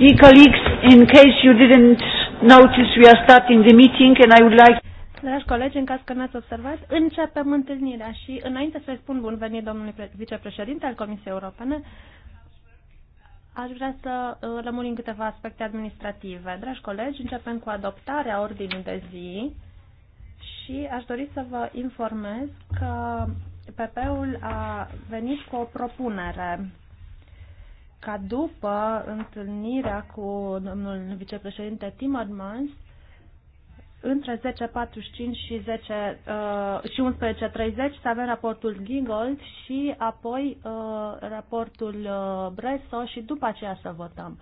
Dear colleagues, in case you didn't notice, we are starting the meeting and I would like... Dragi colegi, în caz că n-ați observat, începem întâlnirea și înainte să-i spun bun venit domnului vicepreședinte al Comisiei Europene, aș vrea să în uh, câteva aspecte administrative. Dragi colegi, începem cu adoptarea ordinii de zi și aș dori să vă informez că PP-ul a venit cu o propunere ca după întâlnirea cu domnul vicepreședinte Timmermans, între 10.45 și, 10, uh, și 11.30 să avem raportul Gingold și apoi uh, raportul uh, Bresso și după aceea să votăm.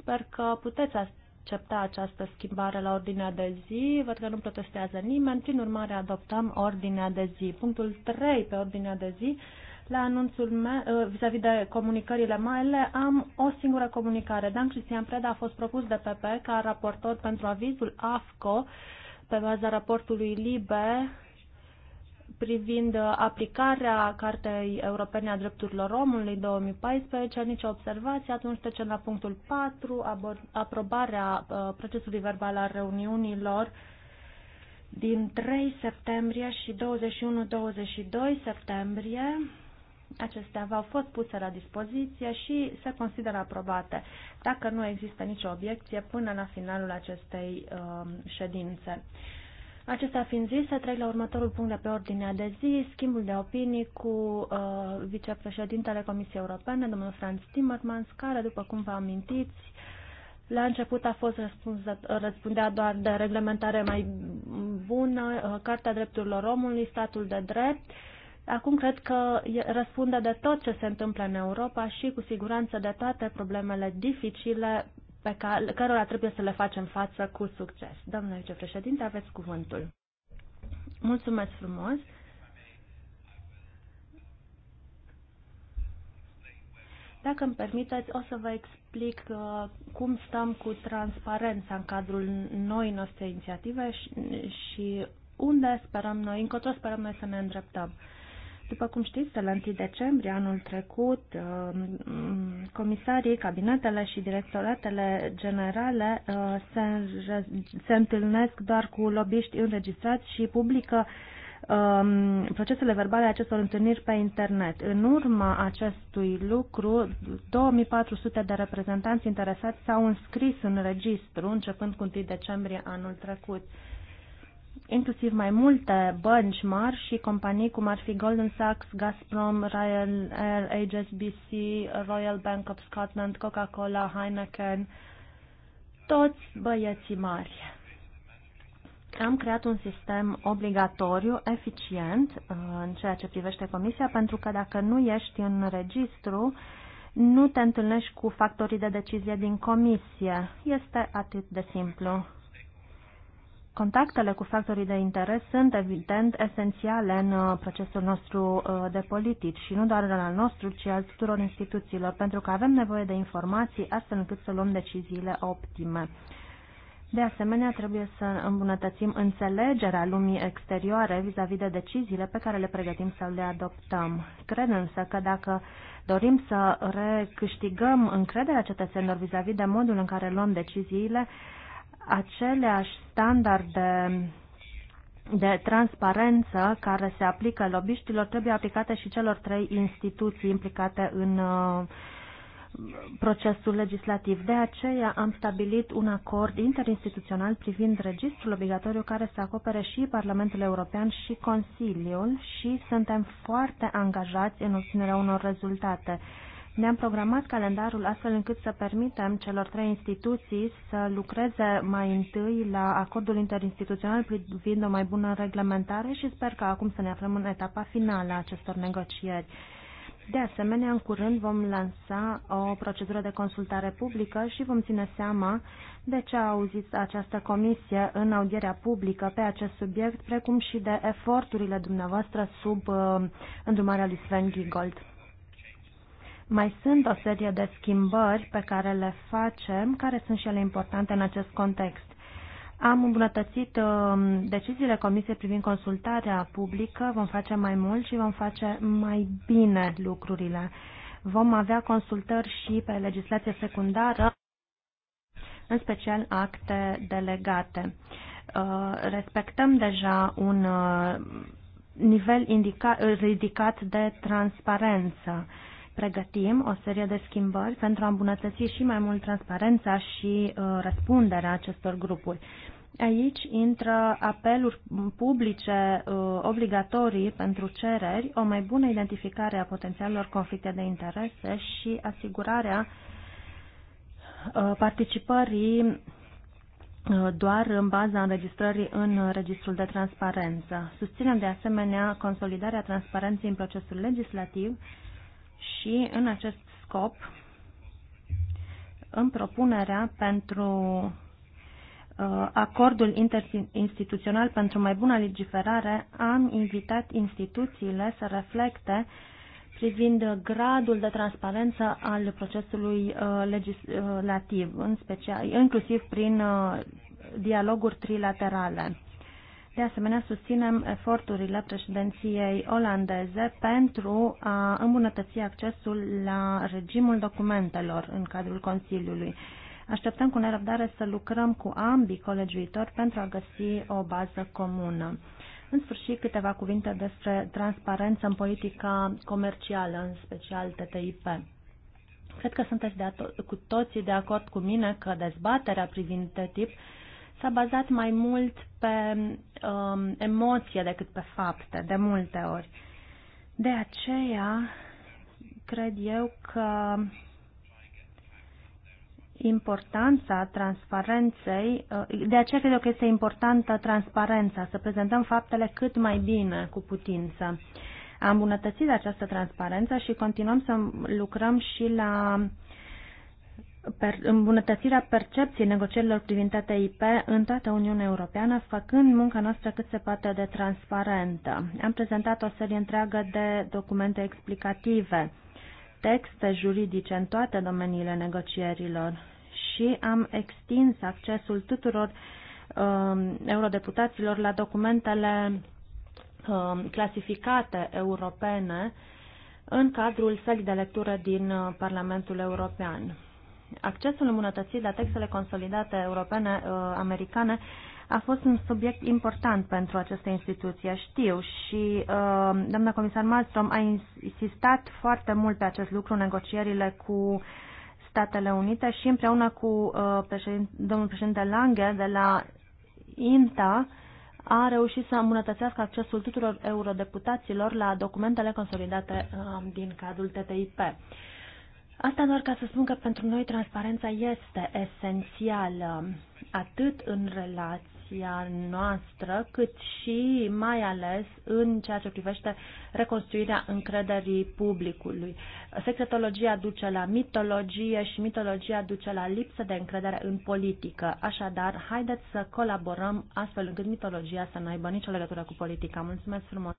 Sper că puteți accepta această schimbare la ordinea de zi. Văd că nu protestează nimeni. Prin urmare, adoptăm ordinea de zi. Punctul 3 pe ordinea de zi la anunțul meu, uh, vis-a-vis de comunicările mele, am o singură comunicare. Dan Cristian Preda a fost propus de PP ca raportor pentru avizul AFCO pe baza raportului LIBE privind aplicarea Cartei Europene a Drepturilor Omului 2014, nicio observație, atunci trecem la punctul 4, aprobarea uh, procesului verbal al reuniunilor din 3 septembrie și 21-22 septembrie. Acestea v-au fost puse la dispoziție și se consideră aprobate, dacă nu există nicio obiecție până la finalul acestei uh, ședințe. Acestea fiind zise, trec la următorul punct de pe ordinea de zi, schimbul de opinii cu uh, vicepreședintele Comisiei Europene, domnul Franz Timmermans, care, după cum vă amintiți, la început a fost răspundea doar de reglementare mai bună, uh, Carta Drepturilor Omului, statul de drept Acum cred că răspunde de tot ce se întâmplă în Europa și cu siguranță de toate problemele dificile pe care, cărora trebuie să le facem față cu succes. Domnule vicepreședinte, aveți cuvântul. Mulțumesc frumos. Dacă îmi permiteți, o să vă explic uh, cum stăm cu transparența în cadrul noi noastre inițiative și, și unde sperăm noi, încotro sperăm noi să ne îndreptăm. Uh, după cum știți, de la 1 decembrie anul trecut, uh, comisarii, cabinetele și directoratele generale uh, se, se întâlnesc doar cu lobiști înregistrați și publică um, procesele verbale a acestor întâlniri pe internet. În urma acestui lucru, 2400 de reprezentanți interesați s-au înscris în registru începând cu 1 decembrie anul trecut inclusiv mai multe bănci mari și companii cum ar fi Goldman Sachs, Gazprom, Ryanair, HSBC, Royal Bank of Scotland, Coca-Cola, Heineken, toți băieții mari. Am creat un sistem obligatoriu, eficient, uh, în ceea ce privește comisia, pentru că dacă nu ești în registru, nu te întâlnești cu factorii de decizie din comisie. Este atât de simplu. Contactele cu factorii de interes sunt, evident, esențiale în uh, procesul nostru uh, de politici și nu doar al nostru, ci al tuturor instituțiilor, pentru că avem nevoie de informații astfel încât să luăm deciziile optime. De asemenea, trebuie să îmbunătățim înțelegerea lumii exterioare vis-a-vis -vis de deciziile pe care le pregătim sau le adoptăm. Cred însă că dacă dorim să recâștigăm încrederea cetățenilor vis-a-vis -vis de modul în care luăm deciziile, aceleași standarde de transparență care se aplică lobiștilor trebuie aplicate și celor trei instituții implicate în uh, procesul legislativ. De aceea am stabilit un acord interinstituțional privind registrul obligatoriu care să acopere și Parlamentul European și Consiliul și suntem foarte angajați în obținerea unor rezultate. Ne-am programat calendarul astfel încât să permitem celor trei instituții să lucreze mai întâi la acordul interinstituțional privind o mai bună reglementare și sper că acum să ne aflăm în etapa finală a acestor negocieri. De asemenea, în curând vom lansa o procedură de consultare publică și vom ține seama de ce a auzit această comisie în audierea publică pe acest subiect, precum și de eforturile dumneavoastră sub uh, îndrumarea lui Sven Giegold. Mai sunt o serie de schimbări pe care le facem, care sunt și ele importante în acest context. Am îmbunătățit um, deciziile Comisiei privind consultarea publică, vom face mai mult și vom face mai bine lucrurile. Vom avea consultări și pe legislație secundară, în special acte delegate. Uh, respectăm deja un uh, nivel ridicat de transparență pregătim o serie de schimbări pentru a îmbunătăți și mai mult transparența și uh, răspunderea acestor grupuri. Aici intră apeluri publice uh, obligatorii pentru cereri, o mai bună identificare a potențialelor conflicte de interese și asigurarea uh, participării uh, doar în baza înregistrării în registrul de transparență. Susținem de asemenea consolidarea transparenței în procesul legislativ și în acest scop, în propunerea pentru uh, acordul interinstituțional pentru mai bună legiferare, am invitat instituțiile să reflecte privind gradul de transparență al procesului uh, legislativ, în special, inclusiv prin uh, dialoguri trilaterale. De asemenea, susținem eforturile președinției olandeze pentru a îmbunătăți accesul la regimul documentelor în cadrul Consiliului. Așteptăm cu nerăbdare să lucrăm cu ambii viitori pentru a găsi o bază comună. În sfârșit, câteva cuvinte despre transparență în politica comercială, în special TTIP. Cred că sunteți de cu toții de acord cu mine că dezbaterea privind TTIP s-a bazat mai mult pe um, emoție decât pe fapte, de multe ori. De aceea, cred eu că importanța transparenței, uh, de aceea cred eu că este importantă transparența, să prezentăm faptele cât mai bine cu putință. Am îmbunătățit această transparență și continuăm să lucrăm și la per, îmbunătățirea percepției negocierilor privind TTIP în toată Uniunea Europeană, făcând munca noastră cât se poate de transparentă. Am prezentat o serie întreagă de documente explicative, texte juridice în toate domeniile negocierilor și am extins accesul tuturor um, eurodeputaților la documentele um, clasificate europene în cadrul sălii de lectură din uh, Parlamentul European. Accesul îmbunătățit la textele consolidate europene, uh, americane, a fost un subiect important pentru aceste instituții, știu, și uh, doamna comisar Malmström a insistat foarte mult pe acest lucru în negocierile cu Statele Unite și împreună cu uh, președin, domnul președinte Lange de la INTA a reușit să îmbunătățească accesul tuturor eurodeputaților la documentele consolidate uh, din cadrul TTIP. Asta doar ca să spun că pentru noi transparența este esențială, atât în relația noastră, cât și mai ales în ceea ce privește reconstruirea încrederii publicului. Secretologia duce la mitologie și mitologia duce la lipsă de încredere în politică. Așadar, haideți să colaborăm astfel încât mitologia să nu aibă nicio legătură cu politica. Mulțumesc frumos!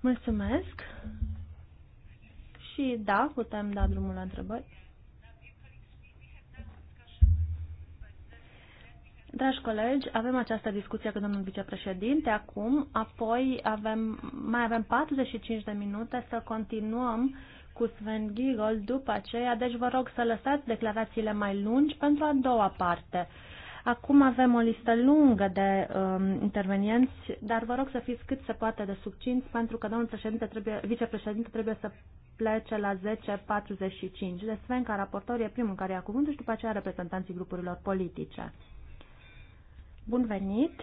Mulțumesc! Și da, putem da drumul la întrebări. Dragi colegi, avem această discuție cu domnul vicepreședinte acum, apoi avem, mai avem 45 de minute să continuăm cu Sven Giegel după aceea, deci vă rog să lăsați declarațiile mai lungi pentru a doua parte. Acum avem o listă lungă de um, intervenienți, dar vă rog să fiți cât se poate de succinți, pentru că domnul președinte trebuie, vicepreședinte trebuie să plece la 10.45. De Svenca, raportor, e primul care ia cuvântul și după aceea reprezentanții grupurilor politice. Bun venit!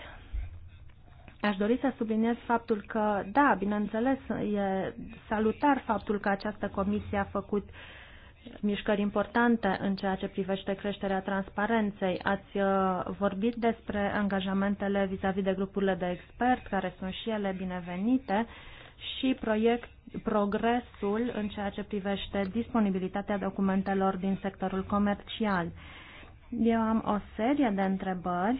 Aș dori să subliniez faptul că, da, bineînțeles, e salutar faptul că această comisie a făcut uh, mișcări importante în ceea ce privește creșterea transparenței. Ați uh, vorbit despre angajamentele vis-a-vis -vis de grupurile de expert, care sunt și ele binevenite, și proiect, progresul în ceea ce privește disponibilitatea documentelor din sectorul comercial. Eu am o serie de întrebări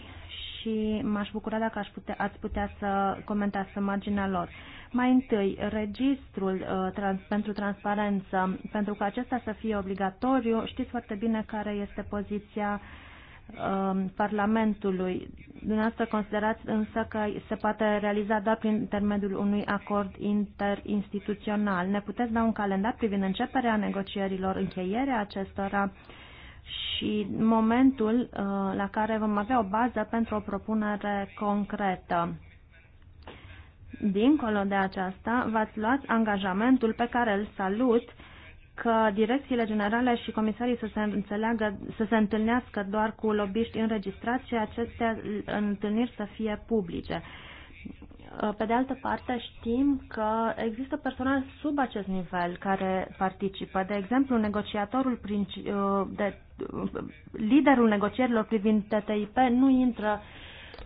și m-aș bucura dacă aș putea, ați putea să comentați să marginea lor. Mai întâi, registrul uh, trans, pentru transparență, pentru că acesta să fie obligatoriu, știți foarte bine care este poziția um, Parlamentului. Dumneavoastră considerați însă că se poate realiza doar prin intermediul unui acord interinstituțional. Ne puteți da un calendar privind începerea negocierilor, încheierea acestora? Uh, și momentul uh, la care vom avea o bază pentru o propunere concretă. Dincolo de aceasta, v-ați luat angajamentul pe care îl salut că direcțiile generale și comisarii să se, înțeleagă, să se întâlnească doar cu lobiști înregistrați și aceste întâlniri să fie publice. Uh, pe de altă parte, știm că există personal sub acest nivel care participă. De exemplu, negociatorul uh, de, uh, liderul negocierilor privind TTIP nu intră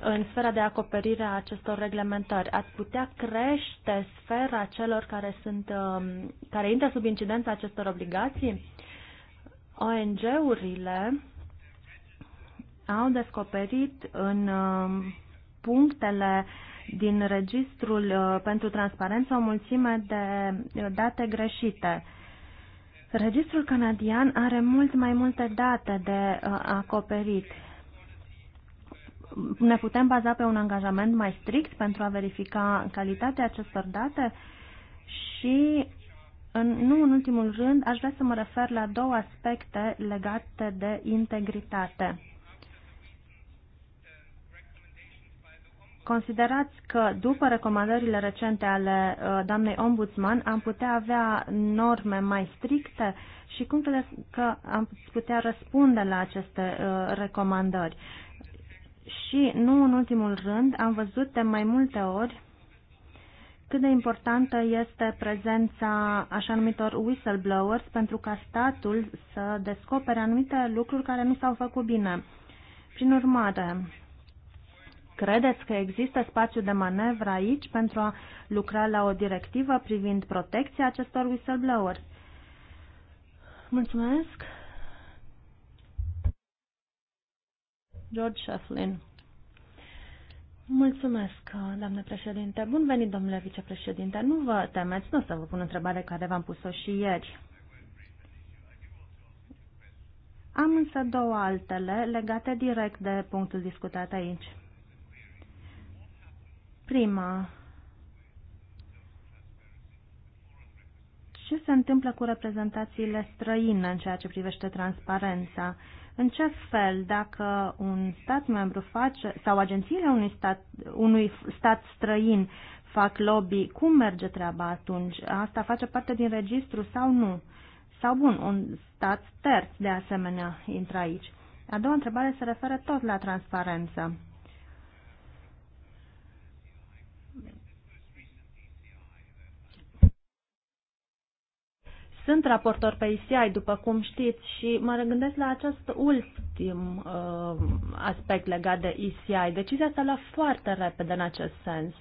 în sfera de acoperire a acestor reglementări. Ați putea crește sfera celor care, sunt, um, care intră sub incidența acestor obligații? ONG-urile au descoperit în um, punctele uh, din registrul uh, pentru transparență o mulțime de uh, date greșite. Registrul canadian are mult mai multe date de uh, acoperit. Ne putem baza pe un angajament mai strict pentru a verifica calitatea acestor date și în, nu în ultimul rând, aș vrea să mă refer la două aspecte legate de integritate. Considerați că după recomandările recente ale uh, doamnei ombudsman am putea avea norme mai stricte și cum credeți că am putea răspunde la aceste uh, recomandări? Și nu în ultimul rând, am văzut de mai multe ori cât de importantă este prezența așa numitor whistleblowers pentru ca statul să descopere anumite lucruri care nu s-au făcut bine. Prin urmare, Credeți că există spațiu de manevră aici pentru a lucra la o directivă privind protecția acestor whistleblowers? Mulțumesc. George Shefflin. Mulțumesc, doamne președinte. Bun venit, domnule vicepreședinte. Nu vă temeți, nu o să vă pun întrebare care v-am pus-o și ieri. Am însă două altele legate direct de punctul discutat aici. Prima, ce se întâmplă cu reprezentațiile străine în ceea ce privește transparența? În ce fel, dacă un stat membru face, sau agențiile unui stat, unui stat străin fac lobby, cum merge treaba atunci? Asta face parte din registru sau nu? Sau bun, un stat terț de asemenea intră aici. A doua întrebare se referă tot la transparență. Sunt raportor pe ICI, după cum știți, și mă gândesc la acest ultim uh, aspect legat de ICI. Decizia s-a luat foarte repede în acest sens.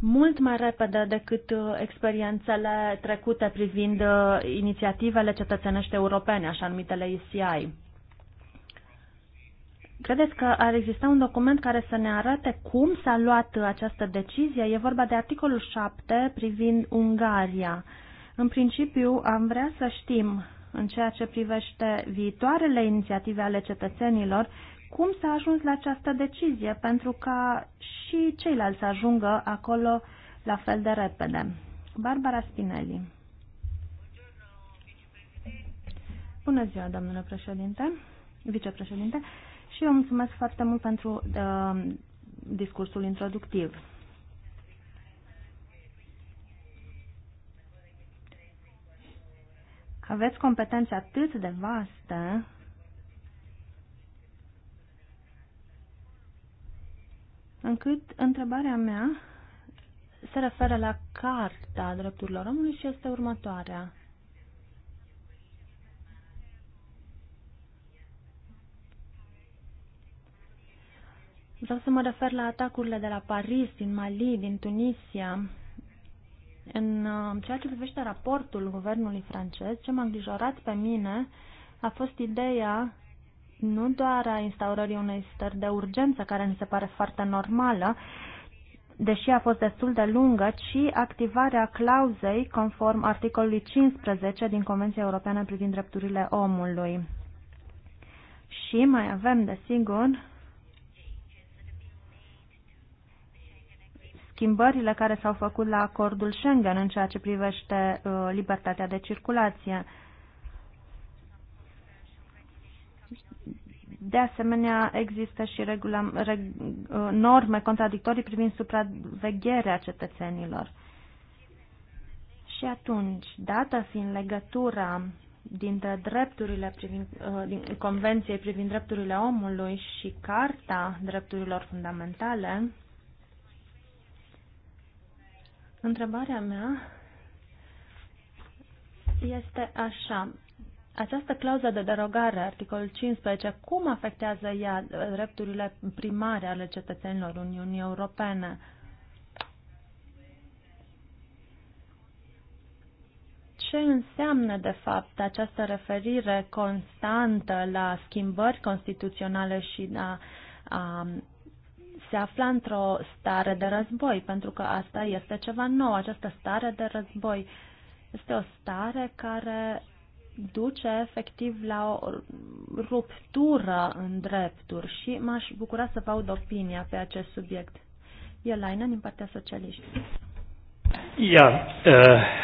Mult mai repede decât uh, experiențele trecute privind uh, inițiativele cetățenești europene, așa numitele ICI. Credeți că ar exista un document care să ne arate cum s-a luat această decizie? E vorba de articolul 7 privind Ungaria. Uh, în principiu, am vrea să știm, în ceea ce privește viitoarele inițiative ale cetățenilor, cum s-a ajuns la această decizie, pentru ca și ceilalți să ajungă acolo la fel de repede. Barbara Spinelli. Bună ziua, domnule președinte, vicepreședinte, și eu mulțumesc foarte mult pentru uh, discursul introductiv. Aveți competențe atât de vaste încât întrebarea mea se referă la Carta Drepturilor Omului și este următoarea. Vreau să mă refer la atacurile de la Paris, din Mali, din Tunisia, în uh, ceea ce privește raportul guvernului francez, ce m-a îngrijorat pe mine a fost ideea nu doar a instaurării unei stări de urgență, care mi se pare foarte normală, deși a fost destul de lungă, ci activarea clauzei conform articolului 15 din Convenția Europeană privind drepturile omului. Și mai avem, desigur, schimbările care s-au făcut la acordul Schengen în ceea ce privește uh, libertatea de circulație. De asemenea, există și regula, reg, uh, norme contradictorii privind supravegherea cetățenilor. Și atunci, dată fiind legătura dintre drepturile privind, uh, din Convenției privind drepturile omului și Carta drepturilor fundamentale, Întrebarea mea este așa. Această clauză de derogare, articolul 15, cum afectează ea drepturile primare ale cetățenilor Uniunii Europene? ce înseamnă, de fapt, această referire constantă la schimbări constituționale și la se afla într-o stare de război, pentru că asta este ceva nou, această stare de război. Este o stare care duce efectiv la o ruptură în drepturi și m-aș bucura să vă aud opinia pe acest subiect. Elaina din partea socialiști. Ja, uh,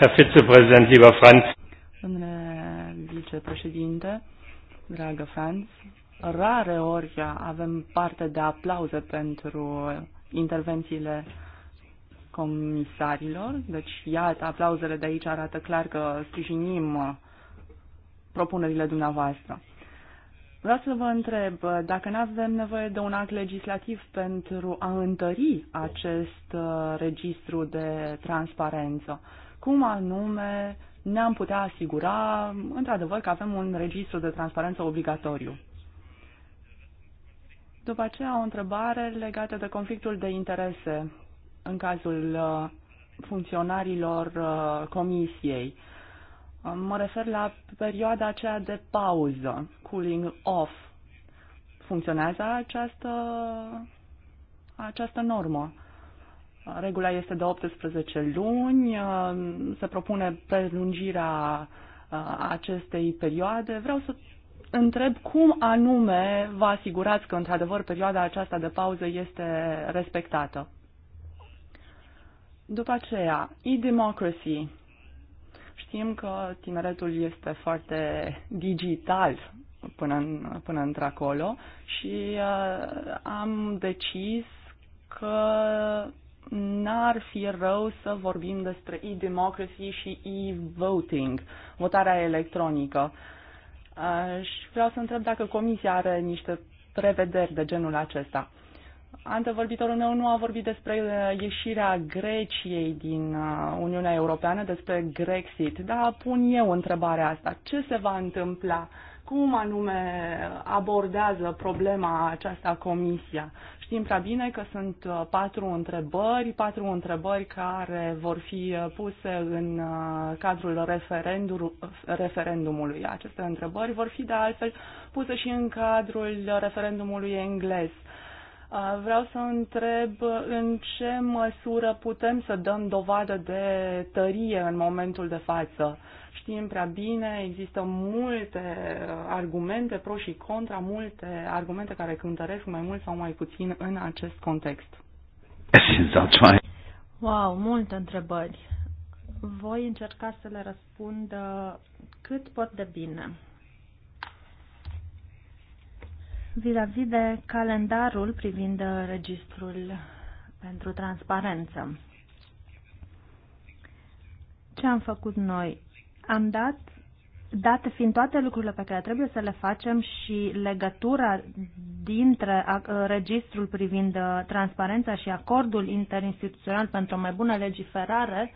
Herr Vizepräsident, lieber Franz. Domnule vicepreședinte, dragă Franz, rare ori avem parte de aplauze pentru intervențiile comisarilor. Deci, iată, aplauzele de aici arată clar că sprijinim propunerile dumneavoastră. Vreau să vă întreb dacă nu avem nevoie de un act legislativ pentru a întări acest uh, registru de transparență. Cum anume ne-am putea asigura, într-adevăr, că avem un registru de transparență obligatoriu? După aceea, o întrebare legată de conflictul de interese în cazul uh, funcționarilor uh, comisiei. Uh, mă refer la perioada aceea de pauză, cooling off. Funcționează această, această normă? Regula este de 18 luni, se propune prelungirea acestei perioade. Vreau să întreb cum anume vă asigurați că, într-adevăr, perioada aceasta de pauză este respectată. După aceea, e-democracy. Știm că tineretul este foarte digital până, în, până într-acolo și uh, am decis că n-ar fi rău să vorbim despre e-democracy și e-voting, votarea electronică. Uh, și vreau să întreb dacă Comisia are niște prevederi de genul acesta. Antevorbitorul meu nu a vorbit despre ieșirea Greciei din uh, Uniunea Europeană, despre Grexit, dar pun eu întrebarea asta. Ce se va întâmpla? Cum anume abordează problema aceasta Comisia? Știm prea bine că sunt uh, patru întrebări, patru întrebări care vor fi uh, puse în uh, cadrul referendumului. Aceste întrebări vor fi de altfel puse și în cadrul referendumului englez. Vreau să întreb în ce măsură putem să dăm dovadă de tărie în momentul de față. Știm prea bine, există multe uh, argumente pro și contra, multe argumente care cântăresc mai mult sau mai puțin în acest context. Wow, multe întrebări. Voi încerca să le răspund uh, cât pot de bine. Vis-a-vis de calendarul privind uh, registrul pentru transparență. Ce am făcut noi? Am dat, dat fiind toate lucrurile pe care trebuie să le facem și legătura dintre registrul privind uh, transparența și acordul interinstituțional pentru o mai bună legiferare,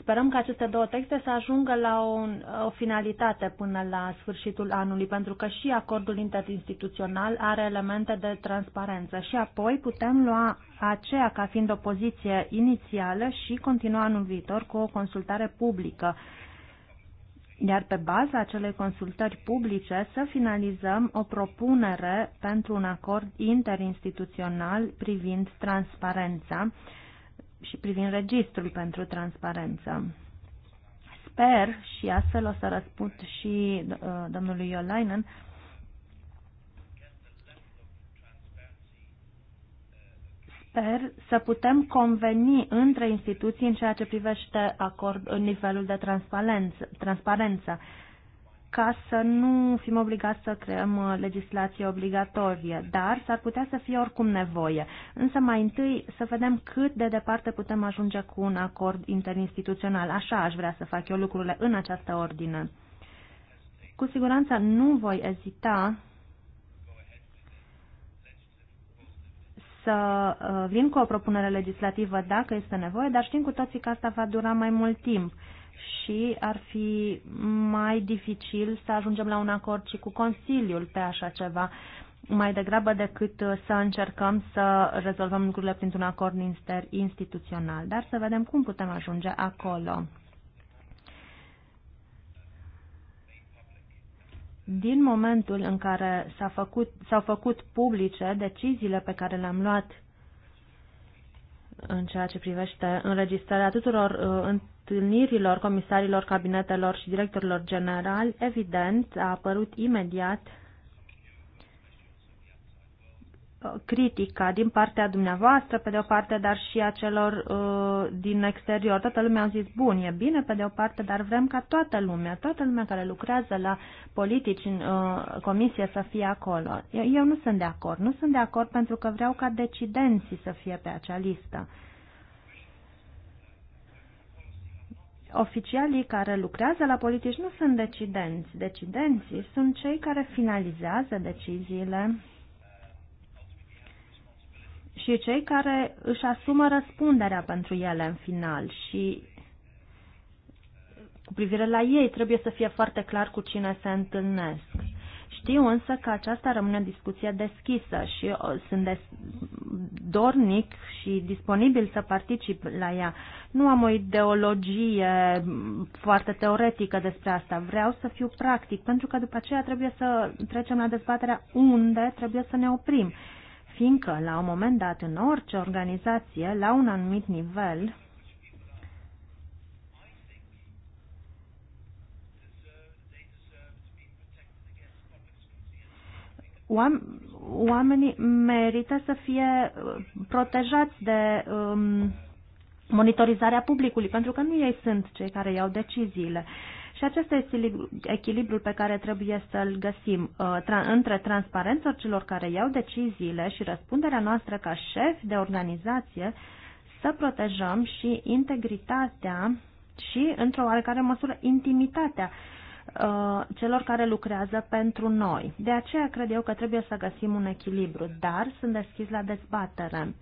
Sperăm că aceste două texte să ajungă la o, o finalitate până la sfârșitul anului, pentru că și acordul interinstituțional are elemente de transparență și apoi putem lua aceea ca fiind o poziție inițială și continua anul viitor cu o consultare publică. Iar pe baza acelei consultări publice să finalizăm o propunere pentru un acord interinstituțional privind transparența și privind registrul pentru transparență. Sper și astfel o să răspund și uh, domnului Iolainen Sper să putem conveni între instituții în ceea ce privește acord, nivelul de transparență. transparență ca să nu fim obligați să creăm uh, legislație obligatorie, dar s-ar putea să fie oricum nevoie. Însă mai întâi să vedem cât de departe putem ajunge cu un acord interinstituțional. Așa aș vrea să fac eu lucrurile în această ordine. Cu siguranță nu voi ezita să uh, vin cu o propunere legislativă dacă este nevoie, dar știm cu toții că asta va dura mai mult timp. Uh, și ar fi mai dificil să ajungem la un acord și cu Consiliul pe așa ceva, mai degrabă decât să încercăm să rezolvăm lucrurile printr-un acord instituțional. Dar să vedem cum putem ajunge acolo. Din momentul în care s-au făcut, făcut publice deciziile pe care le-am luat în ceea ce privește înregistrarea tuturor uh, întâlnirilor comisarilor cabinetelor și directorilor generali, evident, a apărut imediat uh, critica din partea dumneavoastră, pe de o parte, dar și a celor uh, din exterior. Toată lumea a zis, bun, e bine, pe de o parte, dar vrem ca toată lumea, toată lumea care lucrează la politici în uh, comisie să fie acolo. Eu, eu nu sunt de acord. Nu sunt de acord pentru că vreau ca decidenții să fie pe acea listă. Uh, oficialii care lucrează la politici nu sunt decidenți. Decidenții sunt cei care finalizează deciziile și cei care își asumă răspunderea pentru ele în final și cu privire la ei trebuie să fie foarte clar cu cine se întâlnesc. Știu însă că aceasta rămâne o discuție deschisă și uh, sunt des- dornic și disponibil să particip la ea. Nu am o ideologie mm, foarte teoretică despre asta. Vreau să fiu practic, pentru că după aceea trebuie să trecem la dezbaterea unde trebuie să ne oprim. Fiindcă, la un moment dat, în orice organizație, la un anumit nivel, oamenii merită să fie uh, protejați de um, monitorizarea publicului, pentru că nu ei sunt cei care iau deciziile. Și acesta este echilibrul pe care trebuie să-l găsim uh, între transparența celor care iau deciziile și răspunderea noastră ca șef de organizație să protejăm și integritatea și, într-o oarecare măsură, intimitatea uh, Uh, celor care lucrează pentru noi. De aceea cred eu că trebuie să găsim un echilibru, dar sunt deschis la dezbatere.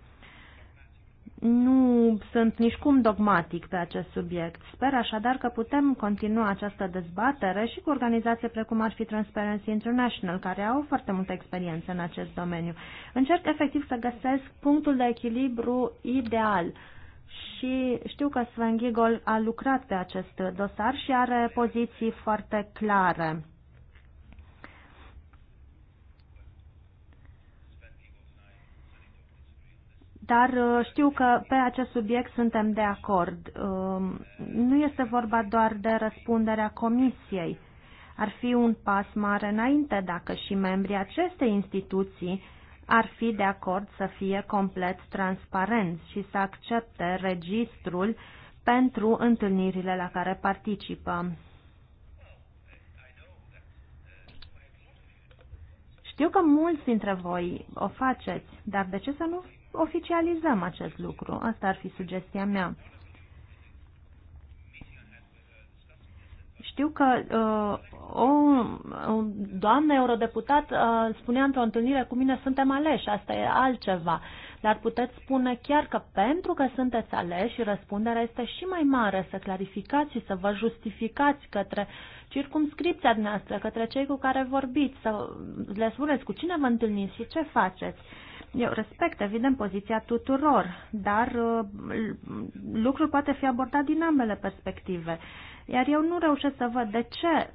Nu sunt nicicum dogmatic pe acest subiect. Sper așadar că putem continua această dezbatere și cu organizații precum ar fi Transparency International, care au foarte multă experiență în acest domeniu. Încerc efectiv să găsesc punctul de echilibru ideal uh, și știu că Sven Giegel a lucrat pe acest dosar și are poziții foarte clare. Dar uh, știu că pe acest subiect suntem de acord. Um, nu este vorba doar de răspunderea comisiei. Ar fi un pas mare înainte dacă și membrii acestei instituții ar fi de acord să fie complet transparent și să accepte registrul pentru întâlnirile la care participă. Știu că mulți dintre voi o faceți, dar de ce să nu oficializăm acest lucru? Asta ar fi sugestia mea. Știu că uh, o, o doamnă eurodeputat uh, spunea într-o întâlnire cu mine, suntem aleși, asta e altceva. Dar puteți spune chiar că pentru că sunteți aleși, răspunderea este și mai mare să clarificați și să vă justificați către circumscripția noastră, către cei cu care vorbiți, să le spuneți cu cine vă întâlniți și ce faceți. Eu respect, evident, poziția tuturor, dar uh, lucrul poate fi abordat din ambele perspective. Uh, iar eu nu reușesc să văd de ce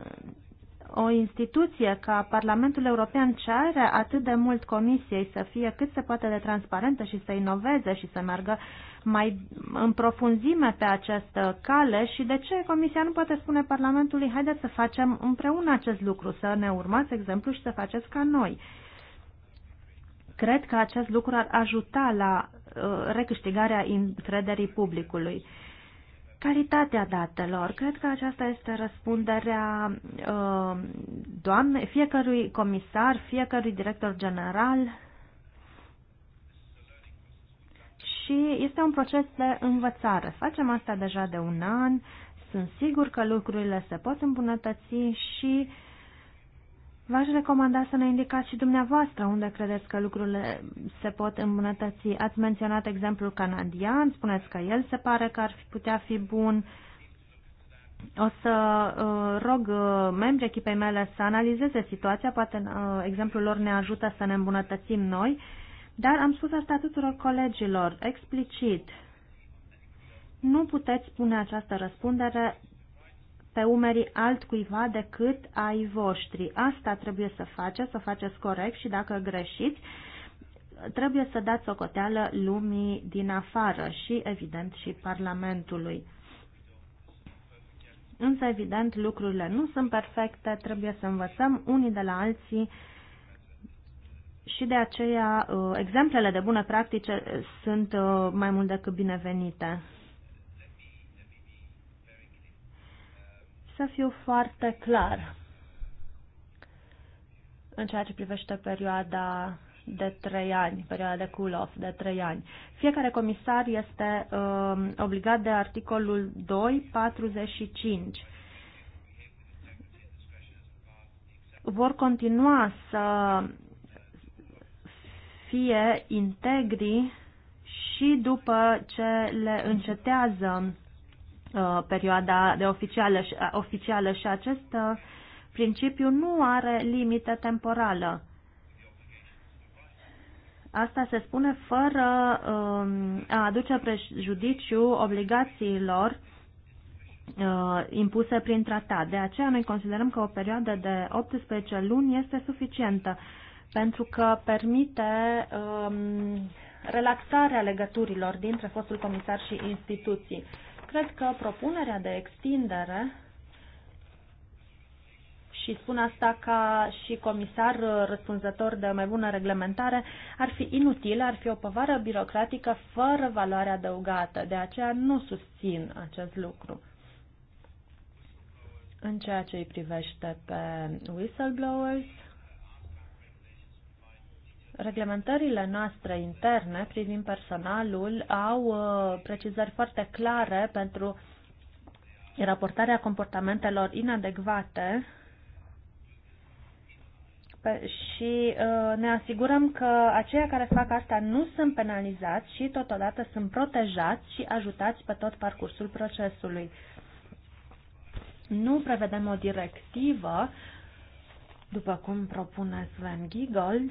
o instituție ca Parlamentul European cere atât de mult Comisiei să fie cât se poate de transparentă și să inoveze și să meargă mai în profunzime pe această cale și de ce Comisia nu poate spune Parlamentului haideți să facem împreună acest lucru, să ne urmați exemplu și să faceți ca noi. Cred că acest lucru ar ajuta la uh, recâștigarea încrederii publicului. Calitatea datelor. Cred că aceasta este răspunderea uh, doamne, fiecărui comisar, fiecărui director general și este un proces de învățare. Facem asta deja de un an, sunt sigur că lucrurile se pot îmbunătăți și uh, V-aș recomanda să ne indicați și dumneavoastră unde credeți că lucrurile se pot îmbunătăți. Ați menționat exemplul canadian, spuneți că el se pare că ar fi putea fi bun. O să uh, rog uh, membrii echipei mele să analizeze situația, poate uh, exemplul lor ne ajută să ne îmbunătățim noi, dar am spus asta tuturor colegilor, explicit. Nu puteți pune această răspundere pe umerii altcuiva decât ai voștri. Asta trebuie să faceți, să faceți corect și dacă greșiți, trebuie să dați coteală lumii din afară și, evident, și Parlamentului. Însă, evident, lucrurile nu sunt perfecte, trebuie să învățăm unii de la alții și de aceea uh, exemplele de bune practice sunt uh, mai mult decât binevenite. Să fiu foarte clar în ceea ce privește perioada de trei ani, perioada de cool-off de trei ani. Fiecare comisar este uh, obligat de articolul 245. Vor continua să fie integri și după ce le încetează Uh, perioada de oficială, uh, oficială și acest uh, principiu nu are limită temporală. Asta se spune fără um, a aduce prejudiciu obligațiilor impuse prin tratat. De aceea noi considerăm că o perioadă de 18 luni este suficientă pentru că permite um, relaxarea legăturilor dintre fostul comisar și instituții. Cred că propunerea de extindere și spun asta ca și comisar răspunzător de mai bună reglementare, ar fi inutil, ar fi o povară birocratică fără valoare adăugată. De aceea nu susțin acest lucru. În ceea ce îi privește pe whistleblowers, Reglementările noastre interne privind personalul au uh, precizări foarte clare pentru raportarea comportamentelor inadecvate și uh, ne asigurăm că aceia care fac asta nu sunt penalizați și totodată sunt protejați și ajutați pe tot parcursul procesului. Nu prevedem o directivă, după cum propune Sven Giegold,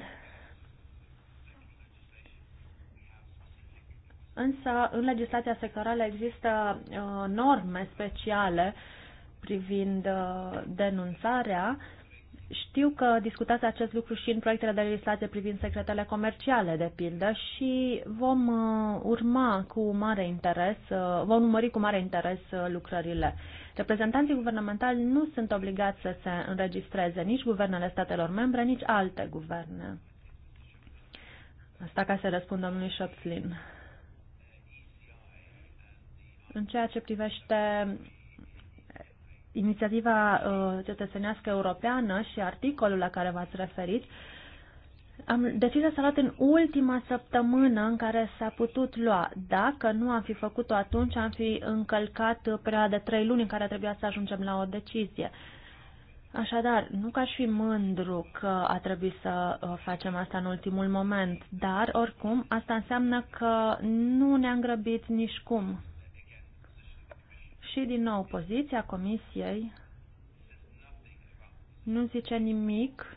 Însă, în legislația sectorală există uh, norme speciale privind uh, denunțarea. Știu că discutați acest lucru și în proiectele de legislație privind secretele comerciale, de pildă, și vom uh, urma cu mare interes, uh, vom urmări cu mare interes uh, lucrările. Reprezentanții guvernamentali nu sunt obligați să se înregistreze nici guvernele statelor membre, nici alte guverne. Asta ca să răspund domnului Șopțlin. În ceea ce privește inițiativa uh, cetățenească europeană și articolul la care v-ați referit, am decis să arăt în ultima săptămână în care s-a putut lua. Dacă nu am fi făcut-o atunci, am fi încălcat perioada de trei luni în care trebuia să ajungem la o decizie. Așadar, nu că aș fi mândru că a trebuit să uh, facem asta în ultimul moment, dar, oricum, asta înseamnă că nu ne-am grăbit nici cum. Și din nou, poziția Comisiei nu zice nimic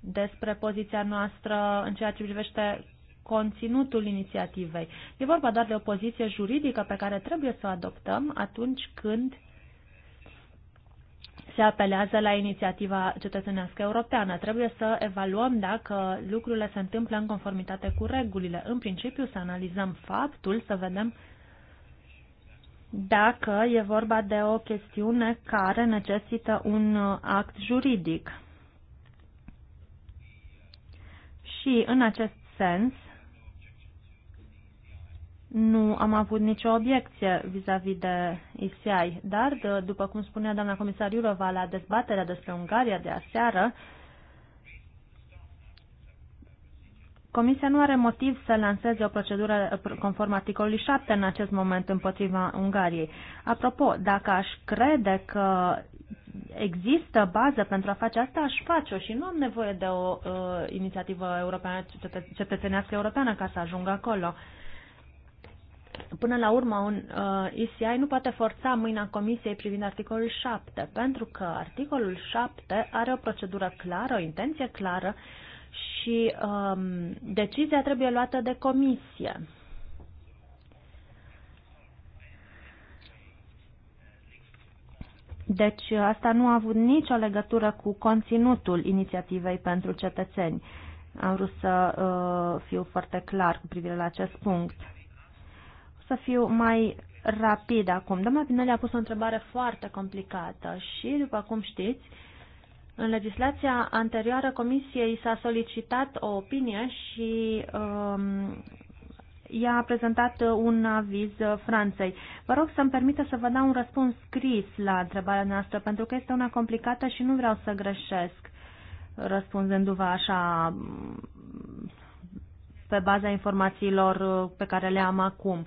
despre poziția noastră în ceea ce privește conținutul inițiativei. E vorba doar de o poziție juridică pe care trebuie să o adoptăm atunci când se apelează la inițiativa cetățenească europeană. Trebuie să evaluăm dacă lucrurile se întâmplă în conformitate cu regulile. În principiu, să analizăm faptul, să vedem dacă e vorba de o chestiune care necesită un act juridic. Și în acest sens, nu am avut nicio obiecție vis-a-vis -vis de ICI, dar, după cum spunea doamna comisar Iurova la dezbaterea despre Ungaria de aseară, Comisia nu are motiv să lanseze o procedură eh, conform articolului 7 în acest moment împotriva Ungariei. Apropo, dacă aș crede că există bază pentru a face asta, aș face-o și nu am nevoie de o uh, inițiativă europeană, cetățenească europeană ca să ajungă acolo. Până la urmă, un uh, eh, ECI nu poate forța mâina Comisiei privind articolul 7, pentru că articolul 7 are o procedură clară, o intenție clară uh, și um, decizia trebuie luată de comisie. Deci asta nu a avut nicio legătură cu conținutul inițiativei pentru cetățeni. Am vrut să uh, fiu foarte clar cu privire la acest punct. O să fiu mai rapid acum. Doamna Pinelli a pus o întrebare foarte complicată și, după cum știți, uh, în legislația anterioară, Comisiei s-a solicitat o opinie și um, i a prezentat un aviz Franței. Vă rog să-mi permită să vă dau un răspuns scris la întrebarea noastră, pentru că este una complicată și nu vreau să greșesc răspunzându-vă așa pe baza informațiilor pe care le am acum.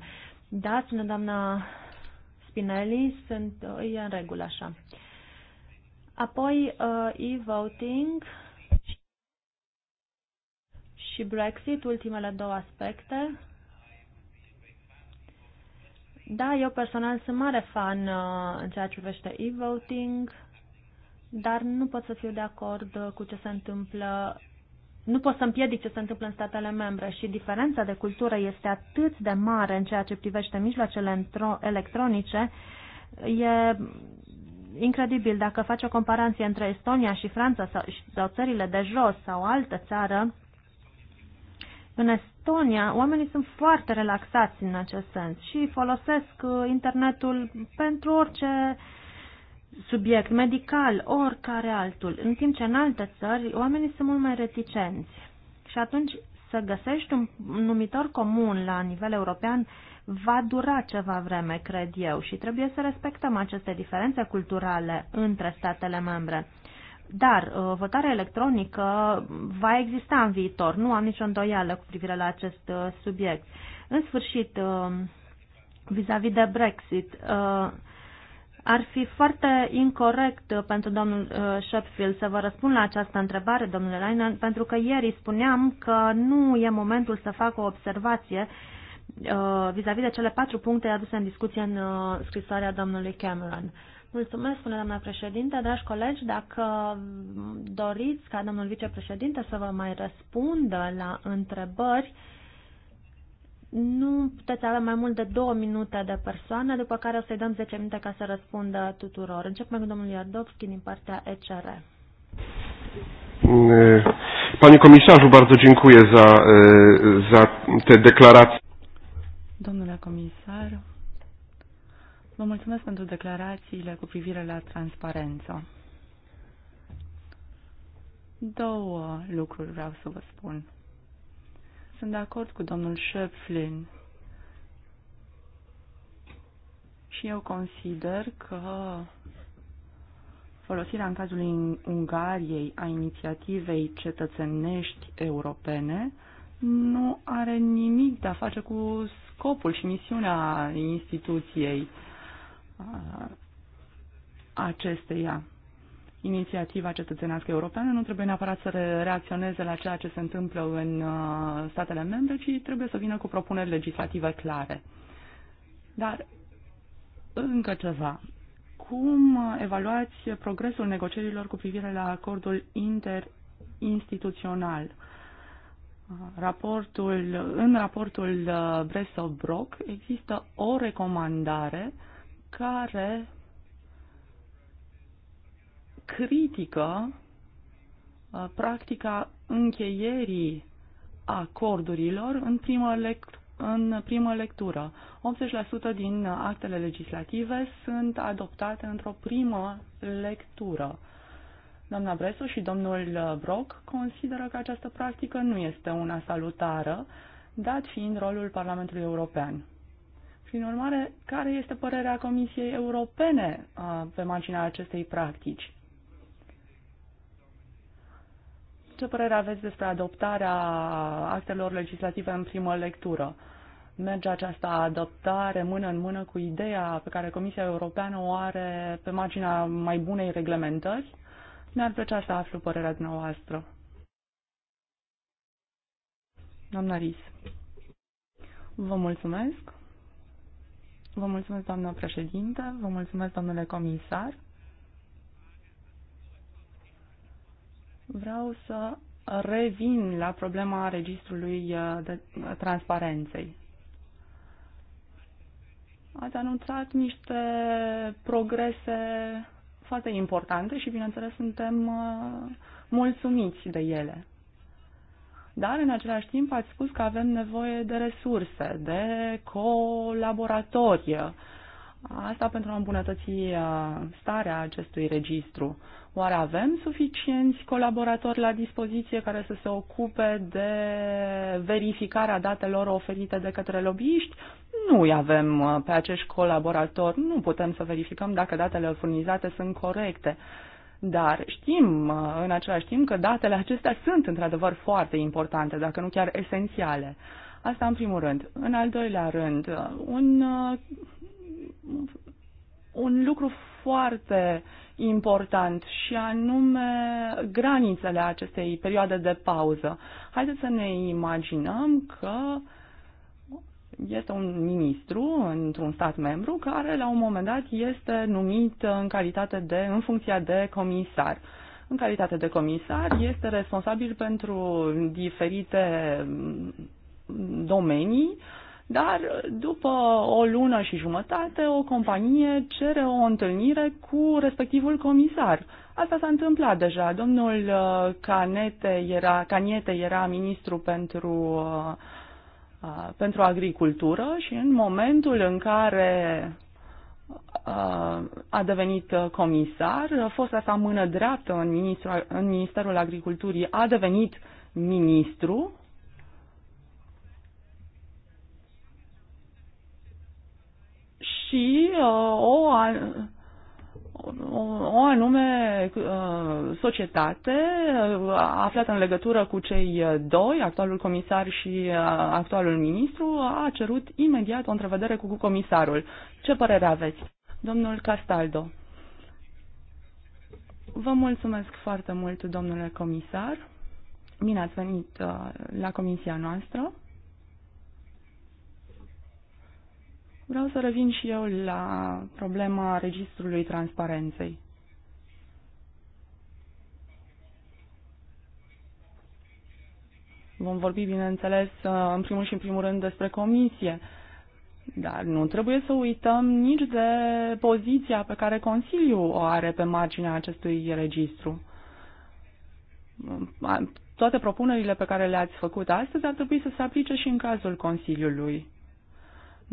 Da, spune doamna Spinelli, sunt, e în regulă așa. Uh, Apoi uh, e-voting și Brexit, ultimele două aspecte. Da, eu personal sunt mare fan uh, în ceea ce privește e-voting, dar nu pot să fiu de acord cu ce se întâmplă nu pot să împiedic ce se întâmplă în statele membre și diferența de cultură este atât de mare în ceea ce privește mijloacele electronice, e incredibil dacă faci o comparație între Estonia și Franța sau, sau țările de jos sau altă țară. În Estonia, oamenii sunt foarte relaxați în acest sens și folosesc uh, internetul pentru orice subiect medical, oricare altul, în timp ce în alte țări oamenii sunt mult mai reticenți. Și atunci să găsești un numitor comun la nivel european uh, va dura ceva vreme, cred eu, și trebuie să respectăm aceste diferențe culturale între statele membre. Dar uh, votarea electronică va exista în viitor, nu am nicio îndoială cu privire la acest uh, subiect. În sfârșit, uh, vis-a-vis -vis de Brexit, ar fi foarte incorrect pentru domnul Sheffield să vă răspund la această întrebare, domnule Leinen, pentru că ieri spuneam că nu e momentul să fac o observație uh, Uh, vis-a-vis -vis de cele patru puncte aduse în discuție în uh, scrisoarea domnului Cameron. Mulțumesc, spune doamna președinte. Dragi colegi, dacă doriți ca domnul vicepreședinte să vă mai răspundă la întrebări, nu puteți avea mai mult de două minute de persoană, după care o să-i dăm 10 minute ca să răspundă tuturor. Începem cu domnul Iardovski din partea ECR. Eh, Panie komisarzu, bardzo dziękuję za, eh, za te deklaracje. Domnule comisar, vă mulțumesc pentru declarațiile cu privire la transparență. Două lucruri vreau să vă spun. Sunt de acord cu domnul Șeflin și eu consider că folosirea în cazul Ungariei a inițiativei cetățenești europene nu are nimic de a face cu scopul și misiunea instituției uh, acesteia. Inițiativa cetățenească europeană nu trebuie neapărat să reacționeze la ceea ce se întâmplă în uh, statele membre, ci trebuie să vină cu propuneri legislative clare. Dar încă ceva. Cum evaluați progresul negocierilor cu privire la acordul interinstituțional? raportul, în raportul uh, Bresso-Brock există o recomandare care critică uh, practica încheierii acordurilor în primă, lect- în primă lectură. 80% din actele legislative sunt adoptate într-o primă lectură. Doamna Bresu și domnul uh, Brock consideră că această practică nu este una salutară, dat fiind rolul Parlamentului European. Prin urmare, care este părerea Comisiei Europene uh, pe marginea acestei practici? Ce părere aveți despre adoptarea actelor legislative în primă lectură? Merge această adoptare mână în mână cu ideea pe care Comisia Europeană o are pe marginea mai bunei reglementări? Mi-ar plăcea să aflu părerea dumneavoastră. Doamna Ris. Vă mulțumesc. Vă mulțumesc, doamna președinte. Vă mulțumesc, domnule comisar. Vreau să revin la problema registrului uh, de transparenței. Ați anunțat niște progrese foarte importante și, bineînțeles, suntem uh, mulțumiți de ele. Dar, în același timp, ați spus că avem nevoie de resurse, de colaboratori, Asta pentru a îmbunătăți uh, starea acestui registru. Oare avem suficienți colaboratori la dispoziție care să se ocupe de verificarea datelor oferite de către lobbyiști? Nu îi avem uh, pe acești colaboratori. Nu putem să verificăm dacă datele furnizate sunt corecte. Dar știm uh, în același timp că datele acestea sunt într-adevăr foarte importante, dacă nu chiar esențiale. Asta în primul rând. În al doilea rând, un un lucru foarte important și anume granițele acestei perioade de pauză. Haideți să ne imaginăm că este un ministru într-un stat membru care la un moment dat este numit în calitate de, în funcția de comisar. În calitate de comisar este responsabil pentru diferite domenii uh, dar uh, după o lună și jumătate, o companie cere o întâlnire cu respectivul comisar. Asta s-a întâmplat deja. Domnul uh, Canete era, Caniete era ministru pentru, uh, pentru agricultură și în momentul în care a devenit comisar, fosta sa mână dreaptă în, ministru, în Ministerul Agriculturii a devenit ministru și uh, o, o anume uh, societate uh, aflată în legătură cu cei doi, actualul comisar și actualul ministru, a cerut imediat o întrevedere cu comisarul. Ce părere aveți? Domnul Castaldo. Vă mulțumesc foarte mult, domnule comisar. Bine ați venit la comisia noastră. Vreau să revin și eu la problema registrului transparenței. Vom vorbi, bineînțeles, în primul și în primul rând despre comisie, dar nu trebuie să uităm nici de poziția pe care Consiliul o are pe marginea acestui registru. Toate propunerile pe care le-ați făcut astăzi ar trebui să se aplice și în cazul Consiliului.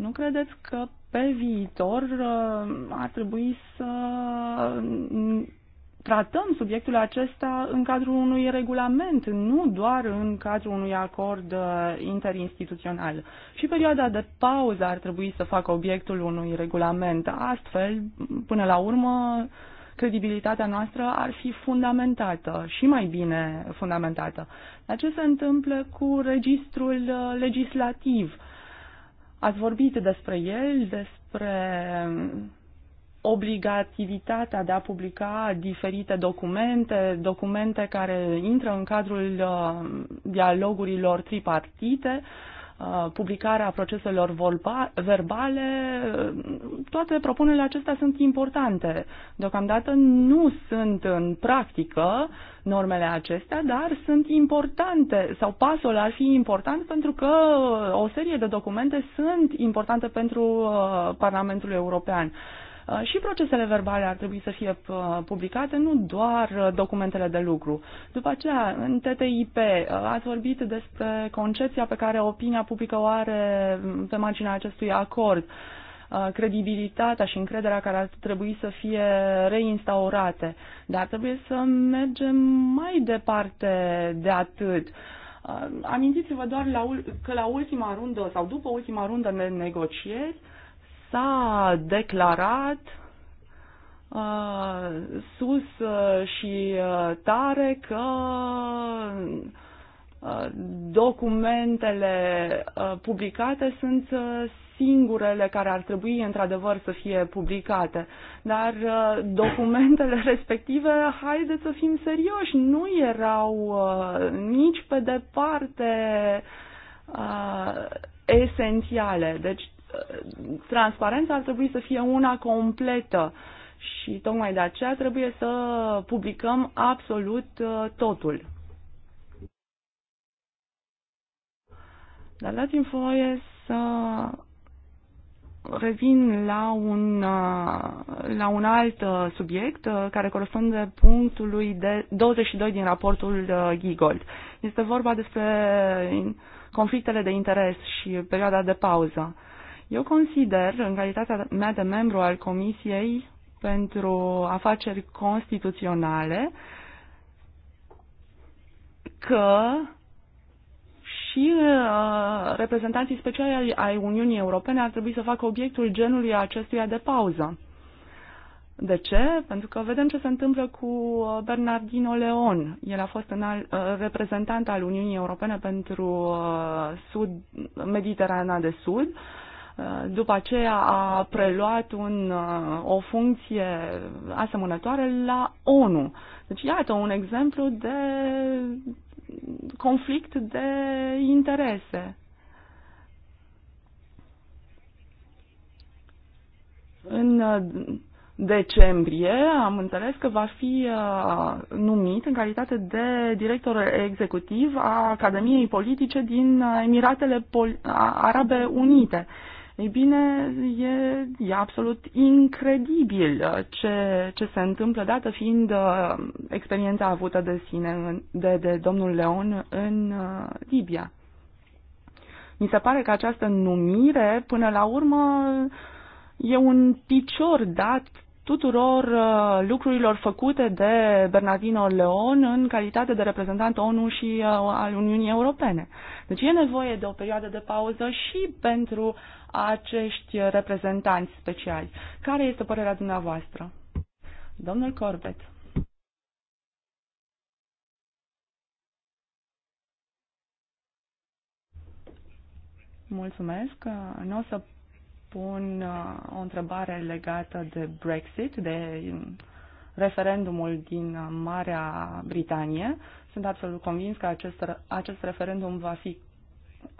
Nu credeți că pe viitor uh, ar trebui să mm, tratăm subiectul acesta în cadrul unui regulament, nu doar în cadrul unui acord uh, interinstituțional. Și perioada de pauză ar trebui să facă obiectul unui regulament. Astfel, până la urmă, credibilitatea noastră ar fi fundamentată și mai bine fundamentată. Dar ce se întâmplă cu registrul uh, legislativ? Ați vorbit despre el, despre obligativitatea de a publica diferite documente, documente care intră în cadrul uh, dialogurilor tripartite. Uh, Uh, publicarea proceselor verbale, uh, toate propunerile acestea sunt importante. Deocamdată nu sunt în practică normele acestea, dar sunt importante sau pasul ar fi important pentru că o serie de documente sunt importante pentru uh, Parlamentul European. Uh, și procesele verbale ar trebui să fie uh, publicate, nu doar uh, documentele de lucru. După aceea, în TTIP, ați vorbit despre concepția pe care opinia publică o are mm, pe marginea acestui acord credibilitatea și încrederea care ar trebui să fie reinstaurate. Dar trebuie să mergem mai departe de atât. Amintiți-vă doar la, că la ultima rundă sau după ultima rundă de negocieri, s-a declarat uh, sus uh, și uh, tare că uh, documentele publicate sunt singurele care ar trebui într-adevăr să fie publicate. Dar documentele respective, haideți să fim serioși, nu erau nici pe departe esențiale. Deci transparența ar trebui să fie una completă și tocmai de aceea trebuie să publicăm absolut uh, totul. Dar dați-mi voie să revin la un, uh, la un alt uh, subiect care corespunde punctului de 22 din raportul Gigold. Este vorba despre conflictele de interes și perioada de pauză. Eu consider, în calitatea mea de membru al Comisiei pentru Afaceri Constituționale, că și uh, reprezentanții speciali ai Uniunii Europene ar trebui să facă obiectul genului acestuia de pauză. De ce? Pentru că vedem ce se întâmplă cu uh, Bernardino Leon. El a fost al, uh, reprezentant al Uniunii Europene pentru uh, Sud, Mediterana de Sud după aceea a preluat un, uh, o funcție asemănătoare la ONU. Deci, iată un exemplu de conflict de interese. În uh, decembrie am înțeles că va fi uh, numit în calitate de director executiv a Academiei Politice din Emiratele Pol- Arabe Unite. Uh, ei bine, e, e absolut incredibil uh, ce, ce se întâmplă, dată fiind uh, experiența avută de sine, de, de domnul Leon în uh, Libia. Mi se pare că această numire, până la urmă, e un picior dat tuturor uh, lucrurilor făcute de Bernardino Leon în calitate de reprezentant ONU și uh, al Uniunii Europene. Deci e nevoie de o perioadă de pauză și pentru acești reprezentanți speciali. Care este părerea dumneavoastră? Domnul Corbett. Mulțumesc. Nu o să pun uh, o întrebare legată de Brexit, de referendumul din Marea Britanie. Sunt absolut convins că acest, acest referendum va fi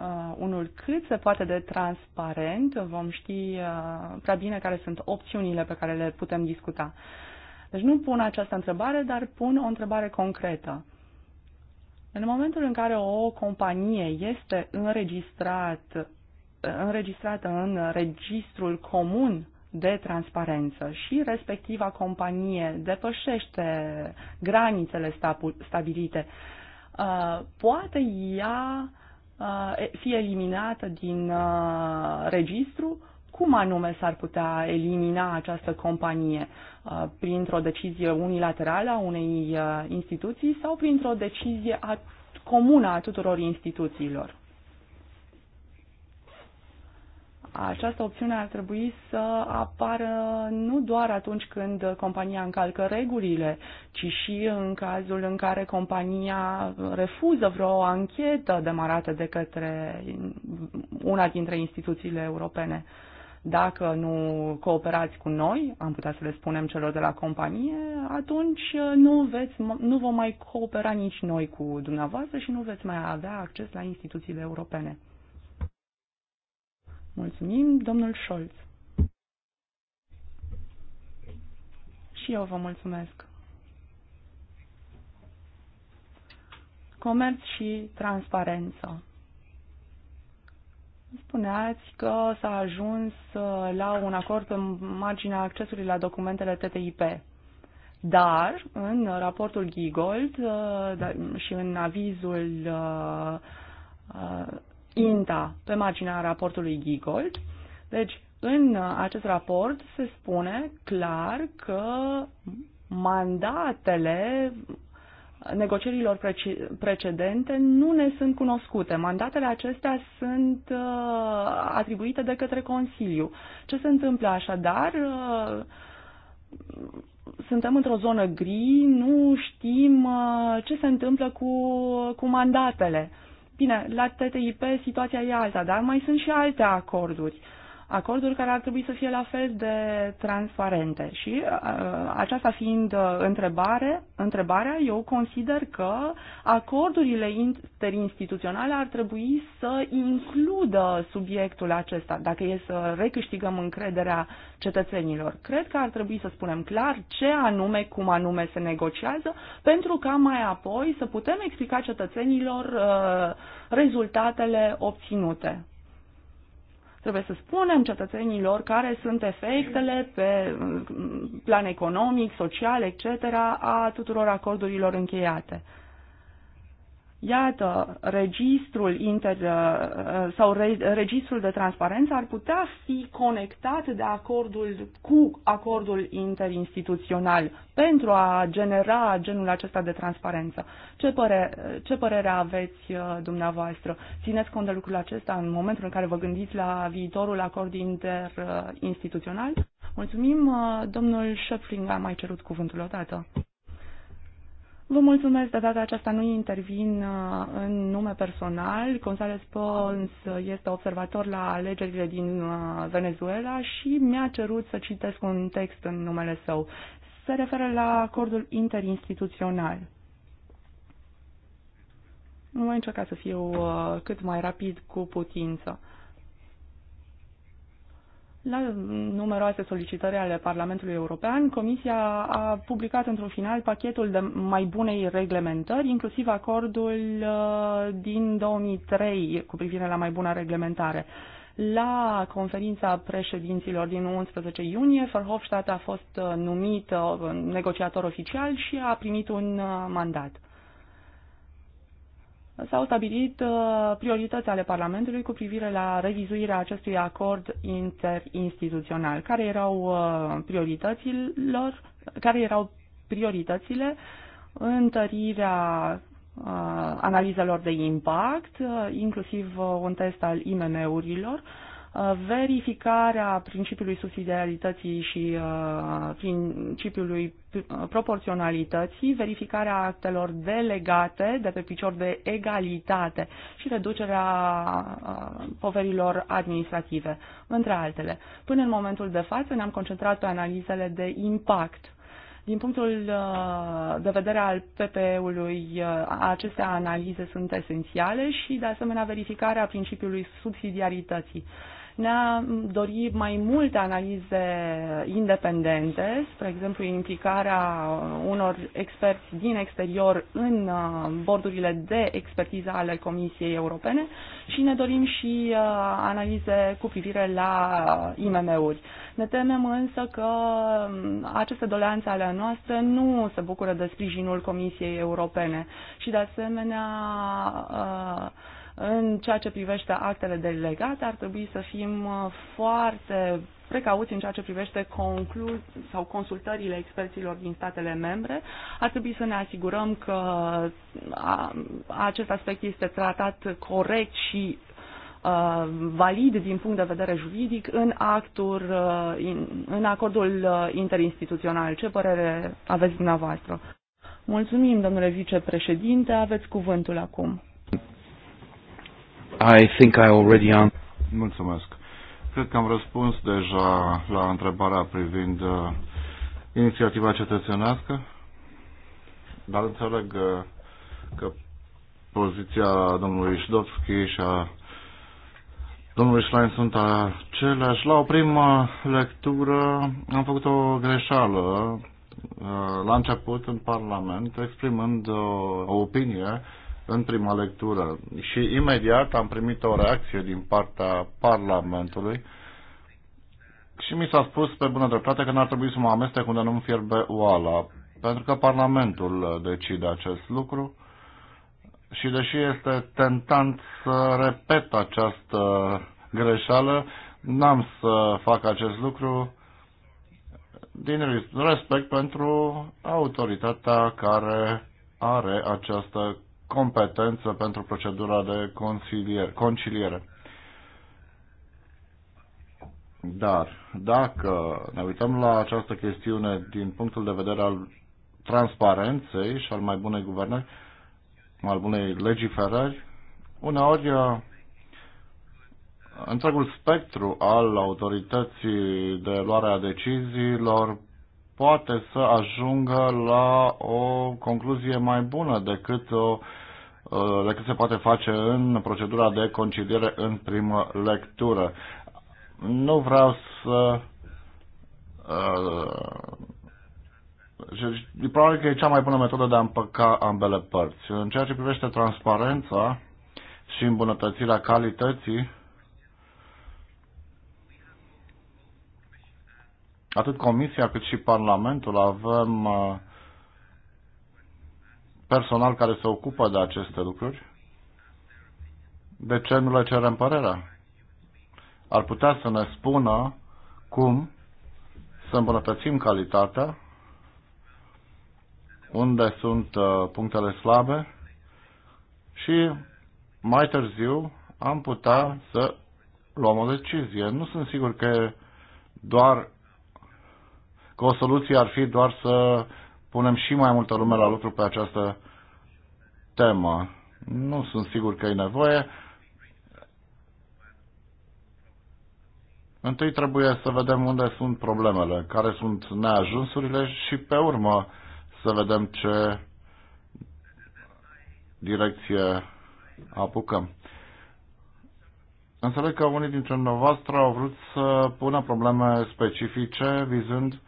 uh, unul cât se poate de transparent. Vom ști uh, prea bine care sunt opțiunile pe care le putem discuta. Deci nu pun această întrebare, dar pun o întrebare concretă. În momentul în care o companie este înregistrat, înregistrată în registrul comun de transparență și respectiva companie depășește granițele stabilite, uh, poate ea uh, fi eliminată din uh, registru? Cum anume s-ar putea elimina această companie? Printr-o decizie unilaterală a unei instituții sau printr-o decizie comună a tuturor instituțiilor? această opțiune ar trebui să apară nu doar atunci când compania încalcă regulile, ci și în cazul în care compania refuză vreo anchetă demarată de către una dintre instituțiile europene. Dacă nu cooperați cu noi, am putea să le spunem celor de la companie, atunci nu, veți, nu vom mai coopera nici noi cu dumneavoastră și nu veți mai avea acces la instituțiile europene. Mulțumim, domnul Scholz. Și eu vă mulțumesc. Comerț și transparență. Spuneați că s-a ajuns uh, la un acord pe marginea accesului la documentele TTIP. Dar, în raportul Gigold uh, da, și în avizul uh, INTA pe marginea raportului Gigold. Deci, în acest raport se spune clar că mandatele negocierilor precedente nu ne sunt cunoscute. Mandatele acestea sunt uh, atribuite de către Consiliu. Ce se întâmplă așadar? Uh, suntem într-o zonă gri, nu știm uh, ce se întâmplă cu, cu mandatele. Uh, Bine, la TTIP situația e alta, dar mai sunt și alte acorduri acorduri care ar trebui să fie la fel de transparente. Și uh, aceasta fiind uh, întrebare, întrebarea, eu consider că acordurile interinstituționale ar trebui să includă subiectul acesta, dacă e să recâștigăm încrederea cetățenilor. Cred că ar trebui să spunem clar ce anume, cum anume se negociază, pentru ca mai apoi să putem explica cetățenilor uh, rezultatele obținute. Trebuie să spunem cetățenilor care sunt efectele pe mm, plan economic, social, etc. a tuturor acordurilor încheiate. Iată, registrul inter uh, sau re, registrul de transparență ar putea fi conectat de acordul cu acordul interinstituțional pentru a genera genul acesta de transparență. Ce, păre, ce părere aveți uh, dumneavoastră? Țineți cont de lucrul acesta în momentul în care vă gândiți la viitorul acord interinstituțional? Mulțumim, uh, domnul Schöpfling a mai cerut cuvântul odată. Vă mulțumesc de data aceasta nu intervin uh, în nume personal. González Pons este observator la alegerile din uh, Venezuela și mi-a cerut să citesc un text în numele său. Se referă la acordul interinstituțional. Nu voi încerca să fiu uh, cât mai rapid cu putință. La numeroase solicitări ale Parlamentului European, Comisia a publicat într-un final pachetul de mai bunei reglementări, inclusiv acordul uh, din 2003 cu privire la mai bună reglementare. La conferința președinților din 11 iunie, Verhofstadt a fost uh, numit uh, negociator oficial și a primit un mandat s-au stabilit uh, priorități ale Parlamentului cu privire la revizuirea acestui acord interinstituțional. Care erau uh, priorităților? Care erau prioritățile? Întărirea uh, analizelor de impact, inclusiv un test al IMM-urilor, Uh, verificarea principiului subsidiarității și uh, principiului uh, proporționalității, verificarea actelor delegate de pe picior de egalitate și reducerea poverilor administrative, între altele. Până în momentul de față ne-am concentrat pe analizele de impact din punctul de vedere al PPE-ului, aceste analize sunt esențiale și, de asemenea, verificarea principiului subsidiarității. Ne-a dorit mai multe analize independente, spre exemplu implicarea unor experți din exterior în uh, bordurile de expertiză ale Comisiei Europene și ne dorim și uh, analize cu privire la IMM-uri. Ne temem însă că um, aceste doleanțe ale noastre nu se bucură de sprijinul Comisiei Europene și de asemenea uh, în ceea ce privește actele delegate, ar trebui să fim uh, foarte precauți în ceea ce privește conclu- sau consultările experților din statele membre. Ar trebui să ne asigurăm că a, acest aspect este tratat corect și uh, valid din punct de vedere juridic în actul, uh, în acordul interinstituțional. Ce părere aveți dumneavoastră? Mulțumim, domnule vicepreședinte, aveți cuvântul acum. I think I already answered. Mulțumesc. Cred că am răspuns deja la întrebarea privind uh, inițiativa cetățenească, dar înțeleg uh, că poziția domnului Șdovski și a domnului Schlein sunt aceleași. La o primă lectură am făcut o greșeală uh, la început în Parlament, exprimând uh, o opinie în prima lectură și imediat am primit o reacție din partea Parlamentului și mi s-a spus pe bună dreptate că n-ar trebui să mă amestec unde nu-mi fierbe oala, pentru că Parlamentul decide acest lucru și deși este tentant să repet această greșeală, n-am să fac acest lucru din respect pentru autoritatea care are această competență pentru procedura de conciliere. conciliere. Dar dacă ne uităm la această chestiune din punctul de vedere al transparenței și al mai bunei guvernări, al bunei legiferări, uneori uh, întregul spectru al autorității de luare a deciziilor poate să ajungă la o concluzie mai bună decât, o, uh, decât se poate face în procedura de concediere în primă lectură. Nu vreau să uh, și probabil că e cea mai bună metodă de a împăca ambele părți. În ceea ce privește transparența și îmbunătățirea calității, atât Comisia cât și Parlamentul avem uh, personal care se ocupă de aceste lucruri. De ce nu le cerem părerea? Ar putea să ne spună cum să îmbunătățim calitatea, unde sunt uh, punctele slabe și mai târziu am putea să luăm o decizie. Nu sunt sigur că doar că o soluție ar fi doar să punem și mai multă lume la lucru pe această temă. Nu sunt sigur că e nevoie. Întâi trebuie să vedem unde sunt problemele, care sunt neajunsurile și pe urmă să vedem ce direcție apucăm. Înțeleg că unii dintre noastre au vrut să pună probleme specifice vizând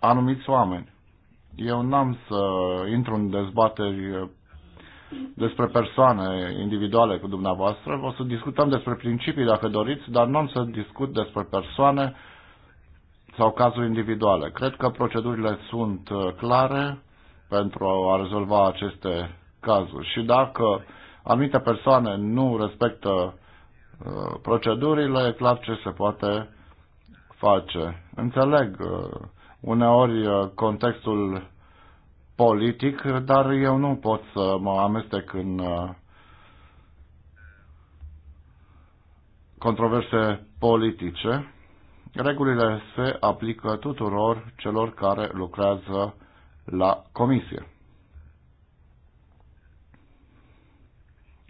anumiți oameni. Eu n-am să intru în dezbateri eh, despre persoane individuale cu dumneavoastră. O să discutăm despre principii dacă doriți, dar nu am să discut despre persoane sau cazuri individuale. Cred că procedurile sunt eh, clare pentru a rezolva aceste cazuri. Și dacă anumite persoane nu respectă eh, procedurile, e clar ce se poate face. Înțeleg uneori uh, contextul politic, dar eu nu pot să mă amestec în uh, controverse politice. Regulile se aplică tuturor celor care lucrează la comisie.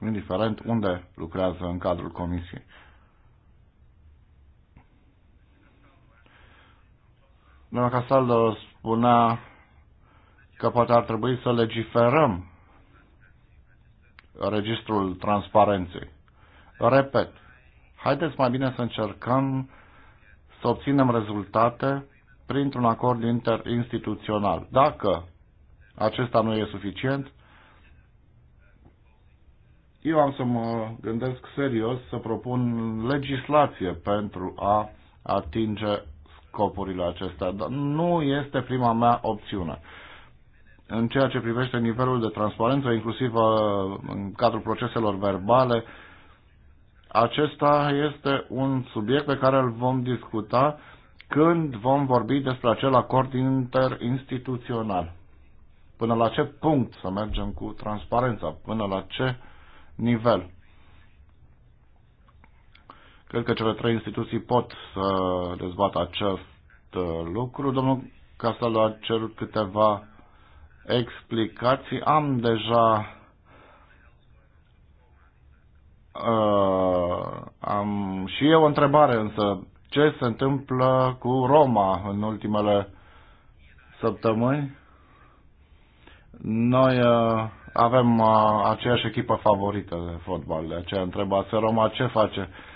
Indiferent unde lucrează în cadrul comisiei. Doamna Casaldo spunea că poate ar trebui să legiferăm registrul transparenței. Repet, haideți mai bine să încercăm să obținem rezultate printr-un acord interinstituțional. Dacă acesta nu e suficient, eu am să mă gândesc serios să propun legislație pentru a atinge scopurile acestea. Dar nu este prima mea opțiune. În ceea ce privește nivelul de transparență, inclusiv uh, în cadrul proceselor verbale, acesta este un subiect pe care îl vom discuta când vom vorbi despre acel acord interinstituțional. Până la ce punct să mergem cu transparența, până la ce nivel. Cred că cele trei instituții pot să dezbată acest uh, lucru. Domnul Castel a cerut câteva explicații. Am deja uh, am și eu o întrebare, însă ce se întâmplă cu Roma în ultimele săptămâni? Noi uh, avem uh, aceeași echipă favorită de fotbal, de aceea întrebați Roma ce face? Uh,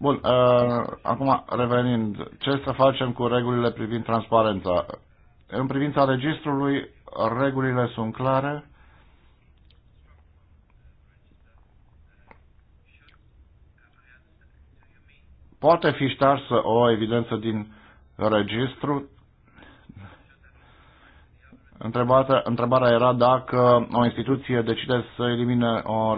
Bun, uh, acum revenind, ce să facem cu regulile privind transparența? În privința registrului, regulile sunt clare. Poate fi ștarsă o evidență din registru. Întrebarea, era dacă o instituție decide să elimine o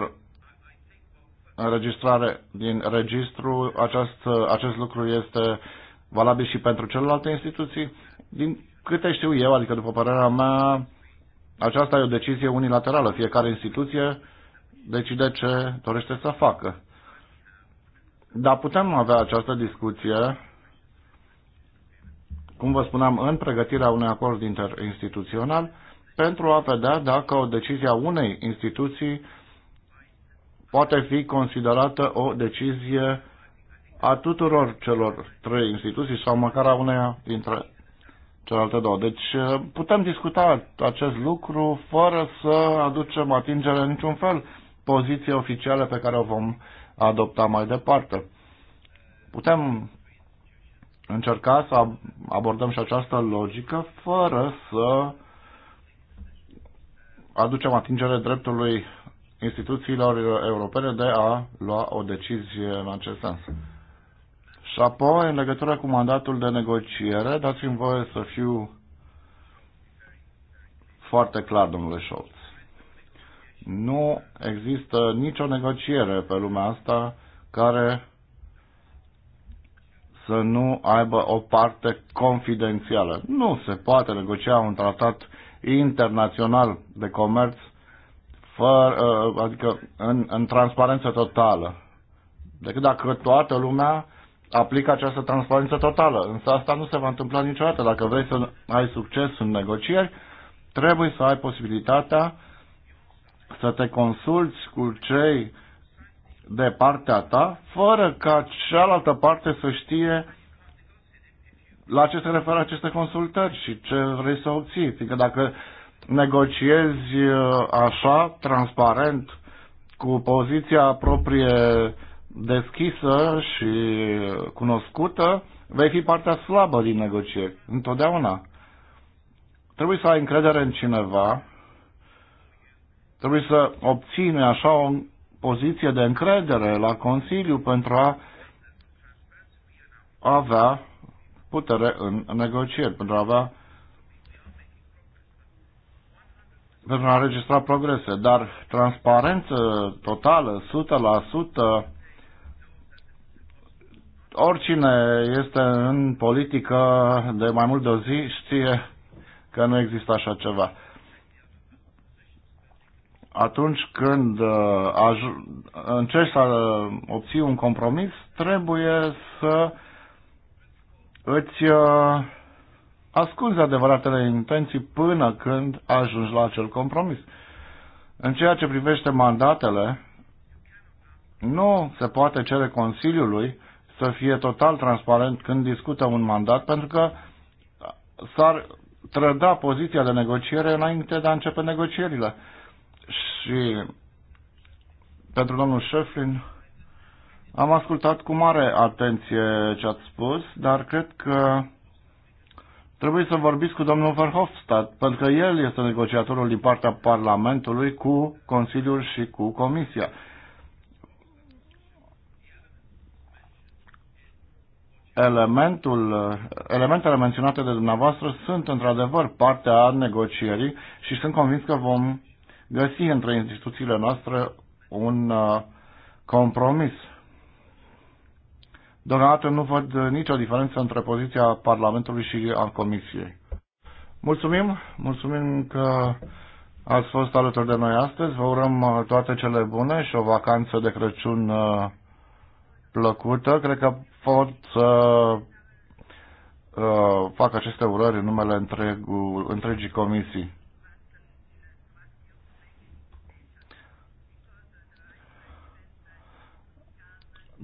înregistrare din registru, acest, acest lucru este valabil și pentru celelalte instituții? Din câte știu eu, adică după părerea mea, aceasta e o decizie unilaterală. Fiecare instituție decide ce dorește să facă. Dar putem avea această discuție, cum vă spuneam, în pregătirea unui acord interinstituțional, pentru a vedea dacă o decizie a unei instituții poate fi considerată o decizie a tuturor celor trei instituții sau măcar a uneia dintre celelalte două. Deci uh, putem discuta acest lucru fără să aducem atingere în niciun fel poziție oficială pe care o vom adopta mai departe. Putem încerca să abordăm și această logică fără să aducem atingere dreptului instituțiilor europene de a lua o decizie în acest sens. Și apoi, în legătură cu mandatul de negociere, dați-mi voie să fiu foarte clar, domnule Scholz. Nu există nicio negociere pe lumea asta care să nu aibă o parte confidențială. Nu se poate negocia un tratat internațional de comerț fără, ă, adică în, în transparență totală. Decât dacă toată lumea aplică această transparență totală. Însă asta nu se va întâmpla niciodată. Dacă vrei să ai succes în negocieri, trebuie să ai posibilitatea să te consulți cu cei de partea ta, fără ca cealaltă parte să știe la ce se referă aceste consultări și ce vrei să obții. Fiindcă dacă negociezi uh, așa, transparent, cu poziția proprie deschisă și cunoscută, vei fi partea slabă din negocieri, întotdeauna. Trebuie să ai încredere în cineva, trebuie să obții așa o poziție de încredere la Consiliu pentru a avea putere în negocieri, pentru a avea pentru a înregistra progrese, dar transparență totală, 100%, oricine este în politică de mai mult de o zi știe că nu există așa ceva. Atunci când uh, încerci să uh, obții un compromis, trebuie să îți uh, asculți adevăratele intenții până când ajungi la acel compromis. În ceea ce privește mandatele, nu se poate cere Consiliului să fie total transparent când discută un mandat, pentru că s-ar trăda poziția de negociere înainte de a începe negocierile. Și pentru domnul Șeflin, am ascultat cu mare atenție ce ați spus, dar cred că Trebuie să vorbiți cu domnul Verhofstadt, pentru că el este negociatorul din partea Parlamentului cu Consiliul și cu Comisia. Elementul, elementele menționate de dumneavoastră sunt într-adevăr partea negocierii și sunt convins că vom găsi între instituțiile noastre un uh, compromis. Deocamdată nu văd nicio diferență între poziția Parlamentului și a Comisiei. Mulțumim, mulțumim că ați fost alături de noi astăzi. Vă urăm uh, toate cele bune și o vacanță de Crăciun uh, plăcută. Cred că pot să uh, fac aceste urări în numele întregul, întregii comisii.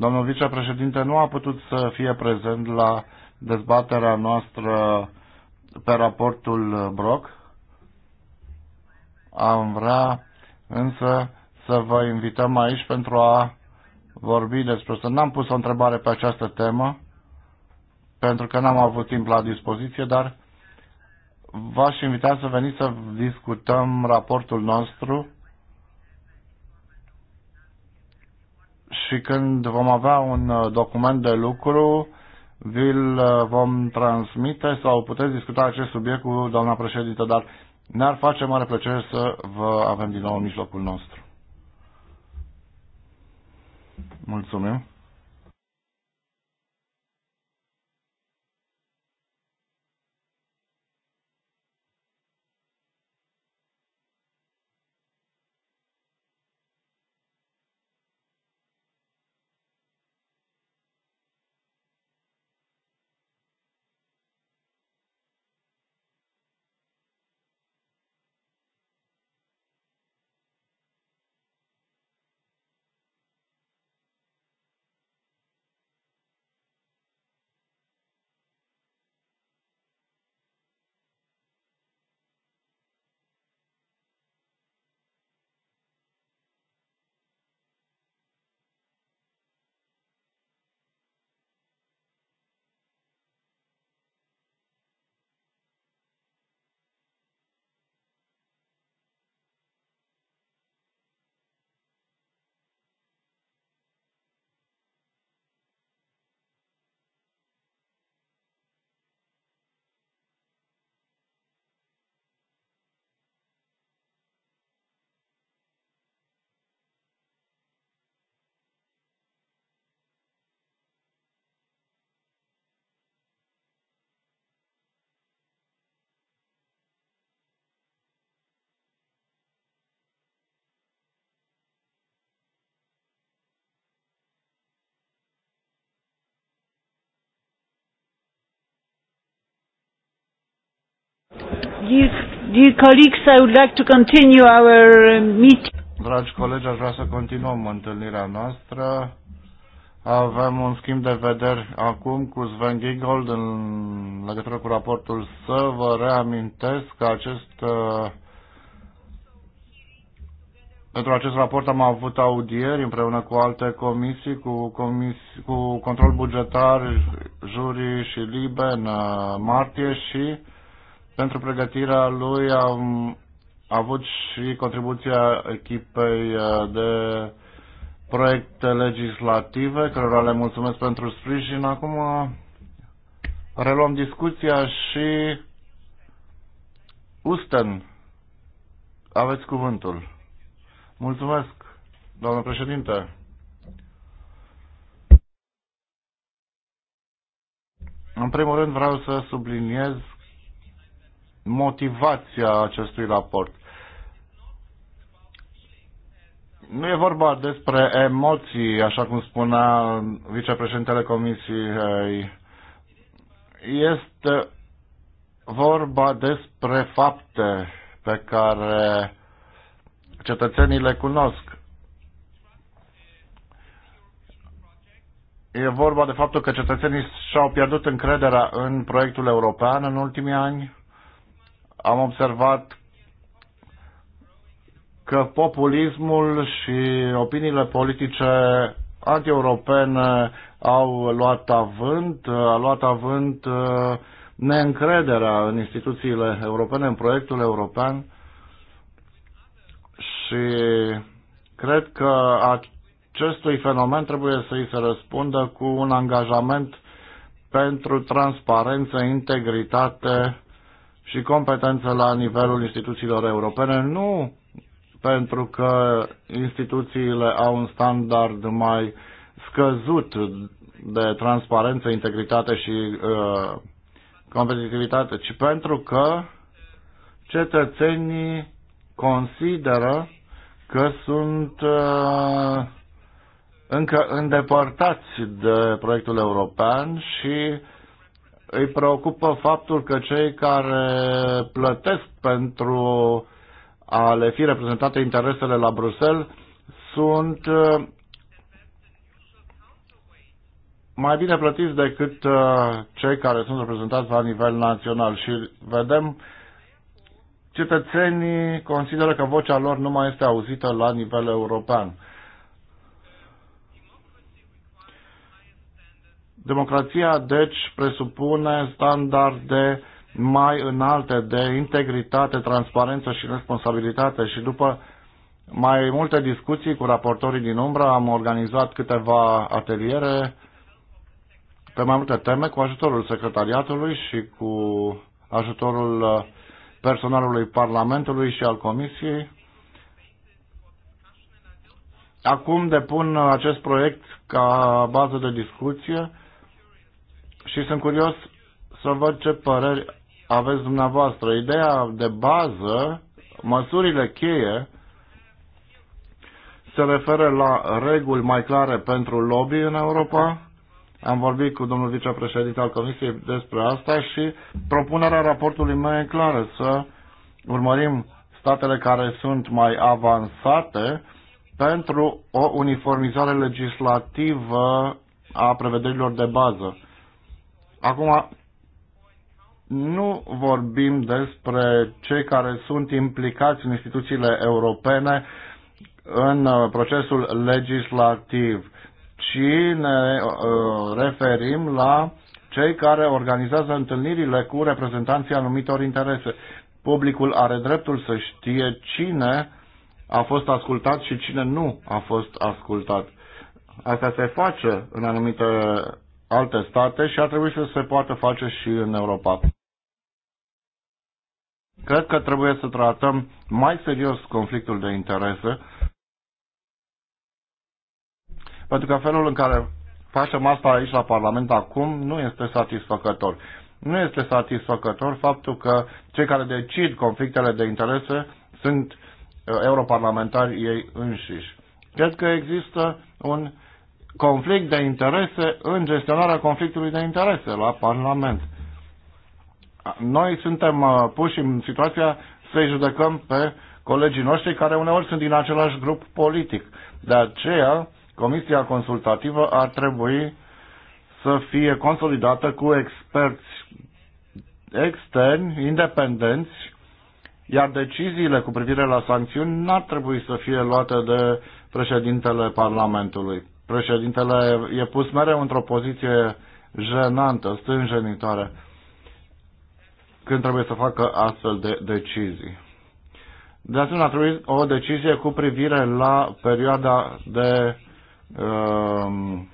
Domnul vicepreședinte nu a putut să fie prezent la dezbaterea noastră pe raportul Broc. Am vrea însă să vă invităm aici pentru a vorbi despre asta. N-am pus o întrebare pe această temă pentru că n-am avut timp la dispoziție, dar v-aș invita să veniți să discutăm raportul nostru și când vom avea un uh, document de lucru, vi-l uh, vom transmite sau puteți discuta acest subiect cu doamna președintă, dar ne-ar face mare plăcere să vă avem din nou în mijlocul nostru. Mulțumim. Dear, dear colleagues, I would like to continue our uh, meeting. Dragi colegi, aș vrea să continuăm întâlnirea noastră. Avem un schimb de vederi acum cu Sven Giegold în legătură cu raportul să vă reamintesc că acest uh, pentru acest raport am avut audieri împreună cu alte comisii, cu, comisii, cu control bugetar, jurii și libe în uh, martie și pentru pregătirea lui am avut și contribuția echipei uh, de proiecte legislative, cărora le mulțumesc pentru sprijin. Acum uh, reluăm discuția și Usten, aveți cuvântul. Mulțumesc, doamnă președinte. În primul rând vreau să subliniez motivația acestui raport. Nu e vorba despre emoții, așa cum spunea vicepreședintele Comisiei. Este vorba despre fapte pe care cetățenii le cunosc. E vorba de faptul că cetățenii și-au pierdut încrederea în proiectul european în ultimii ani am observat că populismul și opiniile politice antieuropene au luat avânt, a luat avânt uh, neîncrederea în instituțiile europene, în proiectul european și cred că acestui fenomen trebuie să îi se răspundă cu un angajament pentru transparență, integritate și competență la nivelul instituțiilor europene, nu pentru că instituțiile au un standard mai scăzut de transparență, integritate și uh, competitivitate, ci pentru că cetățenii consideră că sunt uh, încă îndepărtați de proiectul european și îi preocupă faptul că cei care plătesc pentru a le fi reprezentate interesele la Bruxelles sunt uh, mai bine plătiți decât uh, cei care sunt reprezentați la nivel național și vedem cetățenii consideră că vocea lor nu mai este auzită la nivel european. Democrația, deci, presupune standarde mai înalte de integritate, transparență și responsabilitate și după mai multe discuții cu raportorii din umbră am organizat câteva ateliere pe mai multe teme cu ajutorul secretariatului și cu ajutorul uh, personalului Parlamentului și al Comisiei. Acum depun uh, acest proiect ca bază de discuție și sunt curios să văd ce păreri aveți dumneavoastră. Ideea de bază, măsurile cheie, se referă la reguli mai clare pentru lobby în Europa. Am vorbit cu domnul vicepreședinte al Comisiei despre asta și propunerea raportului meu e clară, să urmărim statele care sunt mai avansate pentru o uniformizare legislativă a prevederilor de bază. Acum, nu vorbim despre cei care sunt implicați în instituțiile europene în uh, procesul legislativ, ci ne uh, referim la cei care organizează întâlnirile cu reprezentanții anumitor interese. Publicul are dreptul să știe cine a fost ascultat și cine nu a fost ascultat. Asta se face în anumite alte state și ar trebui să se poată face și în Europa. Cred că trebuie să tratăm mai serios conflictul de interese, pentru că felul în care facem asta aici la Parlament acum nu este satisfăcător. Nu este satisfăcător faptul că cei care decid conflictele de interese sunt uh, europarlamentari ei înșiși. Cred că există un uh, conflict de interese în gestionarea conflictului de interese la Parlament. Noi suntem uh, puși în situația să-i judecăm pe colegii noștri care uneori sunt din același grup politic. De aceea, Comisia Consultativă ar trebui să fie consolidată cu experți externi, independenți, iar deciziile cu privire la sancțiuni n-ar trebui să fie luate de președintele Parlamentului președintele e pus mereu într-o poziție jenantă, stânjenitoare, când trebuie să facă astfel de decizii. De asemenea, a trebuit o decizie cu privire la perioada de um,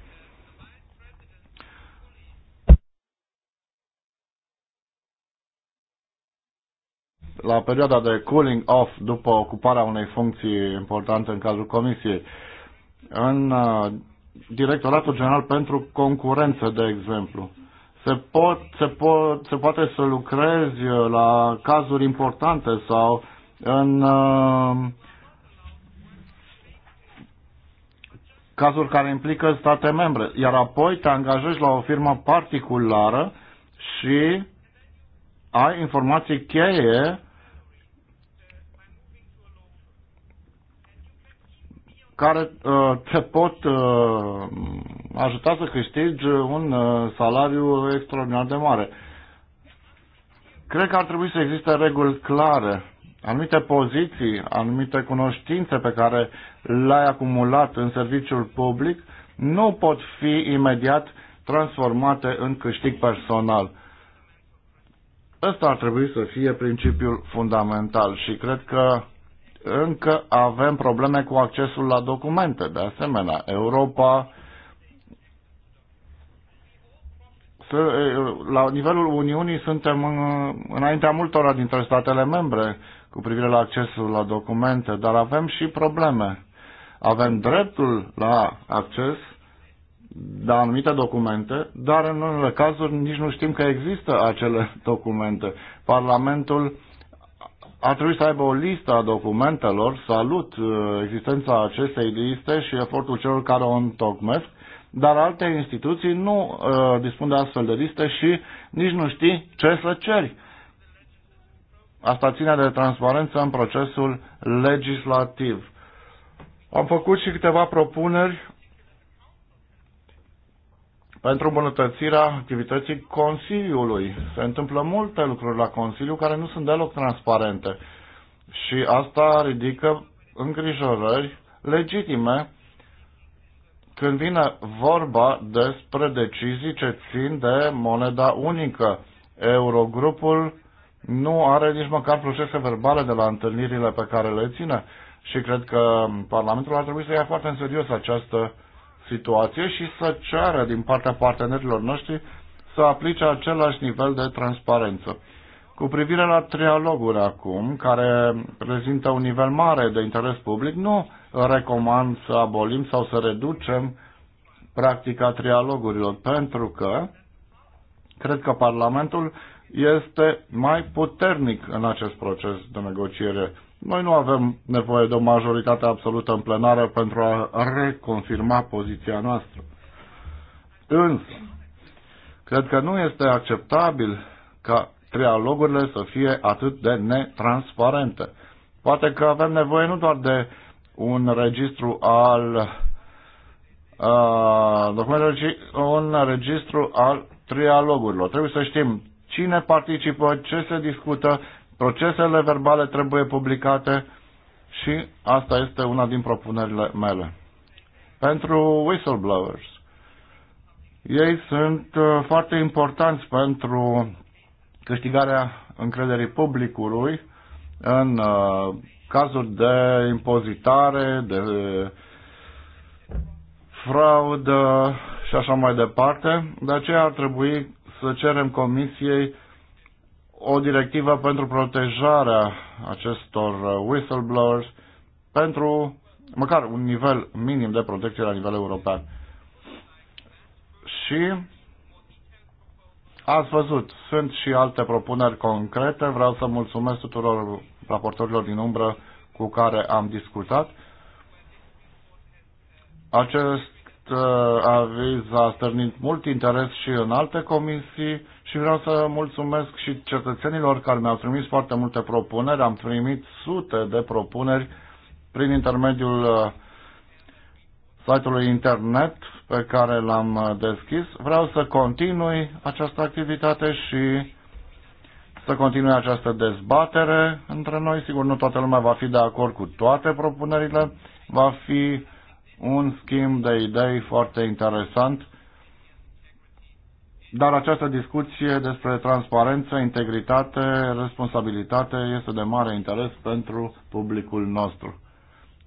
la perioada de cooling off după ocuparea unei funcții importante în cazul comisiei. Uh, în uh, Directoratul General pentru Concurență, de exemplu. Se, pot, se, pot, se poate să lucrezi uh, la cazuri importante sau în uh, cazuri care implică state membre, iar apoi te angajezi la o firmă particulară și ai informații cheie care uh, te pot uh, ajuta să câștigi un uh, salariu extraordinar de mare. Cred că ar trebui să existe reguli clare, anumite poziții, anumite cunoștințe pe care le-ai acumulat în serviciul public nu pot fi imediat transformate în câștig personal. Ăsta ar trebui să fie principiul fundamental și cred că încă avem probleme cu accesul la documente. De asemenea, Europa la nivelul Uniunii suntem uh, înaintea multora dintre statele membre cu privire la accesul la documente, dar avem și probleme. Avem dreptul la acces la anumite documente, dar în unele cazuri nici nu știm că există acele documente. Parlamentul ar trebui să aibă o listă a documentelor. Salut uh, existența acestei liste și efortul celor care o întocmesc, dar alte instituții nu uh, dispun de astfel de liste și nici nu știi ce să ceri. Asta ține de transparență în procesul legislativ. Am făcut și câteva propuneri pentru îmbunătățirea activității Consiliului. Se întâmplă multe lucruri la Consiliu care nu sunt deloc transparente și asta ridică îngrijorări legitime când vine vorba despre decizii ce țin de moneda unică. Eurogrupul nu are nici măcar procese verbale de la întâlnirile pe care le ține și cred că Parlamentul ar trebui să ia foarte în serios această situație și să ceară din partea partenerilor noștri să aplice același nivel de transparență. Cu privire la trialoguri acum, care prezintă un nivel mare de interes public, nu recomand să abolim sau să reducem practica trialogurilor, pentru că cred că Parlamentul este mai puternic în acest proces de negociere noi nu avem nevoie de o majoritate absolută în plenară pentru a reconfirma poziția noastră. Însă, cred că nu este acceptabil ca trialogurile să fie atât de netransparente. Poate că avem nevoie nu doar de un registru al documentelor, ci un registru al trialogurilor. Trebuie să știm cine participă, ce se discută, procesele verbale trebuie publicate și asta este una din propunerile mele. Pentru whistleblowers, ei sunt uh, foarte importanți pentru câștigarea încrederii publicului în uh, cazuri de impozitare, de fraudă și așa mai departe. De aceea ar trebui să cerem comisiei o directivă pentru protejarea acestor whistleblowers pentru măcar un nivel minim de protecție la nivel european. Și ați văzut, sunt și alte propuneri concrete. Vreau să mulțumesc tuturor raportorilor din umbră cu care am discutat. Acest uh, aviz a stârnit mult interes și în alte comisii și vreau să mulțumesc și cetățenilor care mi-au trimis foarte multe propuneri. Am primit sute de propuneri prin intermediul uh, site-ului internet pe care l-am uh, deschis. Vreau să continui această activitate și să continui această dezbatere între noi. Sigur, nu toată lumea va fi de acord cu toate propunerile. Va fi un schimb de idei foarte interesant dar această discuție despre transparență, integritate, responsabilitate este de mare interes pentru publicul nostru.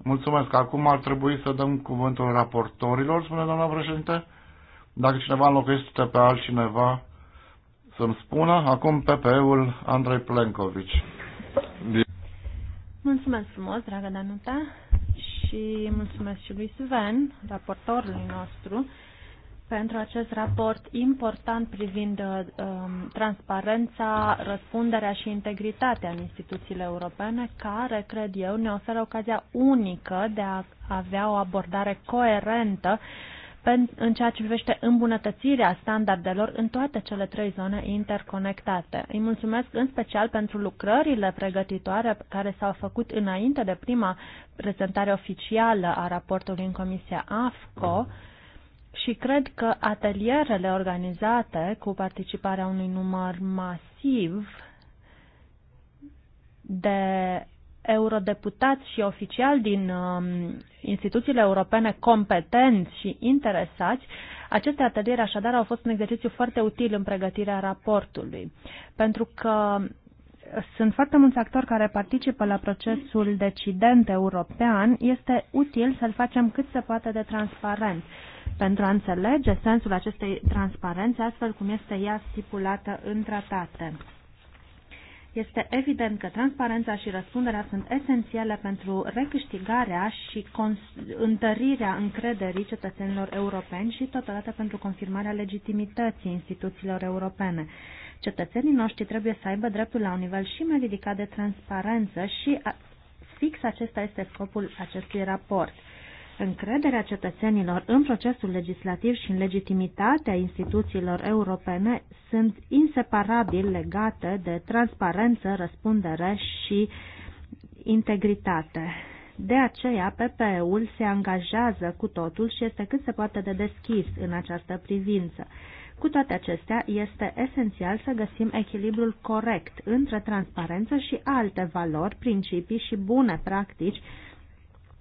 Mulțumesc. Acum ar trebui să dăm cuvântul raportorilor, spune doamna președinte. Dacă cineva înlocuiește pe altcineva, să-mi spună. Acum PPE-ul Andrei Plencovici. Mulțumesc frumos, dragă Danuta, și mulțumesc și lui Sven, raportorului nostru pentru acest raport important privind uh, transparența, răspunderea și integritatea în instituțiile europene, care, cred eu, ne oferă ocazia unică de a avea o abordare coerentă în ceea ce privește îmbunătățirea standardelor în toate cele trei zone interconectate. Îi mulțumesc în special pentru lucrările pregătitoare care s-au făcut înainte de prima prezentare oficială a raportului în Comisia AFCO, și cred că atelierele organizate cu participarea unui număr masiv de eurodeputați și oficiali din um, instituțiile europene competenți și interesați, aceste ateliere așadar au fost un exercițiu foarte util în pregătirea raportului, pentru că sunt foarte mulți actori care participă la procesul decident european, este util să-l facem cât se poate de transparent pentru a înțelege sensul acestei transparențe, astfel cum este ea stipulată în tratate. Este evident că transparența și răspunderea sunt esențiale pentru recâștigarea și întărirea încrederii cetățenilor europeni și totodată pentru confirmarea legitimității instituțiilor europene. Cetățenii noștri trebuie să aibă dreptul la un nivel și mai ridicat de transparență și fix acesta este scopul acestui raport. Încrederea cetățenilor în procesul legislativ și în legitimitatea instituțiilor europene sunt inseparabil legate de transparență, răspundere și integritate. De aceea, PPE-ul se angajează cu totul și este cât se poate de deschis în această privință. Cu toate acestea, este esențial să găsim echilibrul corect între transparență și alte valori, principii și bune practici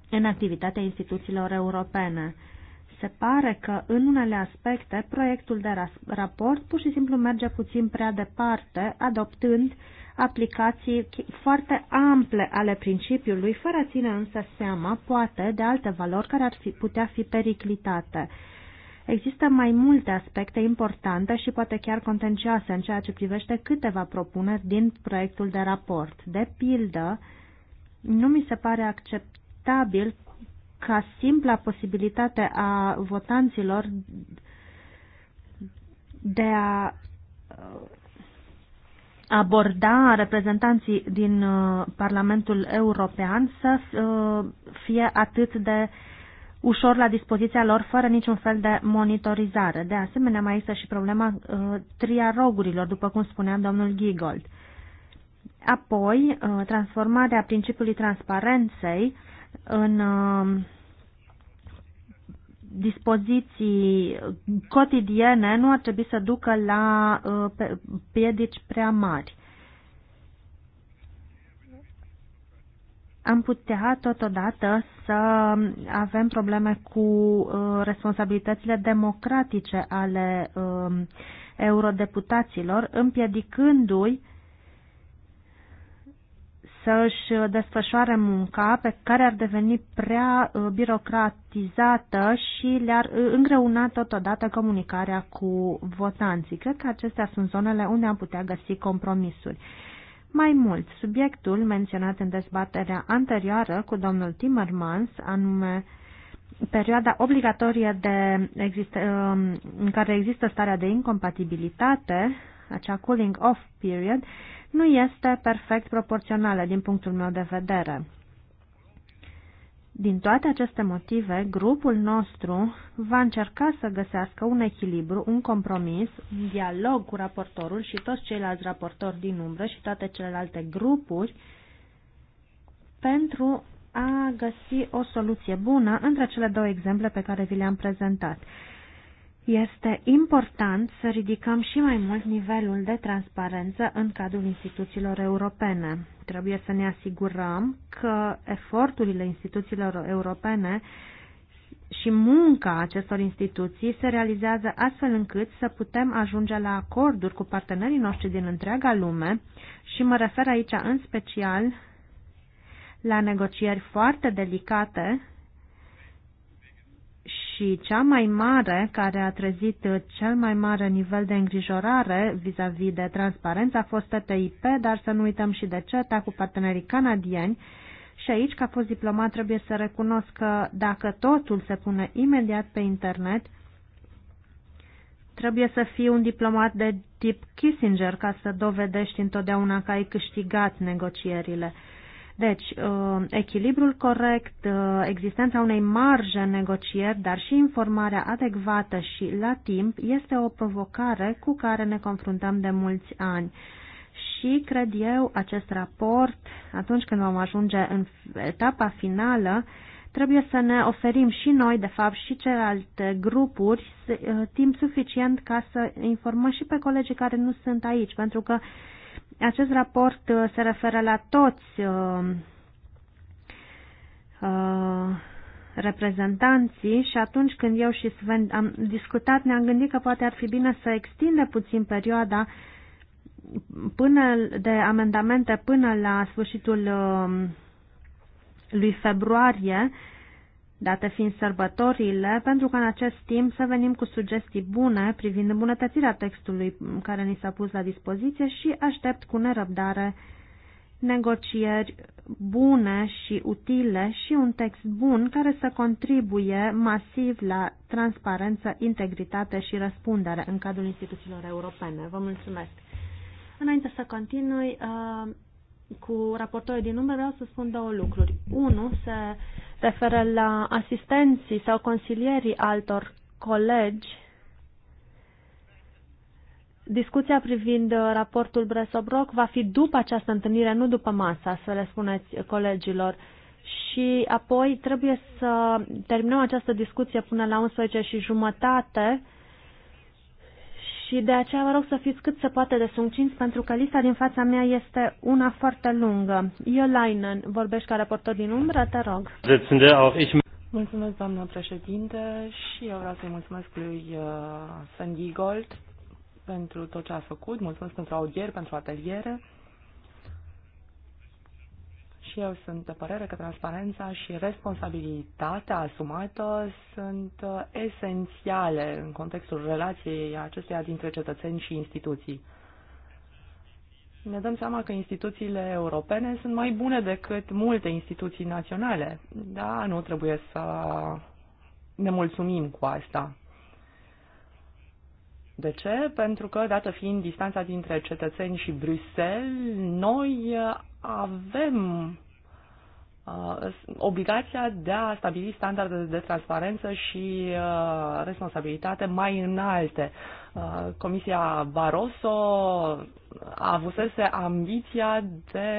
în activitatea instituțiilor europene. Se pare că, în unele aspecte, proiectul de raport pur și simplu merge puțin prea departe, adoptând aplicații foarte ample ale principiului, fără a ține însă seama, poate, de alte valori care ar fi, putea fi periclitate. Există mai multe aspecte importante și poate chiar contencioase în ceea ce privește câteva propuneri din proiectul de raport. De pildă, nu mi se pare acceptat inacceptabil ca simpla posibilitate a votanților de a uh, aborda reprezentanții din uh, Parlamentul European să uh, fie atât de ușor la dispoziția lor, fără niciun fel de monitorizare. De asemenea, mai există și problema triarogurilor, după cum spunea domnul Giegold. Apoi, transformarea principiului transparenței în um, dispoziții cotidiene nu ar trebui să ducă la uh, piedici prea mari. am putea totodată să avem probleme cu uh, responsabilitățile democratice ale um, eurodeputaților, împiedicându-i să își desfășoare munca pe care ar deveni prea uh, birocratizată și le-ar uh, îngreuna totodată comunicarea cu votanții. Cred că acestea sunt zonele unde am putea găsi compromisuri. Mai mult, subiectul menționat în dezbaterea anterioară cu domnul Timmermans, anume perioada obligatorie de um, în care există starea de incompatibilitate, acea cooling off period, nu este perfect proporțională din punctul meu de vedere. Din toate aceste motive, grupul nostru va încerca să găsească un echilibru, un compromis, un dialog cu raportorul și toți ceilalți raportori din umbră și toate celelalte grupuri pentru a găsi o soluție bună între cele două exemple pe care vi le-am prezentat. Este important să ridicăm și mai mult nivelul de transparență în cadrul instituțiilor europene. Trebuie să ne asigurăm că eforturile instituțiilor europene și munca acestor instituții se realizează astfel încât să putem ajunge la acorduri cu partenerii noștri din întreaga lume și mă refer aici în special la negocieri foarte delicate și cea mai mare, care a trezit cel mai mare nivel de îngrijorare vis-a-vis -vis de transparență, a fost TTIP, dar să nu uităm și de CETA cu partenerii canadieni. Și aici, ca fost diplomat, trebuie să recunosc că dacă totul se pune imediat pe internet, trebuie să fii un diplomat de tip Kissinger ca să dovedești întotdeauna că ai câștigat negocierile. Deci, uh, echilibrul corect, uh, existența unei marje în negocieri, dar și informarea adecvată și la timp este o provocare cu care ne confruntăm de mulți ani și, cred eu, acest raport, atunci când vom ajunge în etapa finală, trebuie să ne oferim și noi, de fapt, și celelalte grupuri uh, timp suficient ca să informăm și pe colegii care nu sunt aici, pentru că acest raport uh, se referă la toți uh, uh, reprezentanții și atunci când eu și Sven am discutat, ne-am gândit că poate ar fi bine să extinde puțin perioada până de amendamente până la sfârșitul uh, lui februarie, uh, date fiind sărbătorile, pentru că în acest timp să venim cu sugestii bune privind îmbunătățirea textului care ni s-a pus la dispoziție și aștept cu nerăbdare negocieri bune și utile și un text bun care să contribuie masiv la transparență, integritate și răspundere în cadrul instituțiilor europene. Vă mulțumesc! Înainte să continui, uh, cu raportorii din umbră vreau să spun două lucruri. Unu se referă la asistenții sau consilierii altor colegi. Discuția privind raportul Bresobroc va fi după această întâlnire, nu după masa, să le spuneți colegilor. Și apoi trebuie să terminăm această discuție până la 11 și jumătate și de aceea vă rog să fiți cât se poate de sunciți, pentru că lista din fața mea este una foarte lungă. Iolainen, vorbești ca raportor din umbră, te rog. Mulțumesc, doamnă președinte, și eu vreau să-i mulțumesc lui uh, Sandy Gold pentru tot ce a făcut, mulțumesc pentru audieri, pentru ateliere și eu sunt de părere că transparența și responsabilitatea asumată sunt uh, esențiale în contextul relației acesteia dintre cetățeni și instituții. Ne dăm seama că instituțiile europene sunt mai bune decât multe instituții naționale, dar nu trebuie să ne mulțumim cu asta. De ce? Pentru că, dată fiind distanța dintre cetățeni și Bruxelles, noi avem Uh, obligația de a stabili standarde de transparență și uh, responsabilitate mai înalte. Uh, Comisia Barroso a avusese ambiția de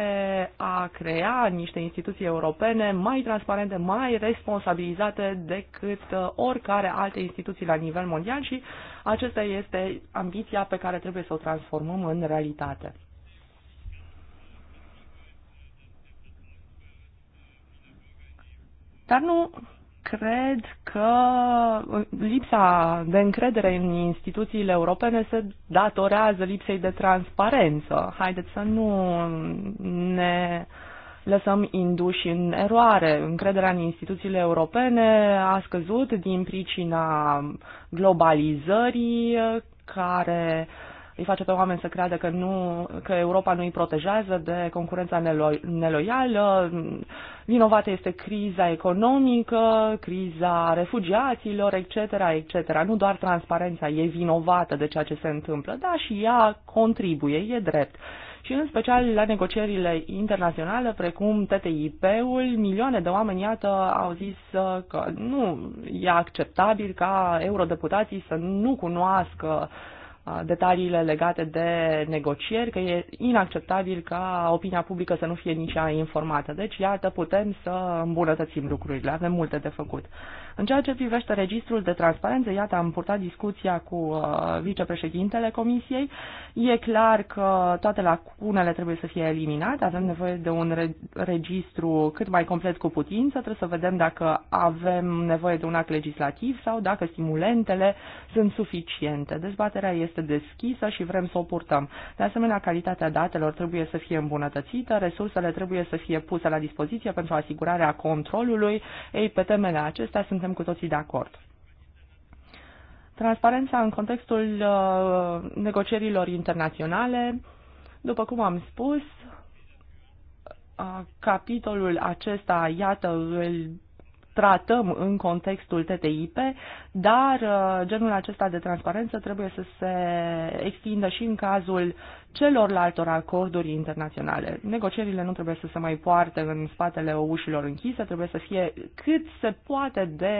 a crea niște instituții europene mai transparente, mai responsabilizate decât oricare alte instituții la nivel mondial și acesta este ambiția pe care trebuie să o transformăm în realitate. Dar nu cred că uh, lipsa de încredere în instituțiile europene se datorează lipsei de transparență. Haideți să nu ne lăsăm induși în eroare. Încrederea în instituțiile europene a scăzut din pricina globalizării care îi face pe oameni să creadă că, nu, că Europa nu îi protejează de concurența nelo- neloială. Vinovată este criza economică, criza refugiaților, etc., etc. Nu doar transparența e vinovată de ceea ce se întâmplă, dar și ea contribuie, e drept și în special la negocierile internaționale, precum TTIP-ul, milioane de oameni, iată, au zis că nu e acceptabil ca eurodeputații să nu cunoască detaliile legate de negocieri, că e inacceptabil ca opinia publică să nu fie nici ea informată. Deci, iată, putem să îmbunătățim lucrurile, avem multe de făcut. În ceea ce privește registrul de transparență, iată, am purtat discuția cu uh, vicepreședintele Comisiei. E clar că toate lacunele trebuie să fie eliminate, avem nevoie de un re- registru cât mai complet cu putință, trebuie să vedem dacă avem nevoie de un act legislativ sau dacă stimulentele sunt suficiente. Dezbaterea este deschisă și vrem să o purtăm. De asemenea, calitatea datelor trebuie să fie îmbunătățită, resursele trebuie să fie puse la dispoziție pentru asigurarea controlului. Ei, pe temele acestea suntem suntem cu toții de acord. Transparența în contextul uh, negocierilor internaționale, după cum am spus, uh, capitolul acesta, iată, îl tratăm în contextul TTIP, dar uh, genul acesta de transparență trebuie să se extindă și în cazul celorlaltor acorduri internaționale. Negocierile nu trebuie să se mai poarte în spatele ușilor închise, trebuie să fie cât se poate de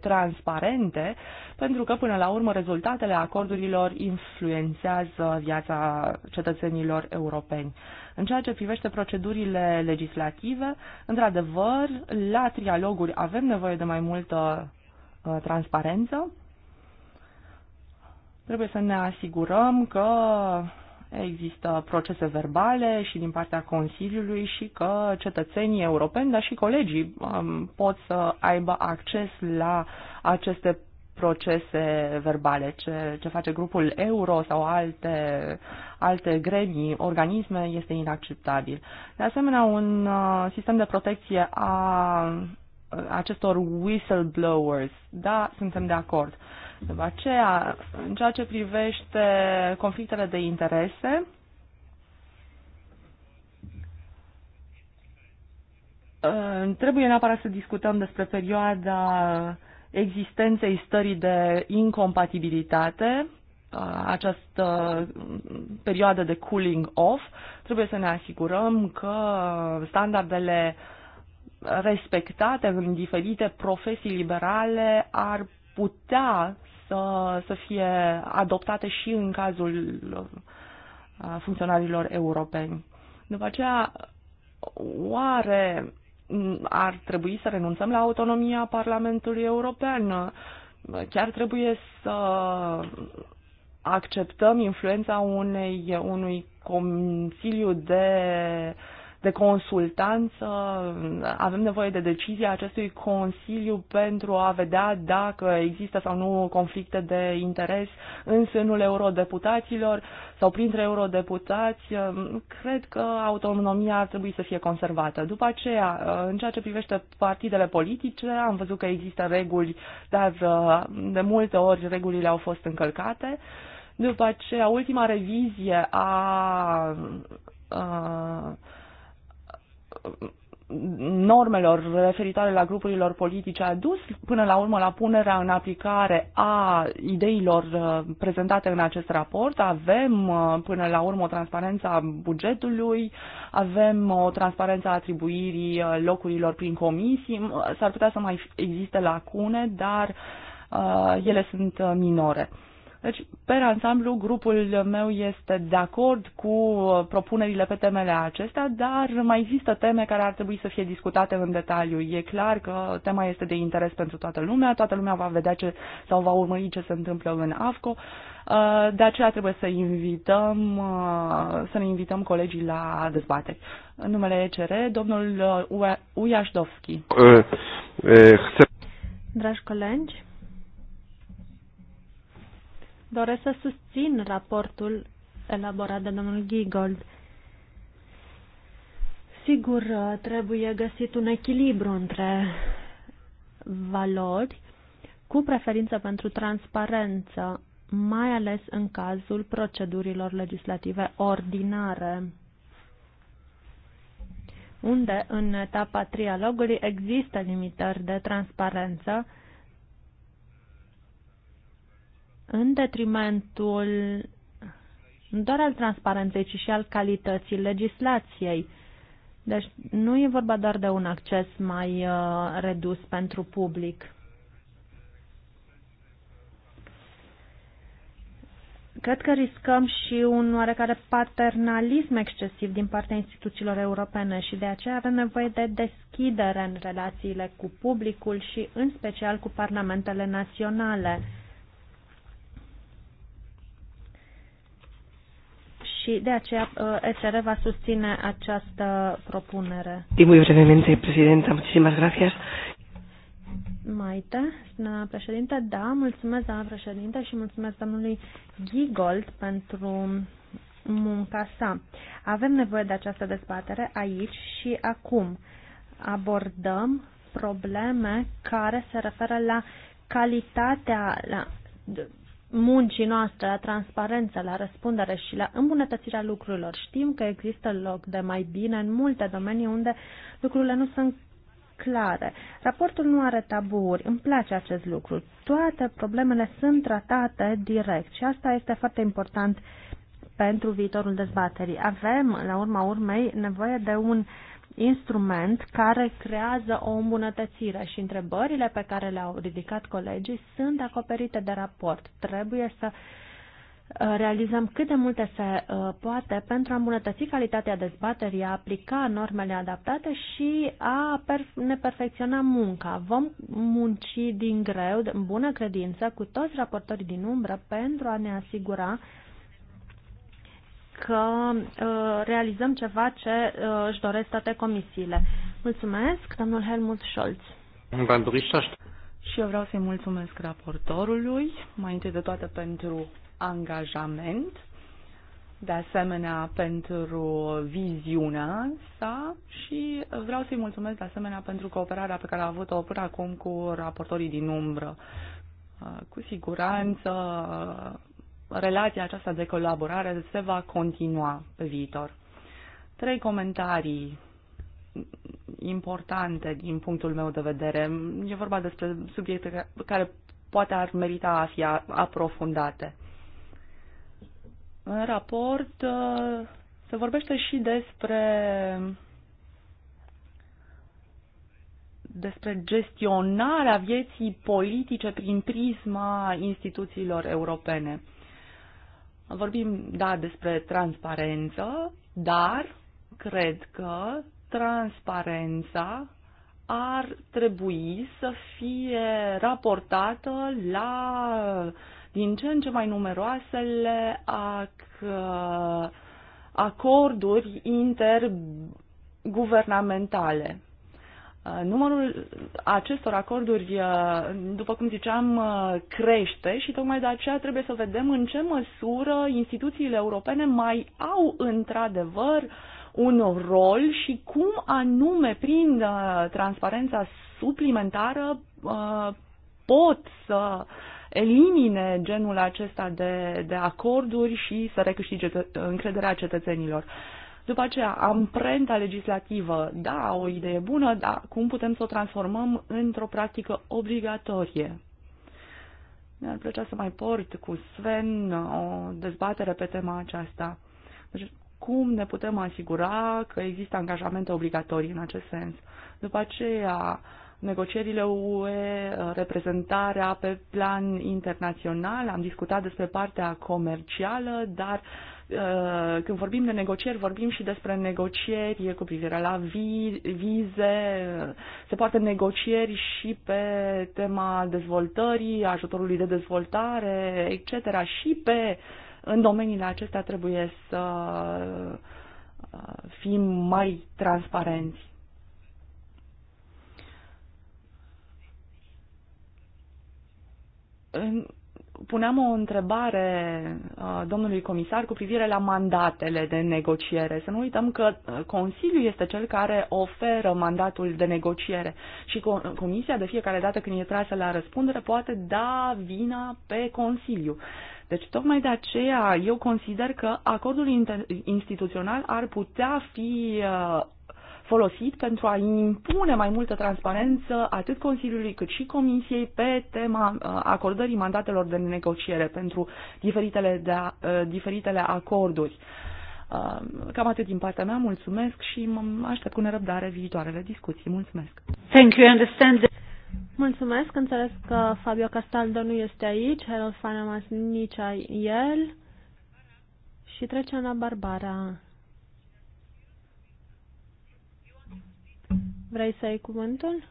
transparente, pentru că până la urmă rezultatele acordurilor influențează viața cetățenilor europeni. În ceea ce privește procedurile legislative, într-adevăr, la trialoguri avem nevoie de mai multă uh, transparență. Trebuie să ne asigurăm că există procese verbale și din partea Consiliului și că cetățenii europeni, dar și colegii um, pot să aibă acces la aceste procese verbale. Ce, ce face grupul euro sau alte, alte gremii, organisme, este inacceptabil. De asemenea, un uh, sistem de protecție a uh, acestor whistleblowers. Da, suntem de acord. După aceea, în ceea ce privește conflictele de interese, uh, trebuie neapărat să discutăm despre perioada existenței stării de incompatibilitate, această mm, perioadă de cooling off, trebuie să ne asigurăm că standardele respectate în diferite profesii liberale ar putea să, să fie adoptate și în cazul funcționarilor europeni. După aceea, oare Mm, ar trebui să renunțăm la autonomia Parlamentului European. Chiar trebuie să acceptăm influența unei, unui consiliu de uh, de consultanță, avem nevoie de decizia acestui Consiliu pentru a vedea dacă există sau nu conflicte de interes în sânul eurodeputaților sau printre eurodeputați. Cred că autonomia ar trebui să fie conservată. După aceea, în ceea ce privește partidele politice, am văzut că există reguli, dar de multe ori regulile au fost încălcate. După aceea, ultima revizie a, a normelor referitoare la grupurilor politice a dus până la urmă la punerea în aplicare a ideilor uh, prezentate în acest raport. Avem uh, până la urmă o transparență a bugetului, avem o transparență a atribuirii uh, locurilor prin comisii. S-ar putea să mai existe lacune, dar ele sunt minore. Deci, pe ansamblu, grupul meu este de acord cu propunerile pe temele acestea, dar mai există teme care ar trebui să fie discutate în detaliu. E clar că tema este de interes pentru toată lumea, toată lumea va vedea ce sau va urmări ce se întâmplă în AFCO. Uh, de aceea trebuie să invităm, uh, să ne invităm colegii la dezbateri. În numele ECR, domnul uh, Uiașdovski. Dragi colegi, Doresc să susțin raportul elaborat de domnul Giegold. Sigur, trebuie găsit un echilibru între valori cu preferință pentru transparență, mai ales în cazul procedurilor legislative ordinare, unde în etapa trialogului există limitări de transparență, în detrimentul nu doar al transparenței, ci și al calității legislației. Deci nu e vorba doar de un acces mai uh, redus pentru public. Cred că riscăm și un oarecare paternalism excesiv din partea instituțiilor europene și de aceea avem nevoie de deschidere în relațiile cu publicul și în special cu parlamentele naționale. și de aceea uh, ECR va susține această propunere. Y muy brevemente, Presidenta, muchísimas gracias. Maite, doamna președinte, da, mulțumesc, doamna președinte, și mulțumesc domnului Gigold pentru munca sa. Avem nevoie de această dezbatere aici și acum. Abordăm probleme care se referă la calitatea, la muncii noastre, la transparență, la răspundere și la îmbunătățirea lucrurilor. Știm că există loc de mai bine în multe domenii unde lucrurile nu sunt clare. Raportul nu are taburi, îmi place acest lucru. Toate problemele sunt tratate direct și asta este foarte important pentru viitorul dezbaterii. Avem, la urma urmei, nevoie de un uh, instrument care creează o îmbunătățire și întrebările pe care le-au ridicat colegii sunt acoperite de raport. Trebuie să uh, realizăm cât de multe se uh, poate pentru a îmbunătăți calitatea dezbaterii, a aplica normele adaptate și a ne perfecționa munca. Vom munci din greu, în bună credință, cu toți raportorii din umbră pentru a ne asigura că uh, realizăm ceva ce uh, își doresc toate comisiile. Mulțumesc, domnul Helmut Scholz. Și eu vreau să-i mulțumesc raportorului, mai întâi de toate pentru angajament, de asemenea pentru viziunea sa și vreau să-i mulțumesc de asemenea pentru cooperarea pe care a avut-o până acum cu raportorii din umbră. Uh, cu siguranță relația aceasta de colaborare se va continua pe viitor. Trei comentarii importante din punctul meu de vedere. E vorba despre subiecte care poate ar merita a fi aprofundate. În raport uh, se vorbește și despre despre gestionarea vieții politice prin prisma instituțiilor europene. Vorbim, da, despre transparență, dar cred că transparența ar trebui să fie raportată la din ce în ce mai numeroasele ac- acorduri interguvernamentale. Uh, numărul acestor acorduri, uh, după cum ziceam, uh, crește și tocmai de aceea trebuie să vedem în ce măsură instituțiile europene mai au într-adevăr un rol și cum anume prin transparența suplimentară pot să elimine genul acesta de, de acorduri și să recâștige încrederea cetățenilor. După aceea, amprenta legislativă, da, o idee bună, dar cum putem să o transformăm într-o practică obligatorie? Mi-ar plăcea să mai port cu Sven o dezbatere pe tema aceasta. Deci, cum ne putem asigura că există angajamente obligatorii în acest sens? După aceea, negocierile UE, reprezentarea pe plan internațional, am discutat despre partea comercială, dar uh, Uh, când vorbim de negocieri, vorbim și despre negocieri cu privire la vize, se poate negocieri și pe tema dezvoltării, ajutorului de dezvoltare, etc. Și pe, în domeniile acestea trebuie să uh, fim mai transparenți. În puneam o întrebare uh, domnului comisar cu privire la mandatele de negociere. Să nu uităm că uh, Consiliul este cel care oferă mandatul de negociere și Comisia de fiecare dată când e trasă la răspundere poate da vina pe Consiliu. Deci tocmai de aceea eu consider că acordul instituțional ar putea fi uh, folosit pentru a impune mai multă transparență atât Consiliului cât și Comisiei pe tema uh, acordării mandatelor de negociere pentru diferitele, de, a, uh, diferitele acorduri. Uh, cam atât din partea mea, mulțumesc și mă aștept cu nerăbdare viitoarele discuții. Mulțumesc! Thank you, understand the- Mulțumesc, înțeles că Fabio Castaldo nu este aici, Harold Fanamas nici el și trecem la Barbara. Vrei să ai cuvântul?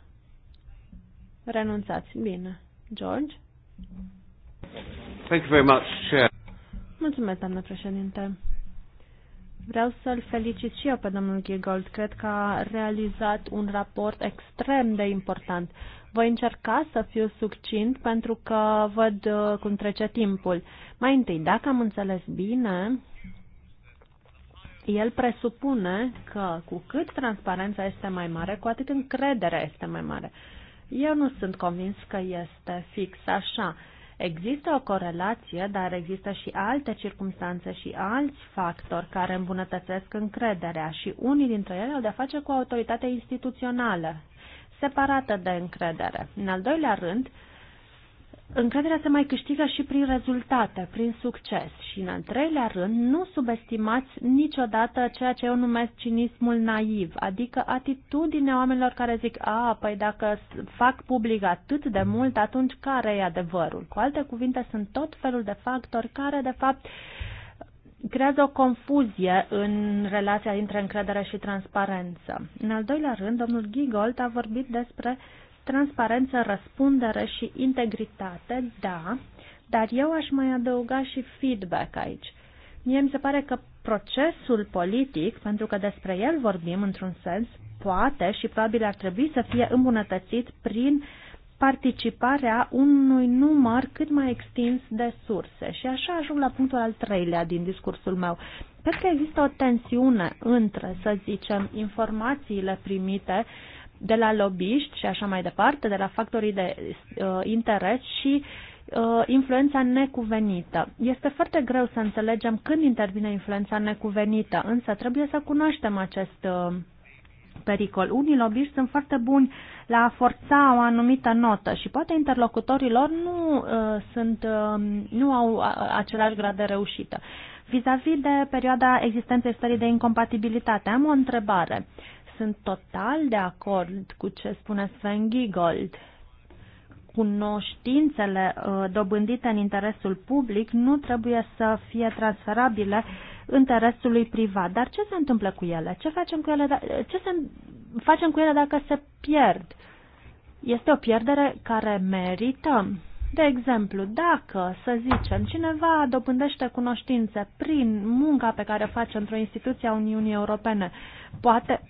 Renunțați. Bine. George? Thank you very much, Chair. Mulțumesc, doamnă președinte. Vreau să-l felicit și eu pe domnul Giegold. Cred că a realizat un raport extrem de important. Voi încerca să fiu succint pentru că văd uh, cum trece timpul. Mai întâi, dacă am înțeles bine, el presupune că cu cât transparența este mai mare, cu atât încrederea este mai mare. Eu nu sunt convins că este fix așa. Există o corelație, dar există și alte circumstanțe și alți factori care îmbunătățesc încrederea și unii dintre ele au de-a face cu autoritatea instituțională, separată de încredere. În al doilea rând, uh, Încrederea se mai câștigă și prin rezultate, prin succes și, în al treilea rând, nu subestimați niciodată ceea ce eu numesc cinismul naiv, adică atitudinea oamenilor care zic, a, păi dacă fac public atât de mult, atunci care e adevărul? Cu alte cuvinte, sunt tot felul de factori care, de fapt, creează o confuzie în relația dintre încredere și transparență. În al doilea rând, domnul Gigold a vorbit despre transparență, răspundere și integritate, da, dar eu aș mai adăuga și feedback aici. Mie mi se pare că procesul politic, pentru că despre el vorbim într-un sens, poate și probabil ar trebui să fie îmbunătățit prin participarea unui număr cât mai extins de surse. Și așa ajung la punctul al treilea din discursul meu. Cred că există o tensiune între, să zicem, informațiile primite uh, de la lobbyști și așa mai departe, de la factorii de uh, interes și uh, influența necuvenită. Este foarte greu să înțelegem când intervine influența necuvenită, însă trebuie să cunoaștem acest uh, pericol. Unii lobbyști sunt foarte buni la a forța o anumită notă și poate interlocutorii lor nu, uh, sunt, uh, nu au același grad de reușită. Vis-a-vis -vis de perioada existenței stării de incompatibilitate, am o întrebare. Sunt total de acord cu ce spune Sven Giegold. Cunoștințele uh, dobândite în interesul public nu trebuie să fie transferabile interesului privat. Dar ce se întâmplă cu ele? Ce facem cu ele, da- ce se, facem cu ele dacă se pierd? Este o pierdere care merită? De exemplu, dacă, să zicem, cineva dobândește cunoștințe prin munca pe care o face într-o instituție a Uniunii Europene, poate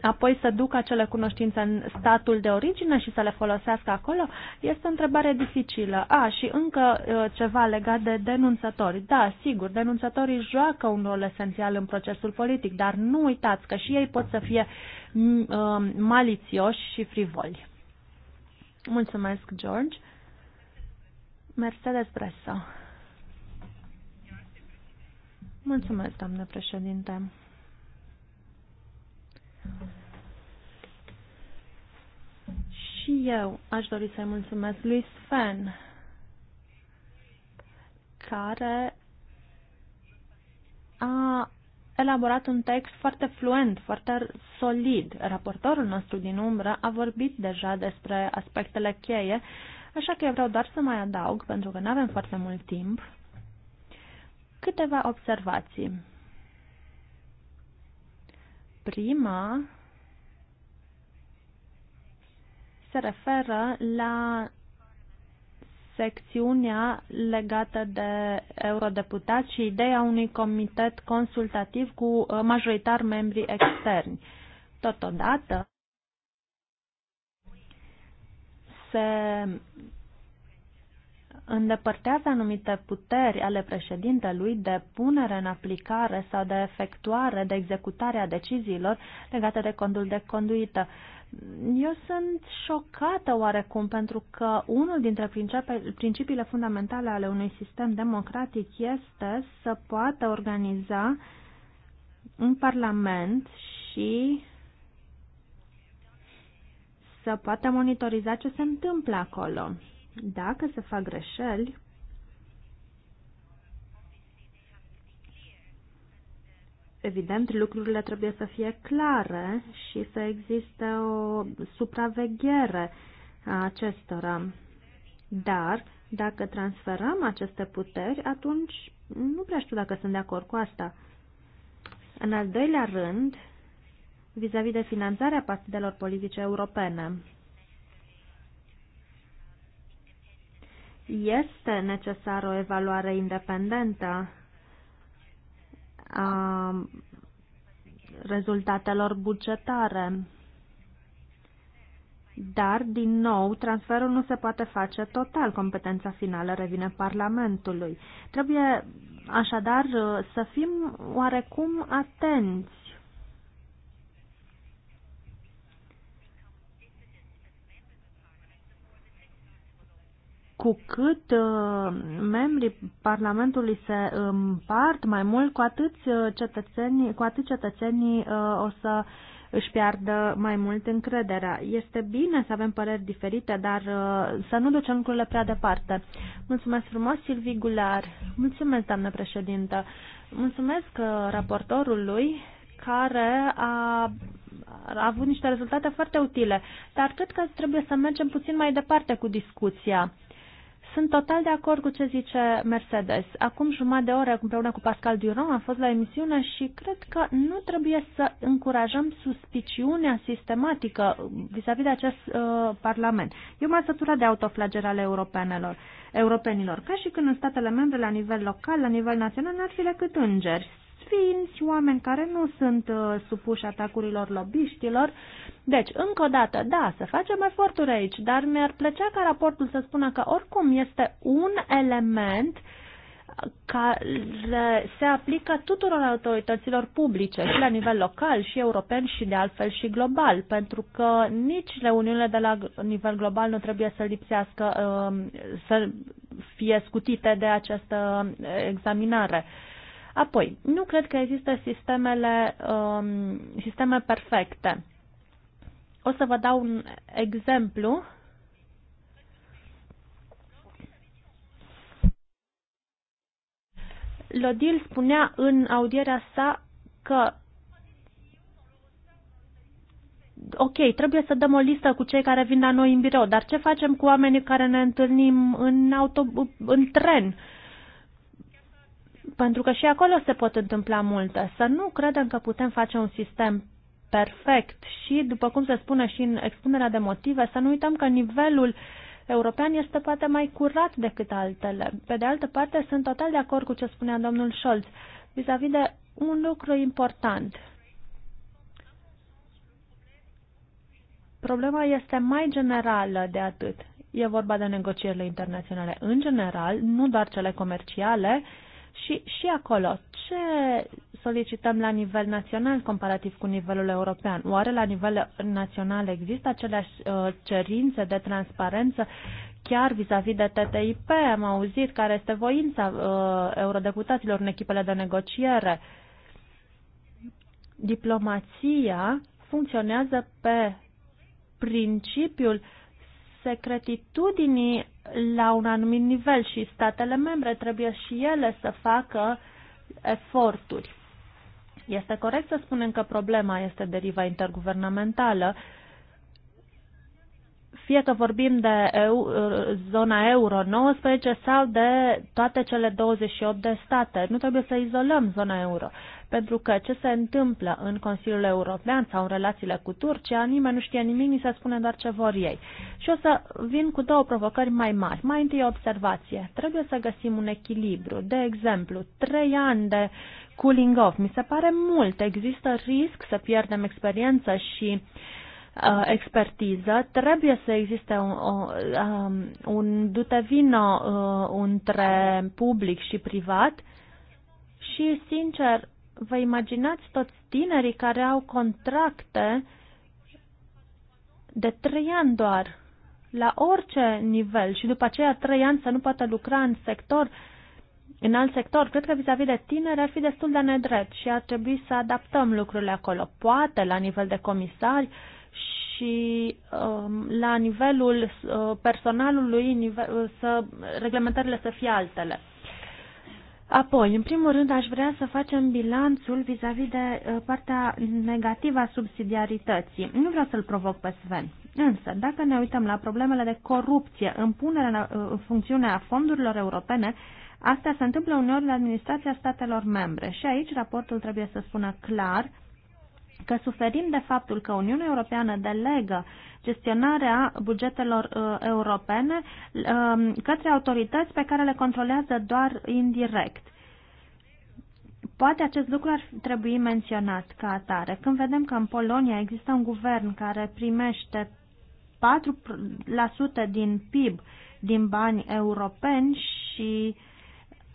apoi să ducă acele cunoștințe în statul de origine și să le folosească acolo, este o întrebare dificilă. A, și încă ceva legat de denunțători. Da, sigur, denunțătorii joacă un rol esențial în procesul politic, dar nu uitați că și ei pot să fie malițioși și frivoli. Mulțumesc, George. Mercedes Bresa. Mulțumesc, doamne președinte. Și eu aș dori să-i mulțumesc lui Sven, care a elaborat un text foarte fluent, foarte solid. Raportorul nostru din umbră a vorbit deja despre aspectele cheie, așa că eu vreau doar să mai adaug, pentru că nu avem foarte mult timp, câteva observații. Prima se referă la secțiunea legată de eurodeputați și ideea unui comitet consultativ cu uh, majoritar membrii externi. Totodată se îndepărtează anumite puteri ale președintelui de punere în aplicare sau de efectuare, de executare a deciziilor legate de condul de conduită. Eu sunt șocată oarecum pentru că unul dintre principiile fundamentale ale unui sistem democratic este să poată organiza un parlament și să poată monitoriza ce se întâmplă acolo dacă se fac greșeli, evident, lucrurile trebuie să fie clare și să existe o supraveghere a acestora. Dar, dacă transferăm aceste puteri, atunci nu prea știu dacă sunt de acord cu asta. În al doilea rând, vis-a-vis -vis de finanțarea partidelor politice europene. este necesară o evaluare independentă a rezultatelor bugetare. Dar, din nou, transferul nu se poate face total. Competența finală revine Parlamentului. Trebuie, așadar, să fim oarecum atenți cu cât uh, membrii Parlamentului se împart mai mult, cu atât uh, cetățenii, cu atât cetățenii uh, o să își piardă mai mult încrederea. Este bine să avem păreri diferite, dar uh, să nu ducem lucrurile prea departe. Mulțumesc frumos, Silvi Gular. Mulțumesc, doamnă președintă. Mulțumesc uh, raportorului care a a avut niște rezultate foarte utile, dar cred că trebuie să mergem puțin mai departe cu discuția. Sunt total de acord cu ce zice Mercedes. Acum jumătate de oră, împreună cu Pascal Duron, am fost la emisiune și cred că nu trebuie să încurajăm suspiciunea sistematică vis-a-vis -vis de acest uh, Parlament. Eu m-am săturat de autoflagerale europenelor, europenilor, ca și când în statele membre, la nivel local, la nivel național, n-ar fi decât îngeri sfinți, oameni care nu sunt uh, supuși atacurilor lobiștilor. Deci, încă o dată, da, să facem eforturi aici, dar mi-ar plăcea ca raportul să spună că oricum este un element care se aplică tuturor autorităților publice, și la nivel local, și european, și de altfel și global, pentru că nici reuniunile de la nivel global nu trebuie să lipsească, uh, să fie scutite de această uh, examinare. Apoi, nu cred că există sistemele, um, sisteme perfecte. O să vă dau un exemplu. Lodil spunea în audierea sa că ok, trebuie să dăm o listă cu cei care vin la noi în birou, dar ce facem cu oamenii care ne întâlnim în, auto, în tren? Uh, pentru că și acolo se pot întâmpla multe. Să nu credem că putem face un sistem perfect și, după cum se spune și în expunerea de motive, să nu uităm că nivelul european este poate mai curat decât altele. Pe de altă parte, sunt total de acord cu ce spunea domnul Scholz vis-a-vis de un lucru important. Problema este mai generală de atât. E vorba de negocierile internaționale în general, nu doar cele comerciale, uh, și, și acolo, ce solicităm la nivel național comparativ cu nivelul european? Oare la nivel național există aceleași uh, cerințe de transparență chiar vis-a-vis -vis de TTIP? Am auzit care este voința uh, eurodeputaților în echipele de negociere. Diplomația funcționează pe principiul secretitudinii la un anumit nivel și statele membre trebuie și ele să facă eforturi. Este corect să spunem că problema este deriva interguvernamentală, fie că vorbim de EU, zona euro 19 sau de toate cele 28 de state. Nu trebuie să izolăm zona euro pentru că ce se întâmplă în Consiliul European sau în relațiile cu Turcia, nimeni nu știe nimic, ni se spune doar ce vor ei. Și o să vin cu două provocări mai mari. Mai întâi observație. Trebuie să găsim un echilibru. De exemplu, trei ani de cooling off. Mi se pare mult. Există risc să pierdem experiență și uh, expertiză. Trebuie să existe un, un, um, un dute vino uh, între public și privat și, sincer, vă imaginați toți tinerii care au contracte de trei ani doar, la orice nivel și după aceea trei ani să nu poată lucra în sector, în alt sector, cred că vis-a-vis -vis de tineri ar fi destul de nedrept și ar trebui să adaptăm lucrurile acolo, poate la nivel de comisari și um, la nivelul uh, personalului nivel, să reglementările să fie altele. Apoi, în primul rând, aș vrea să facem bilanțul vis-a-vis -vis de uh, partea negativă a subsidiarității. Nu vreau să-l provoc pe Sven. Însă, dacă ne uităm la problemele de corupție în punerea uh, în funcțiune a fondurilor europene, astea se întâmplă uneori la administrația statelor membre. Și aici raportul trebuie să spună clar că suferim de faptul că Uniunea Europeană delegă gestionarea bugetelor uh, europene uh, către autorități pe care le controlează doar indirect. Poate acest lucru ar trebui menționat ca atare. Când vedem că în Polonia există un guvern care primește 4% din PIB din bani europeni și uh,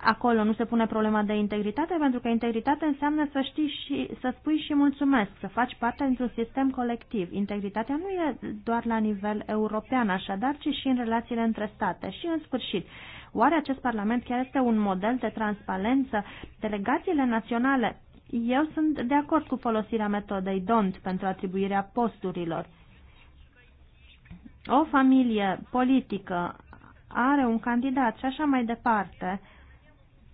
acolo nu se pune problema de integritate, pentru că integritate înseamnă să știi și să spui și mulțumesc, să faci parte într-un sistem colectiv. Integritatea nu e doar la nivel european, așadar, ci și în relațiile între state. Și în sfârșit, oare acest Parlament chiar este un model de transparență? Delegațiile naționale, eu sunt de acord cu folosirea metodei DONT pentru atribuirea posturilor. O familie politică are un candidat și așa mai departe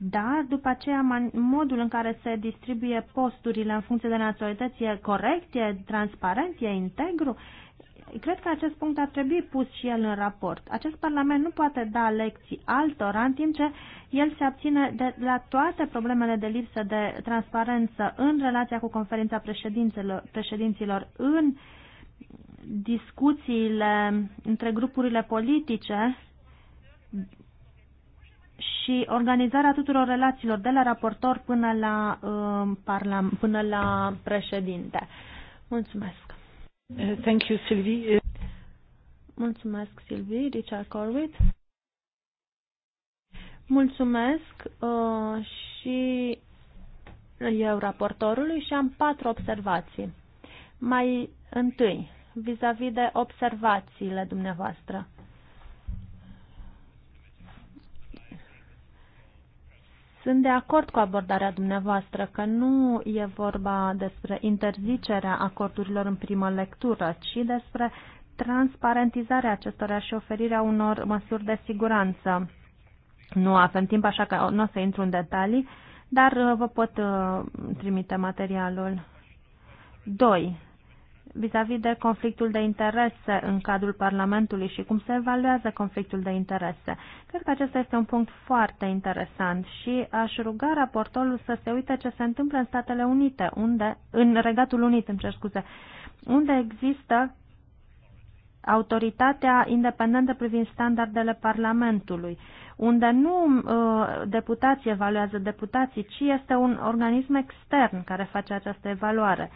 dar după aceea modul în care se distribuie posturile în funcție de naționalități e corect, e transparent, e integru. Cred că acest punct ar trebui pus și el în raport. Acest Parlament nu poate da lecții altora în timp ce el se abține de la toate problemele de lipsă de transparență în relația cu conferința președinților, președinților în discuțiile între grupurile politice și organizarea tuturor relațiilor de la raportor până la, uh, până la președinte. Mulțumesc. Uh, thank you, Sylvie. Uh, Mulțumesc, Sylvie. Richard Corwitt. Mulțumesc uh, și eu raportorului și am patru observații. Mai întâi, vis-a-vis -vis de observațiile dumneavoastră. Sunt de acord cu abordarea dumneavoastră că nu e vorba despre interzicerea acordurilor în primă lectură, ci despre transparentizarea acestora și oferirea unor măsuri de siguranță. Nu avem timp, așa că nu o să intru în detalii, dar uh, vă pot uh, trimite materialul. 2 vis-a-vis -vis de conflictul de interese în cadrul Parlamentului și cum se evaluează conflictul de interese. Cred că acesta este un punct foarte interesant și aș ruga raportorul să se uite ce se întâmplă în Statele Unite, unde, în Regatul Unit, îmi cer scuze, unde există autoritatea independentă privind standardele Parlamentului, unde nu uh, deputații evaluează deputații, ci este un organism extern care face această evaluare.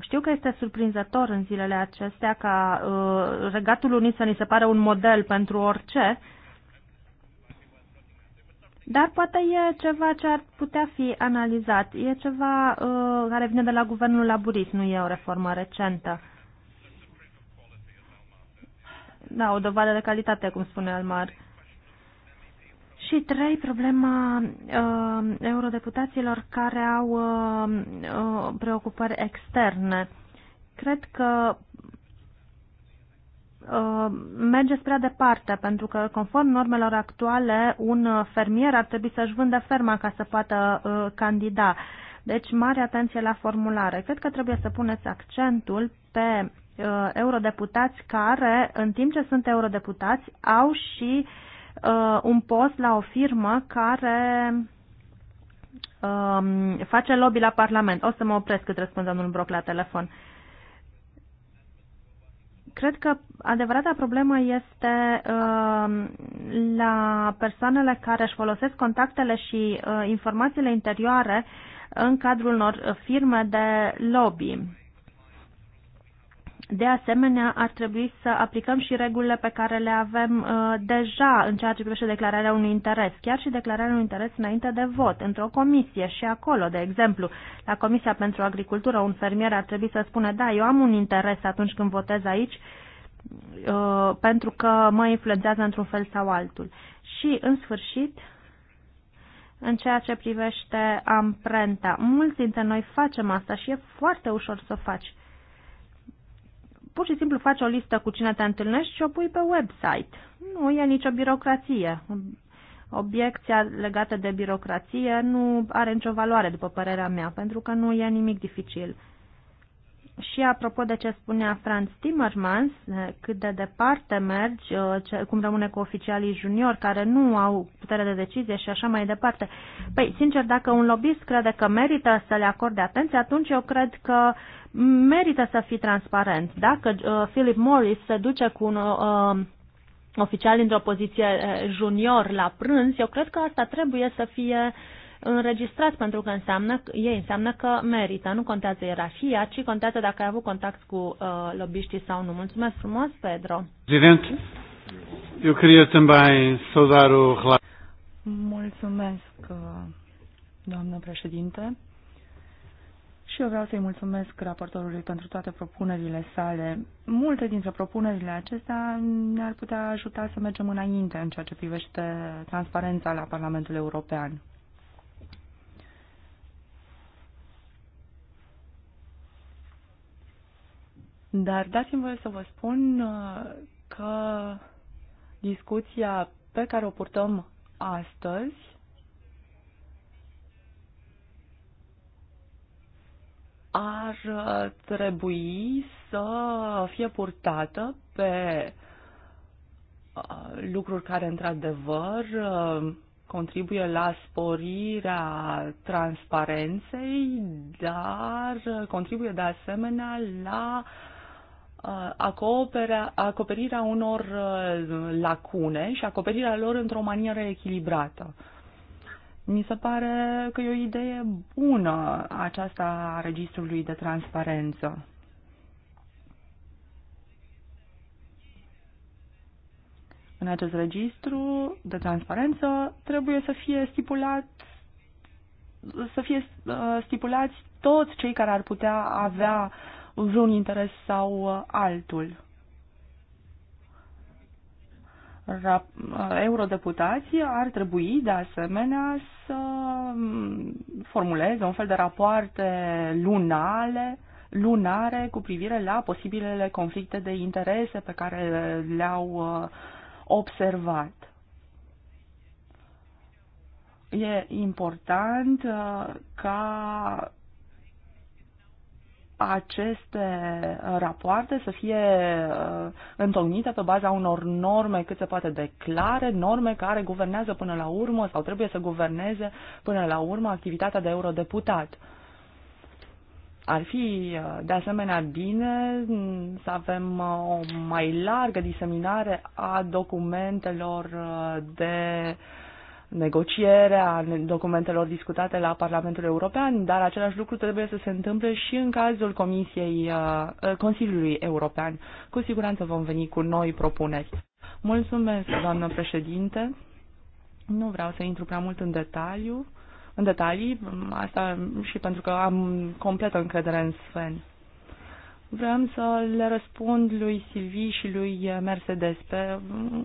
Știu că este surprinzător în zilele acestea ca uh, Regatul Unit să ni se pare un model pentru orice, dar poate e ceva ce ar putea fi analizat. E ceva uh, care vine de la guvernul laburist, nu e o reformă recentă. Da, o dovadă de calitate, cum spune Almar. Uh, și trei, problema uh, eurodeputaților care au uh, uh, preocupări externe. Cred că uh, merge spre departe, pentru că, conform normelor actuale, un fermier ar trebui să-și vândă ferma ca să poată uh, candida. Deci, mare atenție la formulare. Cred că trebuie să puneți accentul pe uh, eurodeputați care, în timp ce sunt eurodeputați, au și uh, uh, un post la o firmă care um, face lobby la Parlament. O să mă opresc cât răspund domnul Broc la telefon. Cred că adevărata problemă este uh, la persoanele care își folosesc contactele și uh, informațiile interioare în cadrul unor firme de lobby. De asemenea, ar trebui să aplicăm și regulile pe care le avem uh, deja în ceea ce privește declararea unui interes, chiar și declararea unui interes înainte de vot, într-o comisie și acolo, de exemplu, la Comisia pentru Agricultură, un fermier ar trebui să spună, da, eu am un interes atunci când votez aici, uh, pentru că mă influențează într-un fel sau altul. Și, în sfârșit, în ceea ce privește amprenta. Mulți dintre noi facem asta și e foarte ușor să o faci Pur și simplu faci o listă cu cine te întâlnești și o pui pe website. Nu e nicio birocrație. Obiecția legată de birocrație nu are nicio valoare, după părerea mea, pentru că nu e nimic dificil. Și apropo de ce spunea Franz Timmermans, cât de departe mergi, uh, cum rămâne cu oficialii juniori care nu au putere de decizie și așa mai departe. Păi, sincer, dacă un lobbyist crede că merită să le acorde atenție, atunci eu cred că uh, merită să fii transparent. Dacă uh, Philip Morris se duce cu un uh, oficial dintr-o poziție uh, junior la prânz, eu cred că asta trebuie să fie înregistrat pentru că înseamnă, ei înseamnă că merită. Nu contează ierarhia, ci contează dacă ai avut contact cu uh, lobiștii sau nu. Mulțumesc frumos, Pedro. Prezident, eu cred também saudar Mulțumesc, uh, doamnă președinte. Și eu vreau să-i mulțumesc raportorului pentru toate propunerile sale. Multe dintre propunerile acestea ne-ar putea ajuta să mergem înainte în ceea ce privește transparența la Parlamentul European. Dar dați-mi voie să vă spun uh, că discuția pe care o purtăm astăzi ar uh, trebui să fie purtată pe uh, lucruri care, într-adevăr, uh, contribuie la sporirea transparenței, dar contribuie de asemenea la acoperirea unor lacune și acoperirea lor într-o manieră echilibrată. Mi se pare că e o idee bună aceasta a registrului de transparență. În acest registru de transparență trebuie să fie stipulat să fie uh, stipulați toți cei care ar putea avea vreun interes sau uh, altul. Uh, eurodeputații ar trebui, de asemenea, să mm, formuleze un fel de rapoarte lunale, lunare cu privire la posibilele conflicte de interese pe care le-au uh, observat. E important uh, ca aceste uh, rapoarte să fie uh, întocmite pe baza unor norme cât se poate de clare, norme care guvernează până la urmă sau trebuie să guverneze până la urmă activitatea de eurodeputat. Ar fi uh, de asemenea bine mm, să avem o mai largă diseminare a documentelor de uh, negocierea documentelor discutate la Parlamentul European, dar același lucru trebuie să se întâmple și în cazul Comisiei uh, uh, Consiliului European. Cu siguranță vom veni cu noi propuneri. Mulțumesc, doamnă președinte. Nu vreau să intru prea mult în detaliu, în detalii, asta și pentru că am completă încredere în Sven. Vreau să le răspund lui Silvi și lui Mercedes pe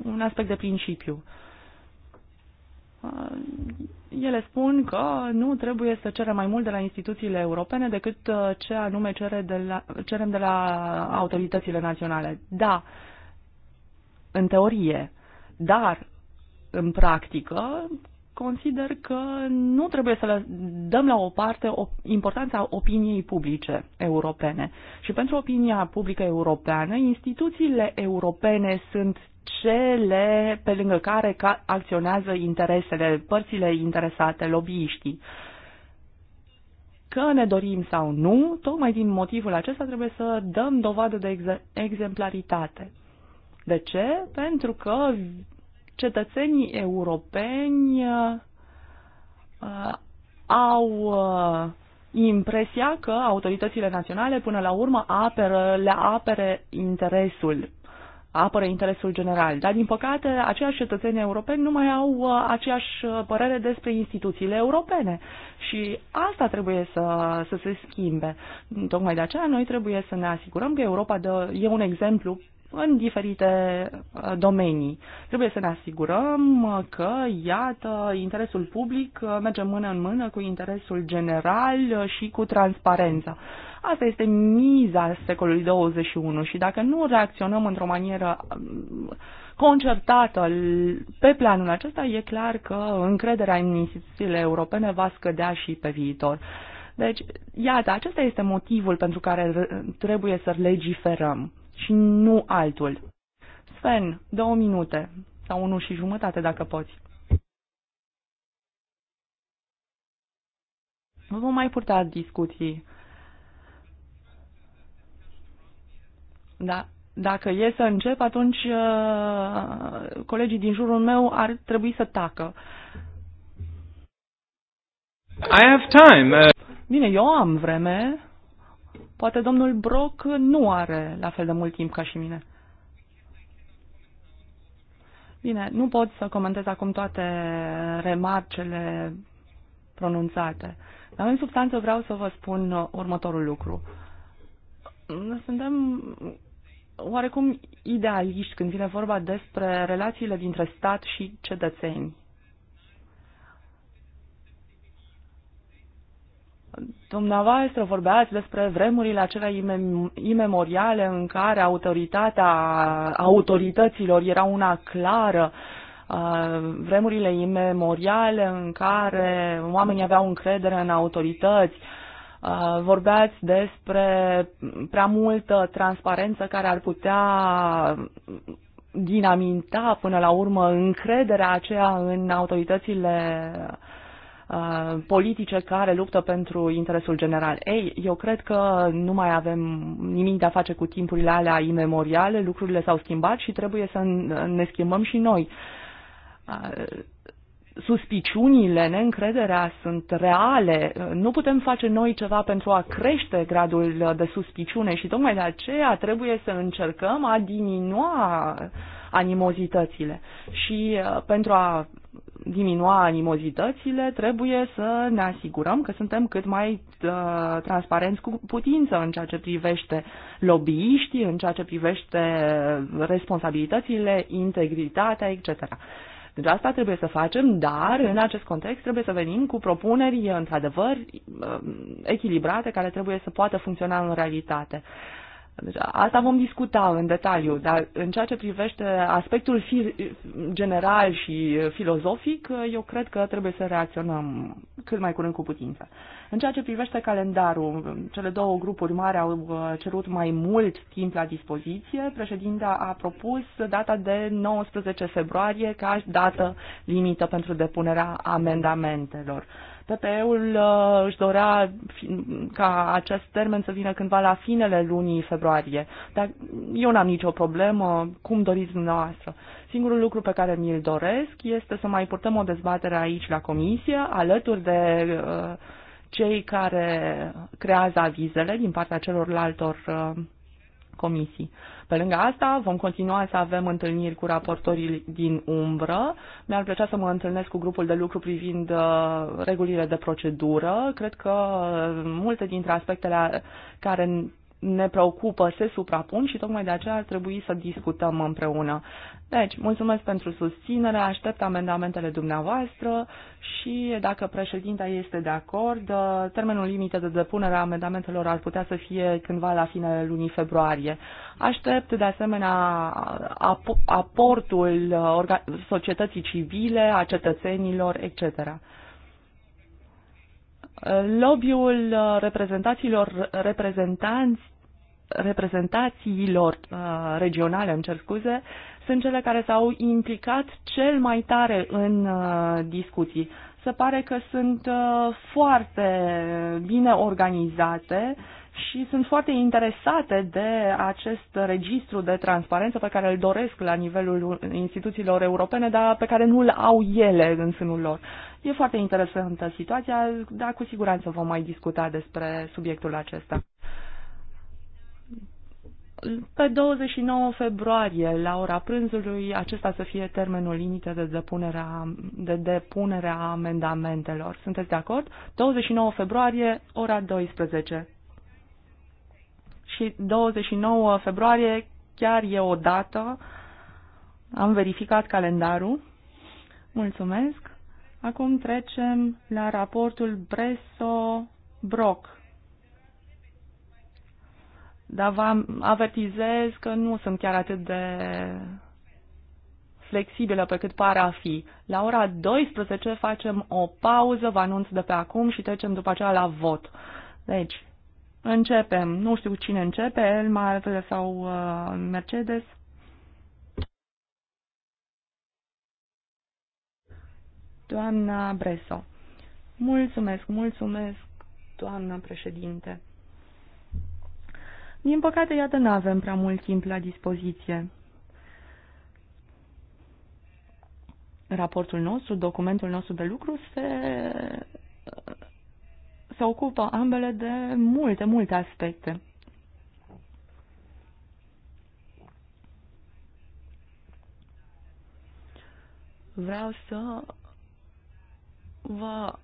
un aspect de principiu. Uh, ele spun că nu trebuie să cerem mai mult de la instituțiile europene decât uh, ce anume cere de la, cerem de la autoritățile naționale. Da, în teorie, dar în practică consider că nu trebuie să le dăm la o parte o, importanța opiniei publice europene. Și pentru opinia publică europeană, instituțiile europene sunt cele pe lângă care acționează interesele, părțile interesate, lobbyiștii. Că ne dorim sau nu, tocmai din motivul acesta trebuie să dăm dovadă de exemplaritate. De ce? Pentru că cetățenii europeni uh, au uh, impresia că autoritățile naționale până la urmă apere, le apere interesul apără interesul general. Dar, din păcate, aceiași cetățeni europeni nu mai au uh, aceeași uh, părere despre instituțiile europene. Și asta trebuie să, să se schimbe. Tocmai de aceea noi trebuie să ne asigurăm că Europa dă, e un exemplu în diferite uh, domenii. Trebuie să ne asigurăm că, iată, interesul public merge mână în mână cu interesul general și cu transparența. Asta este miza secolului 21 și dacă nu reacționăm într-o manieră um, concertată pe planul acesta, e clar că încrederea în instituțiile europene va scădea și pe viitor. Deci, iată, acesta este motivul pentru care trebuie să legiferăm și nu altul. Sven, două minute sau unul și jumătate dacă poți. Vom mai purta discuții Da, dacă e să încep, atunci uh, colegii din jurul meu ar trebui să tacă. I have time. Uh. Bine, eu am vreme. Poate domnul Brock nu are la fel de mult timp ca și mine. Bine, nu pot să comentez acum toate remarcele pronunțate. Dar în substanță vreau să vă spun următorul lucru. Suntem oarecum idealiști când vine vorba despre relațiile dintre stat și cetățeni. Dumneavoastră vorbeați despre vremurile acelea imemoriale în care autoritatea autorităților era una clară, vremurile imemoriale în care oamenii aveau încredere în autorități, Uh, vorbeați despre prea multă transparență care ar putea dinaminta până la urmă încrederea aceea în autoritățile uh, politice care luptă pentru interesul general. Ei, eu cred că nu mai avem nimic de a face cu timpurile alea imemoriale, lucrurile s-au schimbat și trebuie să ne schimbăm și noi. Uh, suspiciunile, neîncrederea sunt reale. Nu putem face noi ceva pentru a crește gradul de suspiciune și tocmai de aceea trebuie să încercăm a diminua animozitățile. Și uh, pentru a diminua animozitățile, trebuie să ne asigurăm că suntem cât mai uh, transparenți cu putință în ceea ce privește lobbyiștii, în ceea ce privește responsabilitățile, integritatea, etc. Deci asta trebuie să facem, dar în acest context trebuie să venim cu propuneri, într-adevăr, echilibrate, care trebuie să poată funcționa în realitate. Deci asta vom discuta în detaliu, dar în ceea ce privește aspectul fi- general și filozofic, eu cred că trebuie să reacționăm cât mai curând cu putință. În ceea ce privește calendarul, cele două grupuri mari au uh, cerut mai mult timp la dispoziție. Președinta a propus data de 19 februarie ca dată limită pentru depunerea amendamentelor. PPE-ul uh, își dorea ca acest termen să vină cândva la finele lunii februarie, dar eu n-am nicio problemă, cum doriți dumneavoastră. Singurul lucru pe care mi-l doresc este să mai purtăm o dezbatere aici la comisie, alături de uh, cei care creează avizele din partea celorlaltor uh, comisii. Pe lângă asta, vom continua să avem întâlniri cu raportorii din umbră. Mi-ar plăcea să mă întâlnesc cu grupul de lucru privind uh, regulile de procedură. Cred că uh, multe dintre aspectele care ne preocupă se suprapun și tocmai de aceea ar trebui să discutăm împreună. Deci, mulțumesc pentru susținere, aștept amendamentele dumneavoastră și dacă președinta este de acord, termenul limită de depunere a amendamentelor ar putea să fie cândva la finele lunii februarie. Aștept de asemenea ap- aportul societății civile, a cetățenilor, etc. Lobbyul reprezentanților reprezentanți reprezentațiilor uh, regionale, îmi cer scuze, sunt cele care s-au implicat cel mai tare în uh, discuții. Se pare că sunt uh, foarte bine organizate și sunt foarte interesate de acest registru de transparență pe care îl doresc la nivelul instituțiilor europene, dar pe care nu-l au ele în sânul lor. E foarte interesantă situația, dar cu siguranță vom mai discuta despre subiectul acesta pe 29 februarie, la ora prânzului, acesta să fie termenul limită de depunere de depunere a amendamentelor. Sunteți de acord? 29 februarie, ora 12. Și 29 februarie chiar e o dată. Am verificat calendarul. Mulțumesc. Acum trecem la raportul Breso-Brock dar vă avertizez că nu sunt chiar atât de flexibilă pe cât pare a fi. La ora 12 facem o pauză, vă anunț de pe acum și trecem după aceea la vot. Deci, începem. Nu știu cine începe, Elmar sau uh, Mercedes. Doamna Breso. Mulțumesc, mulțumesc, doamna președinte. Din păcate, iată, nu avem prea mult timp la dispoziție. Raportul nostru, documentul nostru de lucru se, se ocupă ambele de multe, multe aspecte. Vreau să vă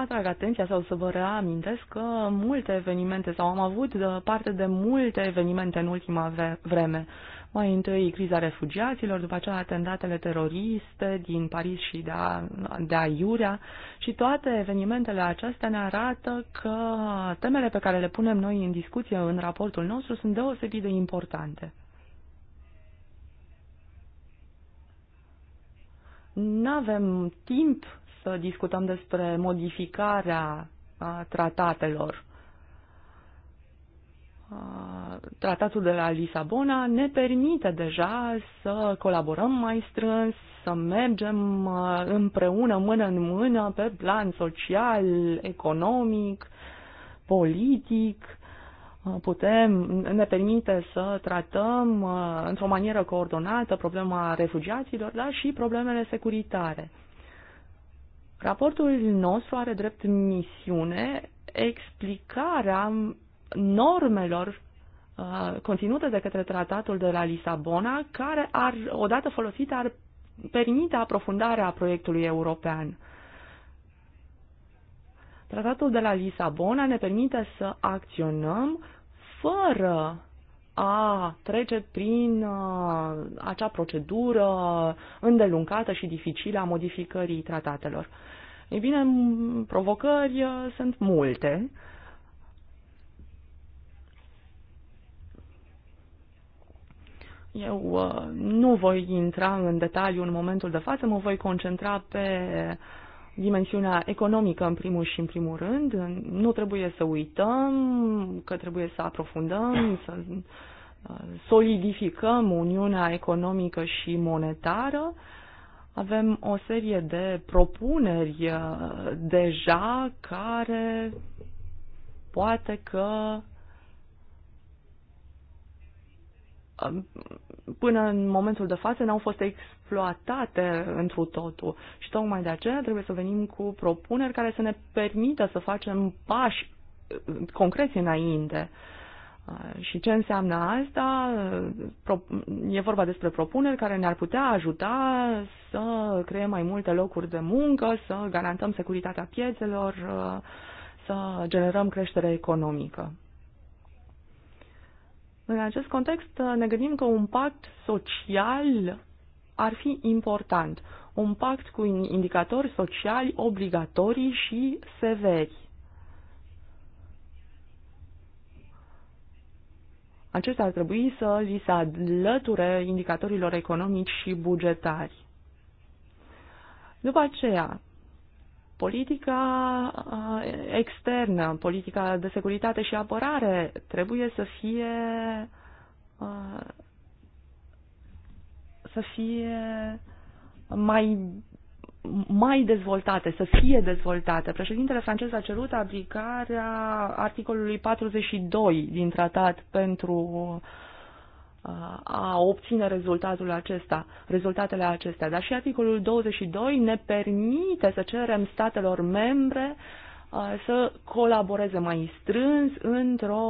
atrag atenția sau să vă reamintesc că multe evenimente sau am avut parte de multe evenimente în ultima vreme. Mai întâi criza refugiaților, după aceea atentatele teroriste din Paris și de, a, de aiurea și toate evenimentele acestea ne arată că temele pe care le punem noi în discuție în raportul nostru sunt deosebit de importante. nu avem timp să discutăm despre modificarea tratatelor. Tratatul de la Lisabona ne permite deja să colaborăm mai strâns, să mergem împreună, mână în mână, pe plan social, economic, politic. Putem, ne permite să tratăm într-o manieră coordonată problema refugiaților, dar și problemele securitare. Raportul nostru are drept misiune explicarea normelor uh, conținute de către tratatul de la Lisabona, care ar, odată folosite, ar permite aprofundarea proiectului european. Tratatul de la Lisabona ne permite să acționăm fără a trece prin acea procedură îndelungată și dificilă a modificării tratatelor. Ei bine, provocări sunt multe. Eu nu voi intra în detaliu în momentul de față, mă voi concentra pe dimensiunea economică în primul și în primul rând. Nu trebuie să uităm că trebuie să aprofundăm, să solidificăm Uniunea Economică și Monetară. Avem o serie de propuneri uh, deja care poate că um, până în momentul de față n-au fost exploatate întru totul. Și tocmai de aceea trebuie să venim cu propuneri care să ne permită să facem pași uh, concreți înainte. Uh, Uh, și ce înseamnă asta? E vorba despre propuneri care ne-ar putea ajuta să creăm mai multe locuri de muncă, să garantăm securitatea piețelor, uh, să generăm creștere economică. În acest context uh, ne gândim că un pact social ar fi important. Un pact cu indicatori sociali obligatorii și severi. Acestea ar trebui să li se alăture indicatorilor economici și bugetari. După aceea, politica uh, externă, politica de securitate și apărare trebuie să fie uh, să fie mai mai dezvoltate, să fie dezvoltate. Președintele francez a cerut aplicarea articolului 42 din tratat pentru uh, a obține rezultatul acesta, rezultatele acestea. Dar și articolul 22 ne permite să cerem statelor membre uh, Uh, să colaboreze mai strâns într-o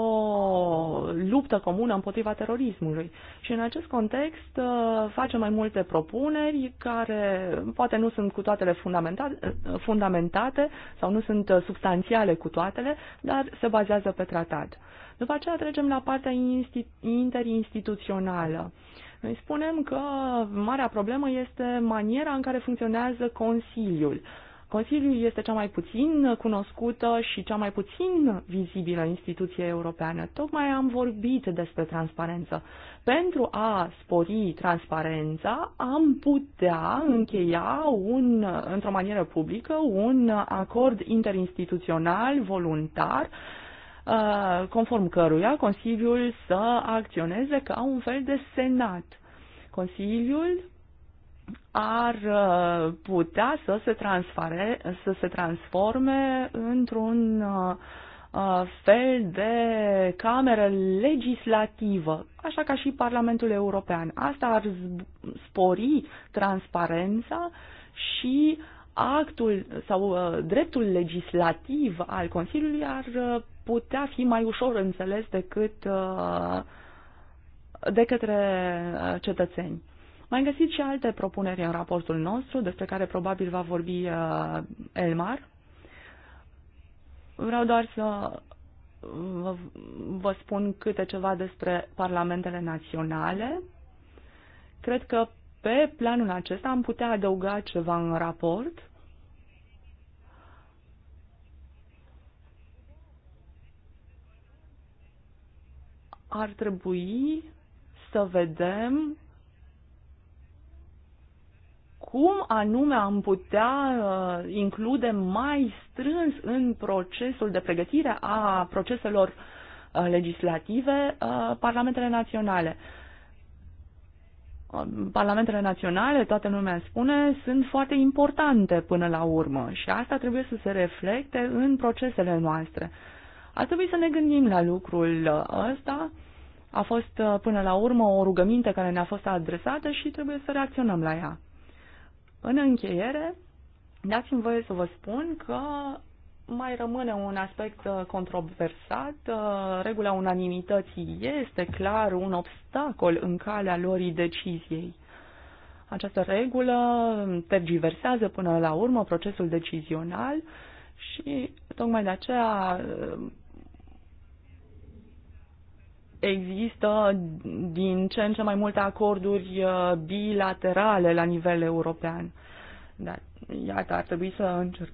luptă comună împotriva terorismului. Și în acest context uh, facem mai multe propuneri care poate nu sunt cu toatele uh, fundamentate sau nu sunt substanțiale cu toatele, dar se bazează pe tratat. După aceea trecem la partea interinstituțională. Noi spunem că marea problemă este maniera în care funcționează Consiliul. Uh, Consiliul este cea mai puțin cunoscută și cea mai puțin vizibilă instituție europeană. Tocmai am vorbit despre transparență. Pentru a spori transparența, am putea încheia un, într-o manieră publică un acord interinstituțional voluntar uh, conform căruia Consiliul să acționeze ca un fel de senat. Consiliul ar uh, putea să se transfere, să se transforme într-un uh, uh, fel de cameră legislativă, așa ca și Parlamentul European. Asta ar spori transparența și actul sau dreptul legislativ al Consiliului ar putea fi mai ușor înțeles decât de către cetățeni. Mai găsiți și alte propuneri în raportul nostru, despre care probabil va vorbi uh, Elmar. Vreau doar să vă, vă spun câte ceva despre parlamentele naționale. Cred că pe planul acesta am putea adăuga ceva în raport. Ar trebui să vedem cum anume am putea uh, include mai strâns în procesul de pregătire a proceselor uh, legislative uh, parlamentele naționale. Parlamentele naționale, toată lumea spune, sunt foarte importante până la urmă și asta trebuie să se reflecte în procesele noastre. Ar trebui să ne gândim la lucrul ăsta. A fost până la urmă o rugăminte care ne-a fost adresată și trebuie să reacționăm la ea. În încheiere, dați-mi voie să vă spun că mai rămâne un aspect uh, controversat. Uh, regula unanimității este clar un obstacol în calea lorii deciziei. Această regulă tergiversează până la urmă procesul decizional și tocmai de aceea uh, există din ce în ce mai multe acorduri uh, bilaterale la nivel european. Dar, iată, ar trebui să încerc,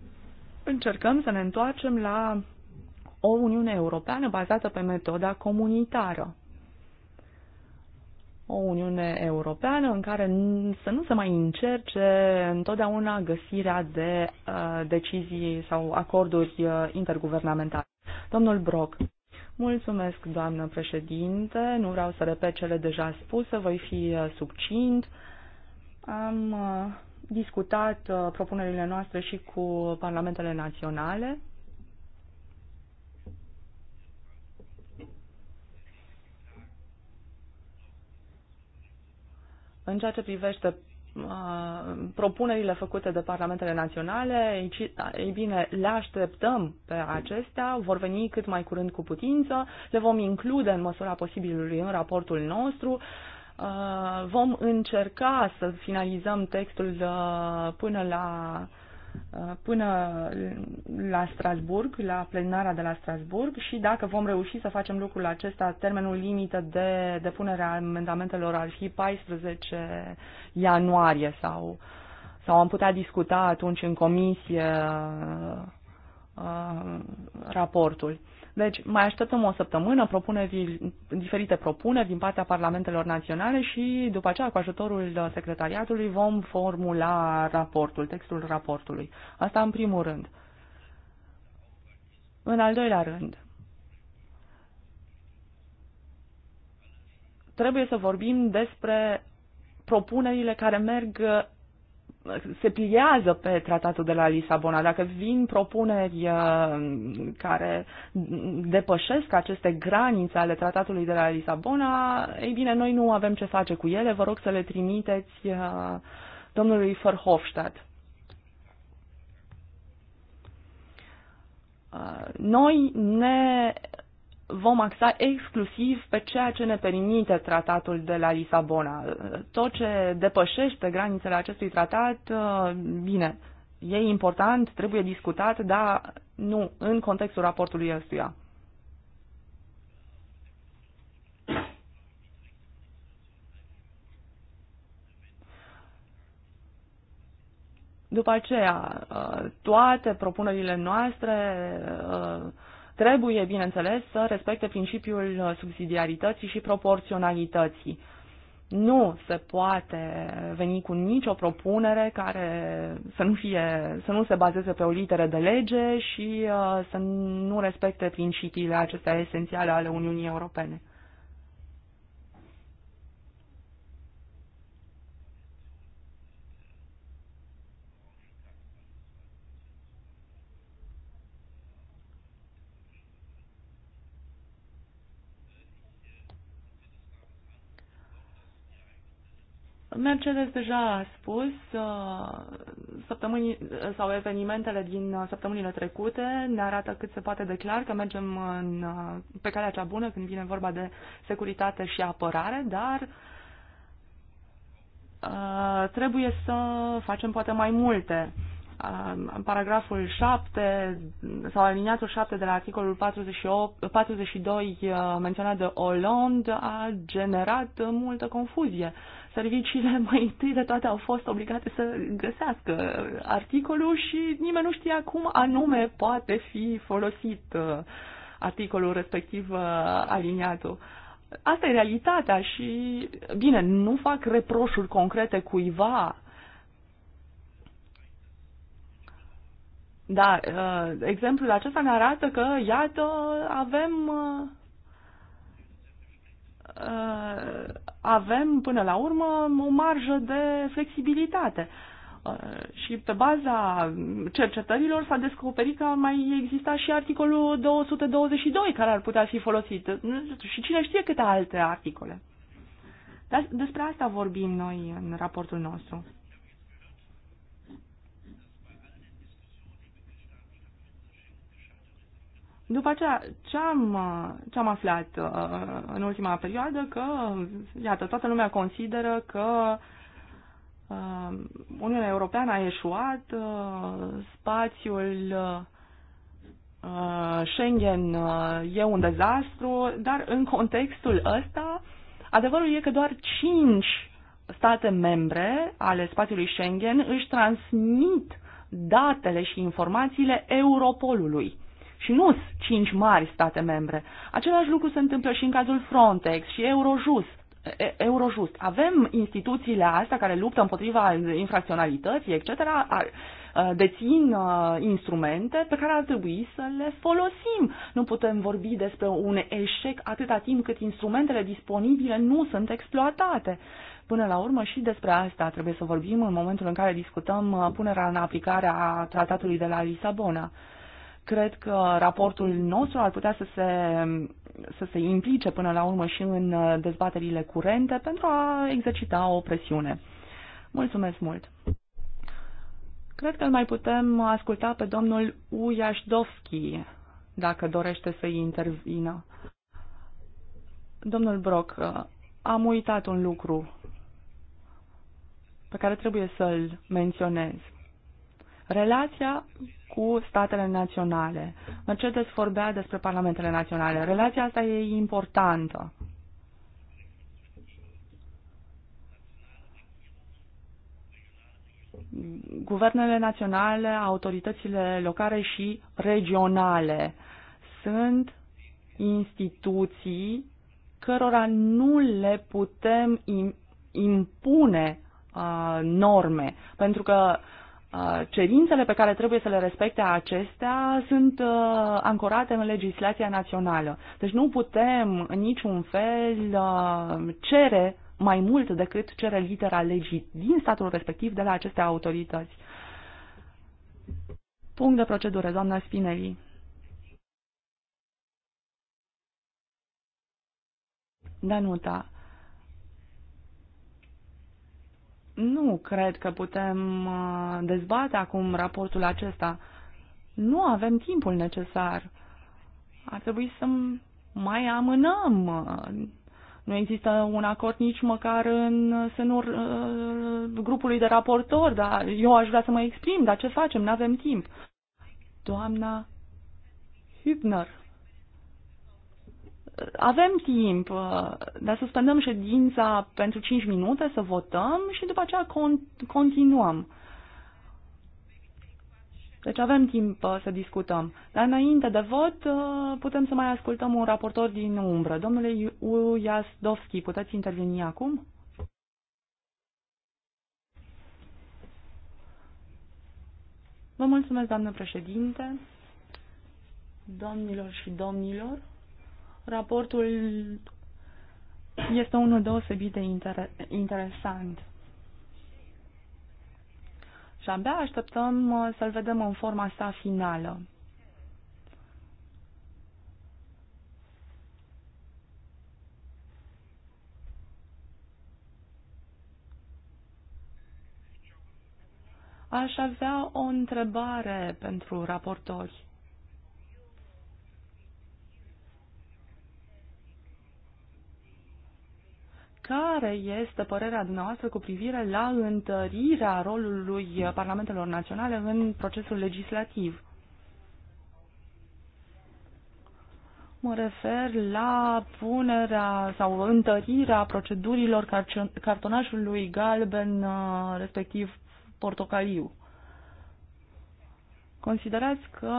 încercăm să ne întoarcem la o Uniune Europeană bazată pe metoda comunitară. O Uniune Europeană în care să nu se mai încerce întotdeauna găsirea de uh, decizii sau acorduri uh, interguvernamentale. Domnul Brock. Mulțumesc, doamnă președinte. Nu vreau să repet cele deja spuse, voi fi uh, subcint. Am uh, discutat uh, propunerile noastre și cu parlamentele naționale. În ceea ce privește Uh, propunerile făcute de parlamentele naționale, ei bine, le așteptăm pe acestea, vor veni cât mai curând cu putință, le vom include în măsura posibilului în raportul nostru, uh, vom încerca să finalizăm textul uh, până la Uh, până la Strasburg, la plenara de la Strasburg și dacă vom reuși să facem lucrul acesta, termenul limită de depunere a amendamentelor ar fi 14 ianuarie sau, sau am putea discuta atunci în comisie uh, raportul. Deci mai așteptăm o săptămână, propuneri, diferite propuneri din partea parlamentelor naționale și după aceea cu ajutorul secretariatului vom formula raportul, textul raportului. Asta în primul rând. În al doilea rând, trebuie să vorbim despre propunerile care merg se pliează pe tratatul de la Lisabona. Dacă vin propuneri uh, care depășesc aceste granițe ale tratatului de la Lisabona, ei bine, noi nu avem ce face cu ele. Vă rog să le trimiteți uh, domnului Verhofstadt. Uh, noi ne vom axa exclusiv pe ceea ce ne permite tratatul de la Lisabona. Tot ce depășește granițele acestui tratat, uh, bine, e important, trebuie discutat, dar nu în contextul raportului ăstuia. După aceea, uh, toate propunerile noastre uh, trebuie, bineînțeles, să respecte principiul subsidiarității și proporționalității. Nu se poate veni cu nicio propunere care să nu, fie, să nu se bazeze pe o literă de lege și uh, să nu respecte principiile acestea esențiale ale Uniunii Europene. Mercedes deja a spus, uh, săptămâni sau evenimentele din săptămânile trecute ne arată cât se poate de clar că mergem în, uh, pe calea cea bună când vine vorba de securitate și apărare, dar uh, trebuie să facem poate mai multe. Paragraful 7 sau aliniatul 7 de la articolul 48, 42 menționat de Hollande a generat multă confuzie serviciile mai întâi de toate au fost obligate să găsească articolul și nimeni nu știa cum anume poate fi folosit uh, articolul respectiv uh, aliniatul. Asta e realitatea și, bine, nu fac reproșuri concrete cuiva Da, exemplul acesta ne arată că, iată, avem Uh, avem până la urmă o marjă de flexibilitate. Uh, și pe baza cercetărilor s-a descoperit că mai exista și articolul 222 care ar putea fi folosit. Și cine știe câte alte articole. Despre asta vorbim noi în raportul nostru. După aceea, ce am, uh, ce am aflat uh, în ultima perioadă? Că, iată, toată lumea consideră că uh, Uniunea Europeană a eșuat, spațiul Schengen e un dezastru, dar în contextul ăsta, adevărul e că doar 5 state membre ale spațiului Schengen își transmit datele și informațiile Europolului și nu cinci mari state membre. Același lucru se întâmplă și în cazul Frontex și Eurojust. Eurojust. Avem instituțiile astea care luptă împotriva infracționalității, etc., dețin instrumente pe care ar trebui să le folosim. Nu putem vorbi despre un eșec atâta timp cât instrumentele disponibile nu sunt exploatate. Până la urmă și despre asta trebuie să vorbim în momentul în care discutăm uh, punerea în aplicare a tratatului de la Lisabona. Cred că raportul nostru ar putea să se, să se implice până la urmă și în uh, dezbaterile curente pentru a exercita o presiune. Mulțumesc mult! Cred că îl mai putem asculta pe domnul Ujașdovski, dacă dorește să intervină. Domnul Broc, uh, am uitat un lucru pe care trebuie să-l menționez. Relația cu statele naționale. Mercedes vorbea despre parlamentele naționale. Relația asta e importantă. Guvernele naționale, autoritățile locale și regionale sunt instituții cărora nu le putem impune uh, norme, pentru că uh, Uh, cerințele pe care trebuie să le respecte acestea sunt uh, ancorate în legislația națională. Deci nu putem în niciun fel uh, cere mai mult decât cere litera legii din statul respectiv de la aceste autorități. Punct de procedură, doamna Spinelli. Danuta, Nu cred că putem uh, dezbate acum raportul acesta. Nu avem timpul necesar. Ar trebui să mai amânăm. Nu există un acord nici măcar în senul uh, grupului de raportori, dar eu aș vrea să mă exprim, dar ce facem? Nu avem timp. Doamna Hübner avem timp, uh, dar suspendăm ședința pentru 5 minute să votăm și după aceea con- continuăm. Deci avem timp uh, să discutăm. Dar înainte de vot uh, putem să mai ascultăm un raportor din umbră. Domnule Ujasdovski, puteți interveni acum? Vă mulțumesc, doamnă președinte, domnilor și domnilor. Raportul este unul deosebit de inter interesant. Și abia așteptăm uh, să-l vedem în forma sa finală. Aș avea o întrebare pentru raportori. care este părerea dumneavoastră cu privire la întărirea rolului parlamentelor naționale în procesul legislativ? Mă refer la punerea sau întărirea procedurilor cartonașului galben, uh, respectiv portocaliu. Considerați că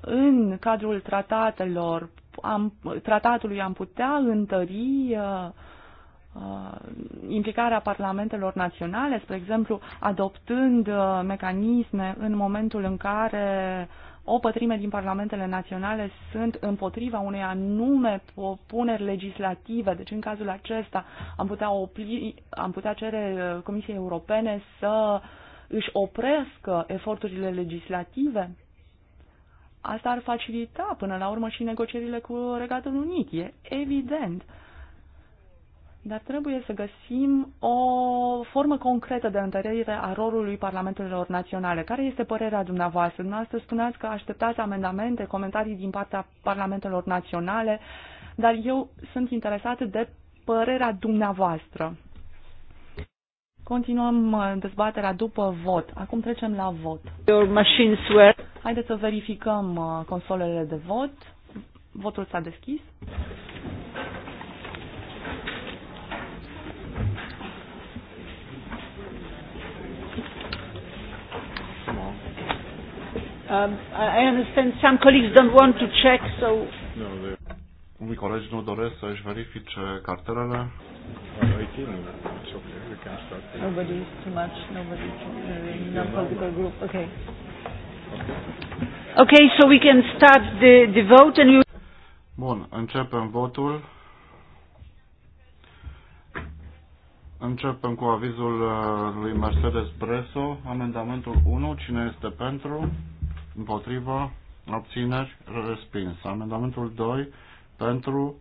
în cadrul tratatelor am, tratatului am putea întări uh, uh, implicarea parlamentelor naționale, spre exemplu, adoptând uh, mecanisme în momentul în care o pătrime din parlamentele naționale sunt împotriva unei anume propuneri legislative. Deci, în cazul acesta, am putea, opri, am putea cere uh, Comisiei Europene să își oprească eforturile legislative Asta ar facilita până la urmă și negocierile cu Regatul Unit, e evident. Dar trebuie să găsim o formă concretă de întărire a rolului parlamentelor naționale. Care este părerea dumneavoastră? Dumneavoastră spuneați că așteptați amendamente, comentarii din partea parlamentelor naționale, dar eu sunt interesat de părerea dumneavoastră. Continuăm uh, dezbaterea după vot. Acum trecem la vot. Your machines were... Haideți să verificăm uh, consolele de vot. Votul s-a deschis. Um, I understand some colleagues don't want to check, so... No, they... Unii colegi nu doresc să-și verifice cartelele. Nobody is too much. Nobody no uh, political group. Okay. Okay, so we can start the the vote and you. Bun, începem votul. Începem cu avizul uh, lui Mercedes Breso, amendamentul 1, cine este pentru, împotriva, abțineri, respins. Amendamentul 2, pentru,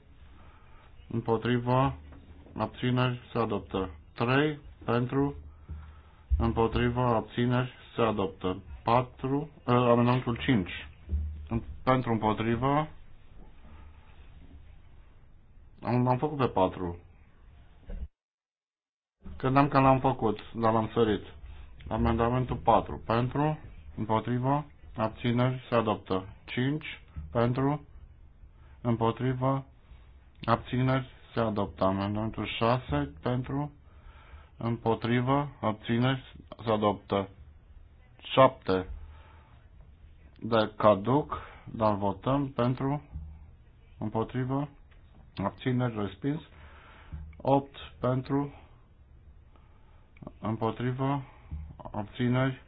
împotriva, abțineri, se adoptă. 3 pentru, împotriva, abțineri, se adoptă. 4, Uh, ă, amendamentul 5 pentru, împotriva, am, am făcut pe 4. Credeam că l-am făcut, dar l-am sărit. Amendamentul 4. Pentru, împotriva, abțineri, se adoptă. 5. Pentru, împotriva, abțineri, se adoptă. Amendamentul 6 pentru, împotrivă, abțineri, se adoptă. 7 de caduc, dar votăm pentru, împotrivă, abțineri, respins. 8 pentru, împotrivă, abțineri,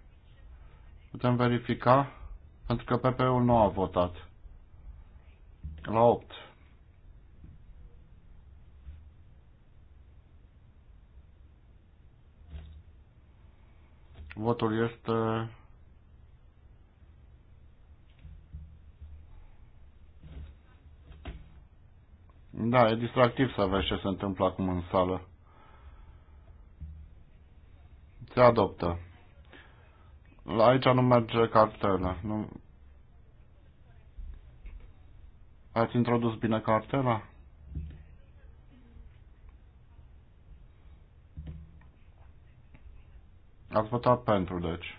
putem verifica, pentru că PP-ul nu a votat. La 8. Votul este Da, e distractiv să vezi ce se întâmplă acum în sală. Se adoptă. La aici nu merge cartela. Nu... Ați introdus bine cartela? Ați votat pentru, deci.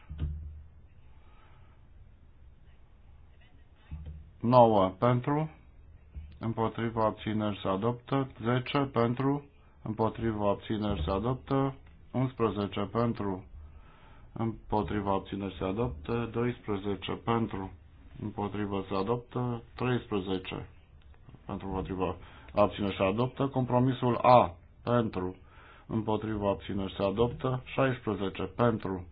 9 pentru, împotriva abțineri se adoptă, 10 pentru, împotriva abțineri se adoptă, 11 pentru, împotriva abțineri se adoptă, 12 pentru, împotriva se adoptă, 13 pentru, împotriva abțineri se adoptă, compromisul A pentru, împotriva abțineri se adoptă, 16 pentru,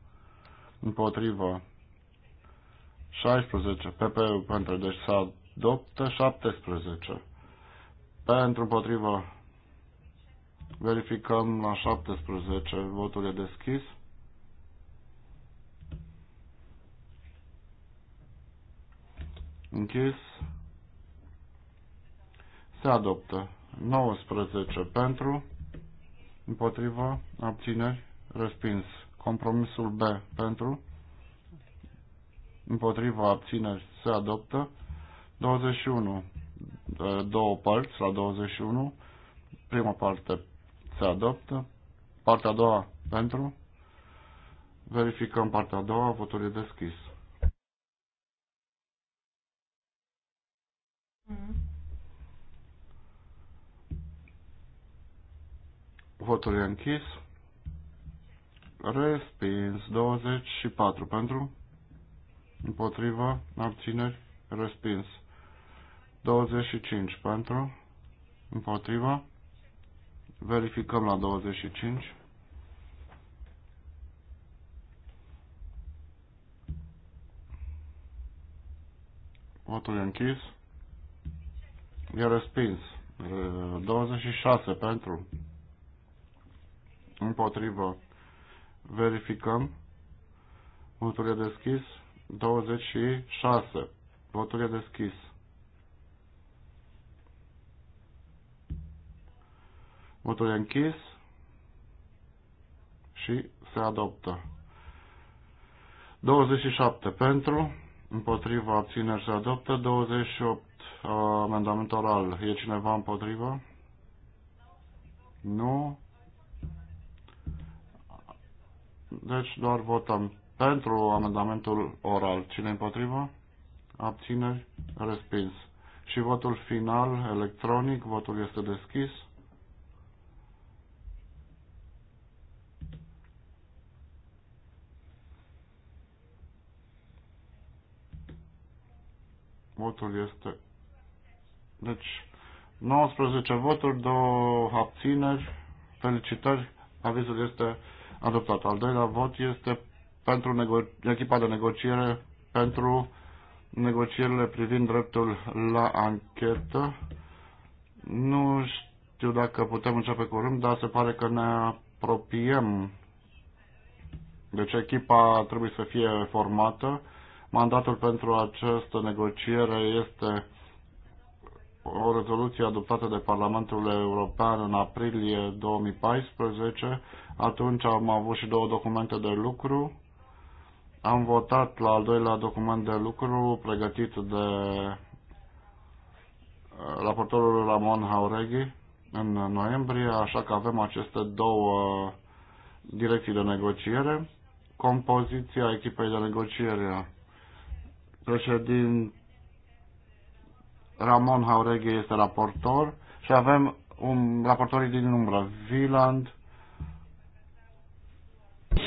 împotriva 16 PP pentru, deci se adoptă, 17 pentru, împotriva verificăm la 17, votul e deschis. Închis. Se adoptă. 19 pentru împotriva, abțineri, respins. Compromisul B pentru, împotriva, abțineri, se adoptă. 21, două părți la 21, prima parte se adoptă, partea a doua pentru, verificăm partea a doua, votul e deschis. Mm. Votul e închis. Respins. 24 pentru. Împotriva. Abțineri. Respins. 25 pentru. Împotriva. Verificăm la 25. Votul e închis. E respins. 26 pentru împotrivă, verificăm, votul e deschis, 26, votul e deschis. Votul e închis și se adoptă. 27 pentru, împotriva abțineri se adoptă, 28 uh, amendament oral. E cineva împotrivă? Nu. Deci doar votăm pentru amendamentul oral. Cine împotrivă? Abțineri? Respins. Și votul final, electronic, votul este deschis. Votul este... Deci, 19 voturi, 2 abțineri, felicitări, avizul este adoptat. Al doilea vot este pentru echipa de negociere pentru negocierile privind dreptul la anchetă. Nu știu dacă putem începe curând, dar se pare că ne apropiem. Deci echipa trebuie să fie formată. Mandatul pentru această negociere este o rezoluție adoptată de Parlamentul European în aprilie 2014. Atunci am avut și două documente de lucru. Am votat la al doilea document de lucru pregătit de uh, raportorul Ramon Haureghi în noiembrie, așa că avem aceste două direcții de negociere. Compoziția echipei de negociere președinte Ramon Haureghe este raportor și avem un raportorii din umbră, Wieland,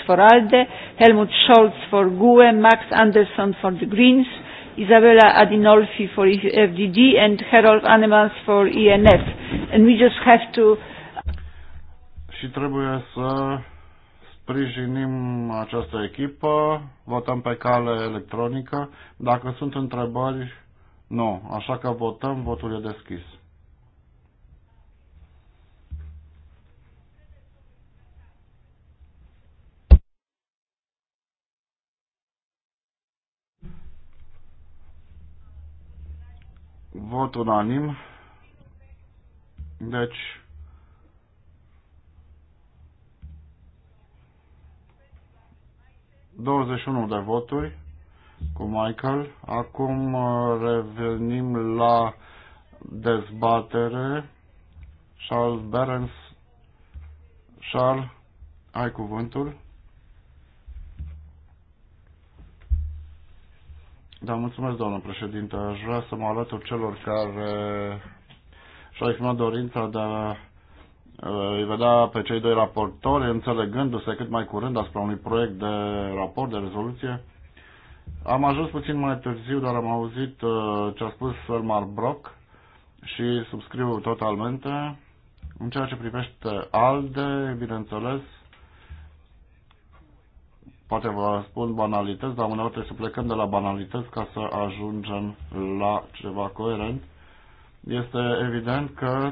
for ALDE, Helmut Scholz for GUE, Max Anderson for the Greens, Isabella Adinolfi for FDD and Harold Anemans for ENF. And we just have to... Și trebuie să sprijinim această echipă, votăm pe cale electronică. Dacă sunt întrebări, nu. Așa că votăm. Votul e deschis. Vot unanim. Deci, douăzeci de voturi cu Michael. Acum uh, revenim la dezbatere. Charles Berens. Charles, ai cuvântul? Da, mulțumesc, doamnă președinte. Aș vrea să mă alătur celor care și-au exprimat dorința de a uh, îi vedea pe cei doi raportori înțelegându-se cât mai curând asupra unui proiect de raport, de rezoluție. Am ajuns puțin mai târziu, dar am auzit uh, ce a spus Elmar Brock și subscriu totalmente. În ceea ce privește ALDE, bineînțeles, poate vă spun banalități, dar uneori trebuie să plecăm de la banalități ca să ajungem la ceva coerent. Este evident că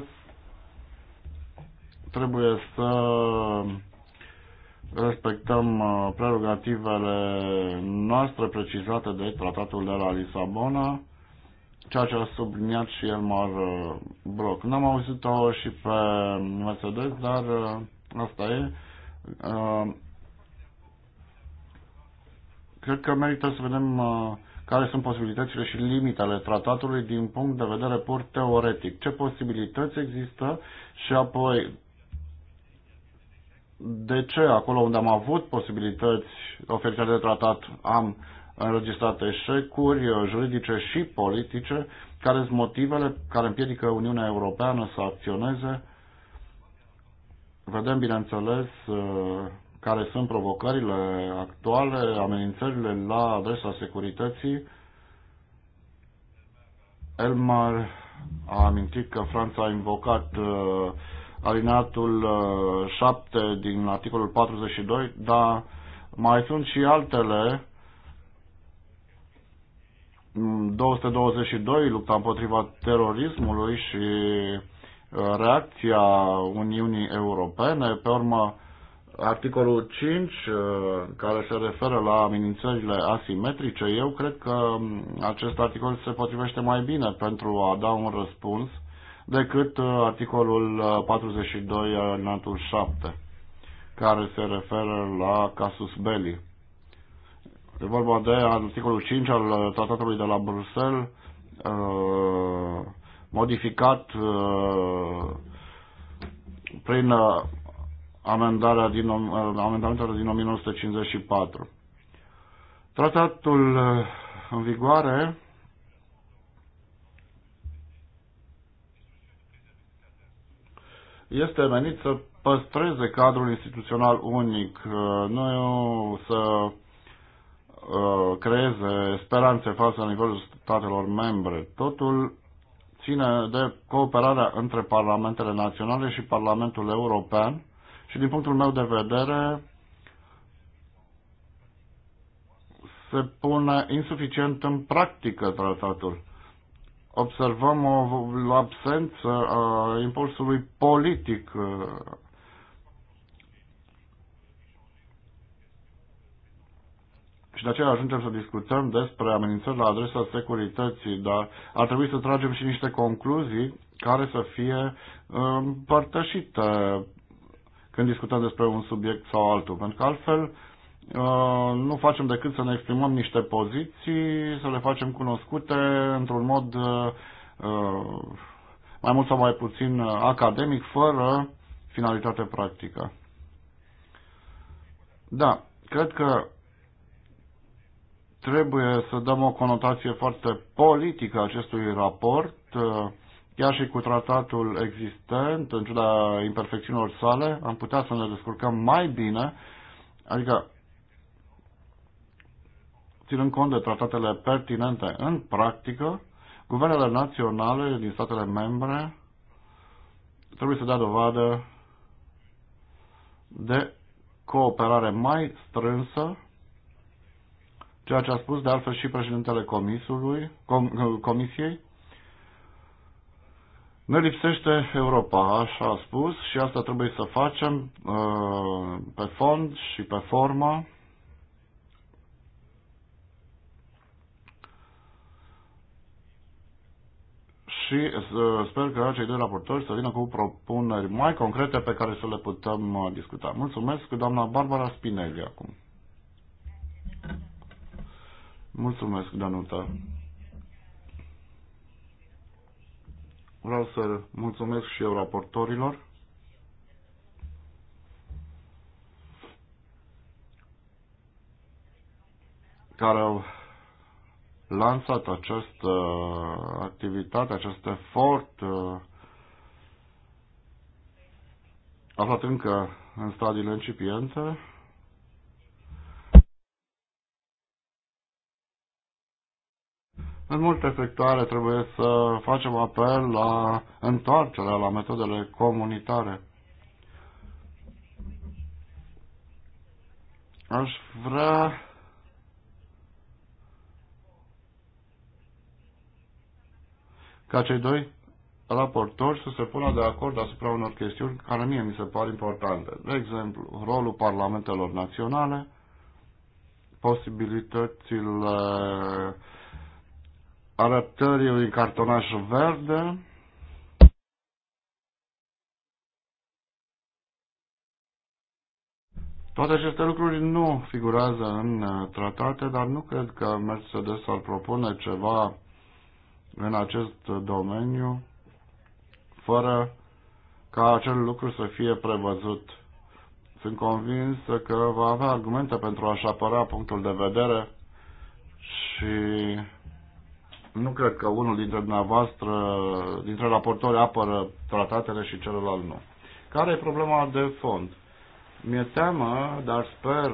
trebuie să respectăm uh, prerogativele noastre precizate de tratatul de la Lisabona, ceea ce a subliniat și el Mar uh, Brock. N-am auzit-o și pe Mercedes, dar uh, asta e. Cred că merită să vedem care sunt posibilitățile și limitele tratatului din punct de vedere pur teoretic. Ce posibilități există și apoi de ce acolo unde am avut posibilități oferite de tratat am înregistrat eșecuri juridice și politice, care sunt motivele care împiedică Uniunea Europeană să acționeze. Vedem, bineînțeles, care sunt provocările actuale, amenințările la adresa securității. Elmar a amintit că Franța a invocat uh, alineatul 7 uh, din articolul 42, dar mai sunt și altele 222, mm, lupta împotriva terorismului și uh, reacția Uniunii Europene, pe urmă articolul 5 uh, care se referă la amenințările asimetrice, eu cred că mm, acest articol se potrivește mai bine pentru a da un răspuns decât uh, articolul 42 alinatul 7 care se referă la casus belli. E vorba de articolul 5 al uh, tratatului de la Bruxelles uh, modificat prin amendarea din, amendamentele din 1954. Tratatul în vigoare este menit să păstreze cadrul instituțional unic, nu să uh, creeze speranțe false la nivelul statelor membre. Totul ține de cooperarea între parlamentele naționale și Parlamentul European și din punctul meu de vedere se pune insuficient în practică tratatul observăm o absență a impulsului politic. Uh, și de aceea ajungem să discutăm despre amenințări la adresa securității, dar ar trebui să tragem și niște concluzii care să fie uh, împărtășite când discutăm despre un subiect sau altul, pentru că altfel Uh, nu facem decât să ne exprimăm niște poziții, să le facem cunoscute într-un mod uh, uh, mai mult sau mai puțin academic, fără finalitate practică. Da, cred că trebuie să dăm o conotație foarte politică acestui raport, chiar și cu tratatul existent, în ciuda imperfecțiunilor sale, am putea să ne descurcăm mai bine, adică ținând cont de tratatele pertinente în practică, guvernele naționale din statele membre trebuie să dea dovadă de cooperare mai strânsă, ceea ce a spus de altfel și președintele comisului, com, Comisiei. Ne lipsește Europa, așa a spus, și asta trebuie să facem uh, pe fond și pe formă. și uh, sper că cei doi raportori să vină cu propuneri mai concrete pe care să le putem uh, discuta. Mulțumesc, doamna Barbara Spinelli, acum. Mulțumesc, Danuta. Vreau să mulțumesc și eu raportorilor. care au lansat această activitate, acest efort uh, aflat încă în stadiile incipiente. În multe sectoare trebuie să facem apel la întoarcerea la metodele comunitare. Aș vrea ca cei doi raportori să se pună de acord asupra unor chestiuni care mie mi se par importante. De exemplu, rolul parlamentelor naționale, posibilitățile arătării unui cartonaș verde, Toate aceste lucruri nu figurează în uh, tratate, dar nu cred că Mercedes ar propune ceva în acest domeniu fără ca acel lucru să fie prevăzut. Sunt convins că va avea argumente pentru a-și apăra punctul de vedere și nu cred că unul dintre dumneavoastră, dintre raportori, apără tratatele și celălalt nu. Care e problema de fond? Mi-e teamă, dar sper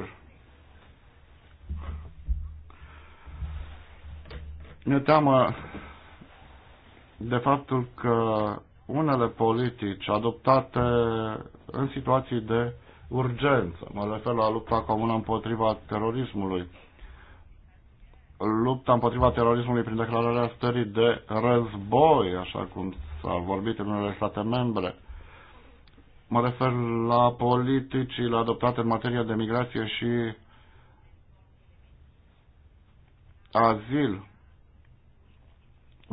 mi-e teamă de faptul că unele politici adoptate în situații de urgență, mă refer la lupta comună împotriva terorismului, lupta împotriva terorismului prin declararea stării de război, așa cum s-a vorbit în unele state membre. Mă refer la politicile adoptate în materie de migrație și azil,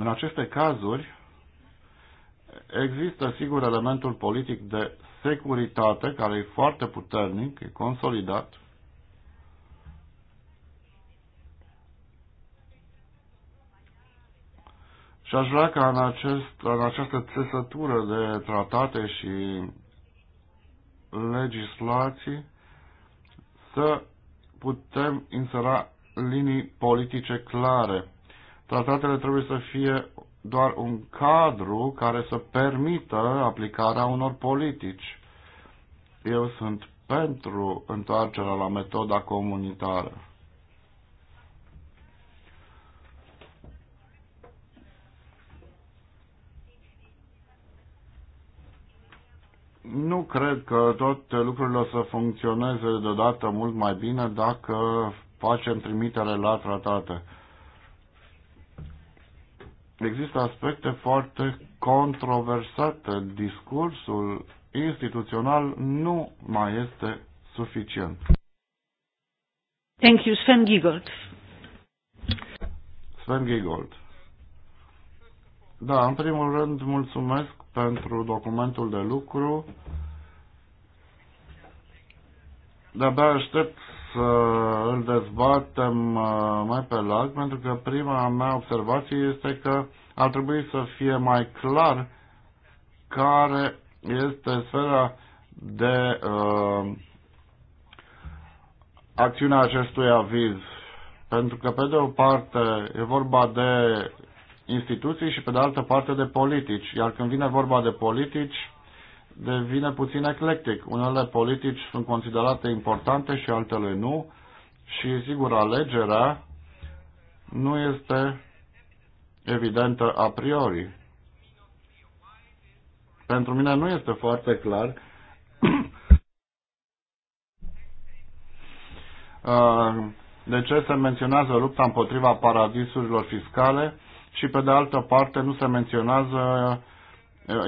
în aceste cazuri există sigur elementul politic de securitate care e foarte puternic, e consolidat, Și aș vrea ca în, acest, în această țesătură de tratate și legislații să putem insera linii politice clare. Tratatele trebuie să fie doar un cadru care să permită aplicarea unor politici. Eu sunt pentru întoarcerea la metoda comunitară. Nu cred că toate lucrurile o să funcționeze deodată mult mai bine dacă facem trimitere la tratate există aspecte foarte controversate. Discursul instituțional nu mai este suficient. Thank you, Sven Giegold. Sven Giegold. Da, în primul rând mulțumesc pentru documentul de lucru. De-abia aștept să îl dezbatem uh, mai pe larg, pentru că prima mea observație este că ar trebui să fie mai clar care este sfera de uh, acțiunea acestui aviz. Pentru că, pe de o parte, e vorba de instituții și, pe de altă parte, de politici. Iar când vine vorba de politici, devine puțin eclectic. Unele politici sunt considerate importante și altele nu și, sigur, alegerea nu este evidentă a priori. Pentru mine nu este foarte clar uh, de ce se menționează lupta împotriva paradisurilor fiscale și, pe de altă parte, nu se menționează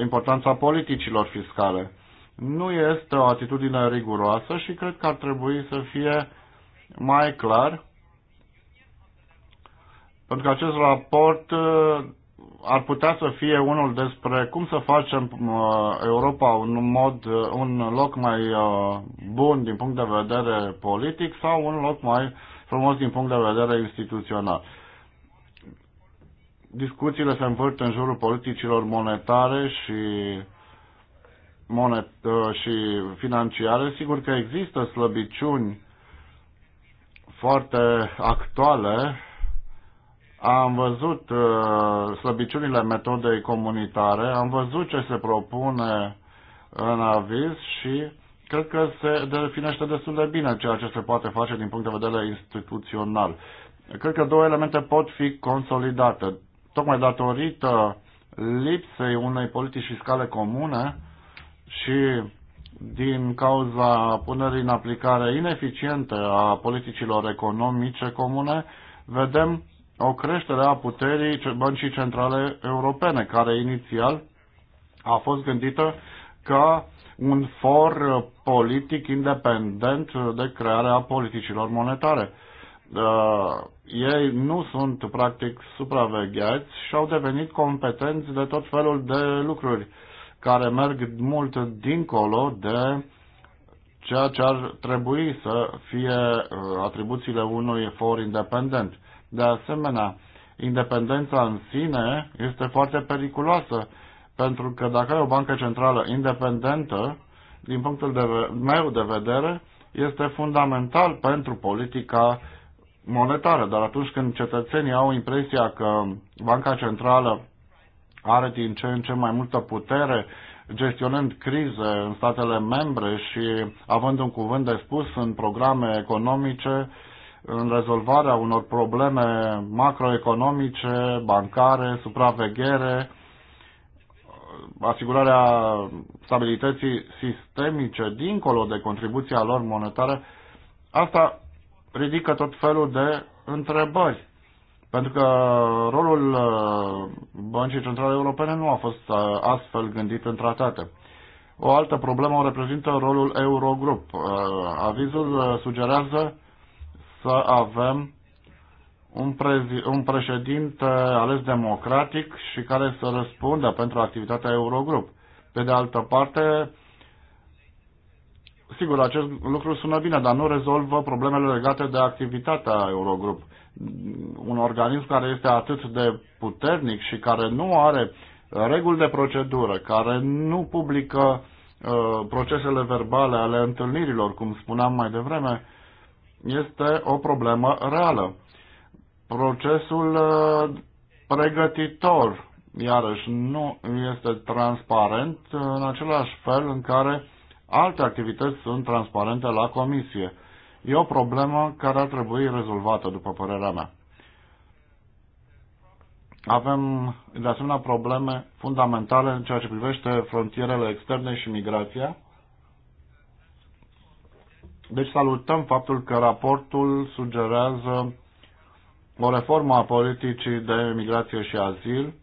importanța politicilor fiscale. Nu este o atitudine riguroasă și cred că ar trebui să fie mai clar, pentru că acest raport ar putea să fie unul despre cum să facem Europa un, mod, un loc mai bun din punct de vedere politic sau un loc mai frumos din punct de vedere instituțional discuțiile se învârt în jurul politicilor monetare și, monet, uh, și financiare. Sigur că există slăbiciuni foarte actuale. Am văzut uh, slăbiciunile metodei comunitare, am văzut ce se propune în aviz și cred că se definește destul de bine ceea ce se poate face din punct de vedere instituțional. Cred că două elemente pot fi consolidate tocmai datorită lipsei unei politici fiscale comune și din cauza punerii în aplicare ineficientă a politicilor economice comune, vedem o creștere a puterii băncii centrale europene, care inițial a fost gândită ca un for politic independent de crearea politicilor monetare. Uh, ei nu sunt practic supravegheați și au devenit competenți de tot felul de lucruri care merg mult dincolo de ceea ce ar trebui să fie uh, atribuțiile unui for independent. De asemenea, independența în sine este foarte periculoasă, pentru că dacă ai o bancă centrală independentă, din punctul de meu de vedere, este fundamental pentru politica monetară, dar atunci când cetățenii au impresia că Banca Centrală are din ce în ce mai multă putere gestionând crize în statele membre și având un cuvânt de spus în programe economice, în rezolvarea unor probleme macroeconomice, bancare, supraveghere, asigurarea stabilității sistemice dincolo de contribuția lor monetară, asta ridică tot felul de întrebări. Pentru că rolul uh, Băncii Centrale Europene nu a fost uh, astfel gândit în tratate. O altă problemă o reprezintă rolul Eurogrup. Uh, avizul sugerează să avem un, prezi, un președinte ales democratic și care să răspundă pentru activitatea Eurogrup. Pe de altă parte, Sigur, acest lucru sună bine, dar nu rezolvă problemele legate de activitatea Eurogrup. Un organism care este atât de puternic și care nu are uh, reguli de procedură, care nu publică uh, procesele verbale ale întâlnirilor, cum spuneam mai devreme, este o problemă reală. Procesul uh, pregătitor, iarăși, nu este transparent uh, în același fel în care alte activități sunt transparente la comisie. E o problemă care ar trebui rezolvată, după părerea mea. Avem, de asemenea, probleme fundamentale în ceea ce privește frontierele externe și migrația. Deci salutăm faptul că raportul sugerează o reformă a politicii de migrație și azil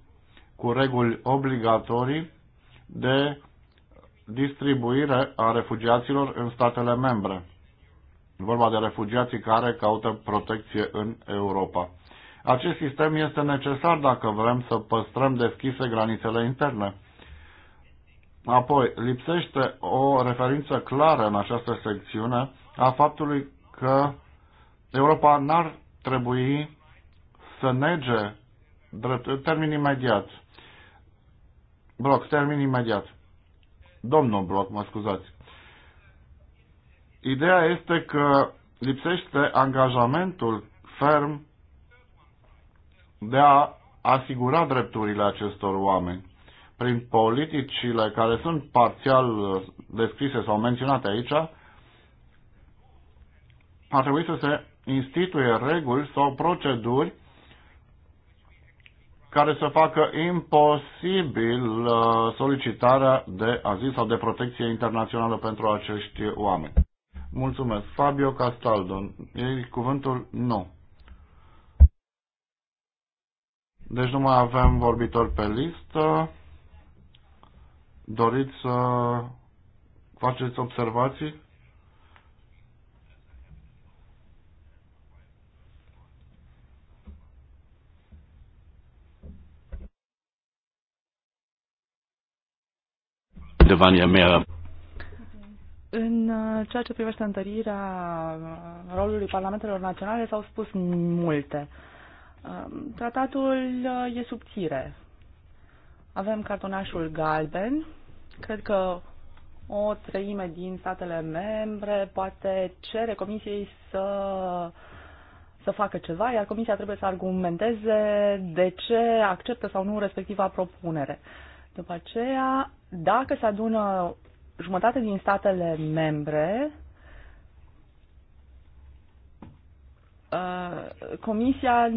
cu reguli obligatorii de distribuire a refugiaților în statele membre. Vorba de refugiații care caută protecție în Europa. Acest sistem este necesar dacă vrem să păstrăm deschise granițele interne. Apoi, lipsește o referință clară în această secțiune a faptului că Europa n-ar trebui să nege drept, termin imediat. Bloc, termin imediat. Domnul Brock, mă scuzați. Ideea este că lipsește angajamentul ferm de a asigura drepturile acestor oameni prin politicile care sunt parțial uh, descrise sau menționate aici, ar trebui să se instituie reguli sau proceduri care să facă imposibil uh, solicitarea de azil sau de protecție internațională pentru acești oameni. Mulțumesc. Fabio Castaldo. Ei cuvântul nu. Deci nu mai avem vorbitor pe listă. Doriți să faceți observații? Ende waren În uh, ceea ce privește întărirea uh, rolului parlamentelor naționale s-au spus multe. Um, tratatul uh, e subțire. Avem cartonașul galben. Cred că o treime din statele membre poate cere comisiei să să facă ceva, iar comisia trebuie să argumenteze de ce acceptă sau nu respectiva propunere. Uh, după aceea, dacă se adună jumătate din statele membre, uh, Comisia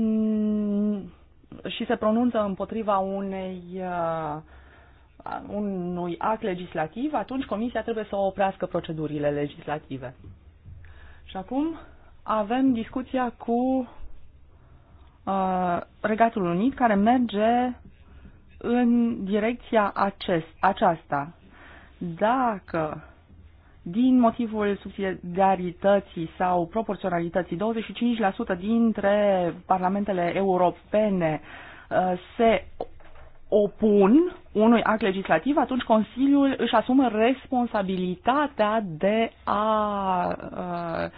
și se pronunță împotriva unei, uh, unui act legislativ, atunci Comisia trebuie să oprească procedurile legislative. Și acum avem discuția cu uh, Regatul Unit, care merge în direcția acest, aceasta. Dacă din motivul subsidiarității sau proporționalității, 25% dintre parlamentele europene uh, se opun unui act legislativ, atunci Consiliul își asumă responsabilitatea de a uh,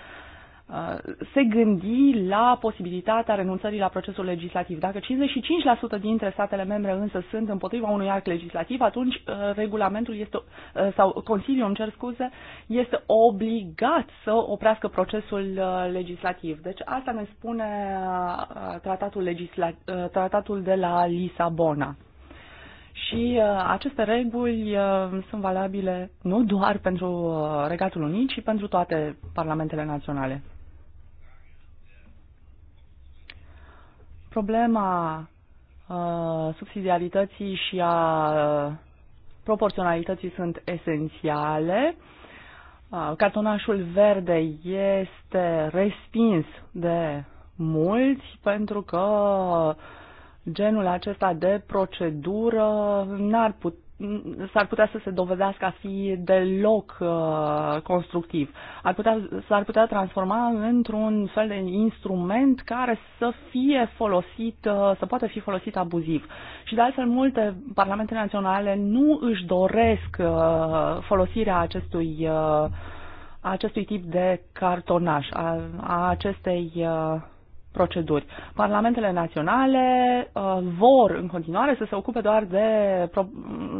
Uh, se gândi la posibilitatea renunțării la procesul legislativ. Dacă 55% dintre statele membre însă sunt împotriva unui act legislativ, atunci uh, regulamentul este, uh, sau Consiliul, îmi cer scuze, este obligat să oprească procesul legislativ. Deci asta ne spune tratatul, legisla- tratatul de la Lisabona. Și uh, aceste reguli uh, sunt valabile nu doar pentru uh, Regatul Unit, ci pentru toate parlamentele naționale. Problema uh, subsidiarității și a uh, proporționalității sunt esențiale. Uh, cartonașul verde este respins de mulți pentru că genul acesta de procedură n-ar putea s-ar putea să se dovedească a fi deloc uh, constructiv. Ar putea, s-ar putea transforma într-un fel de instrument care să fie folosit, uh, să poată fi folosit abuziv. Și de altfel multe parlamente naționale nu își doresc uh, folosirea acestui, uh, acestui tip de cartonaj, a, a acestei uh, proceduri. Parlamentele naționale uh, vor în continuare să se ocupe doar de,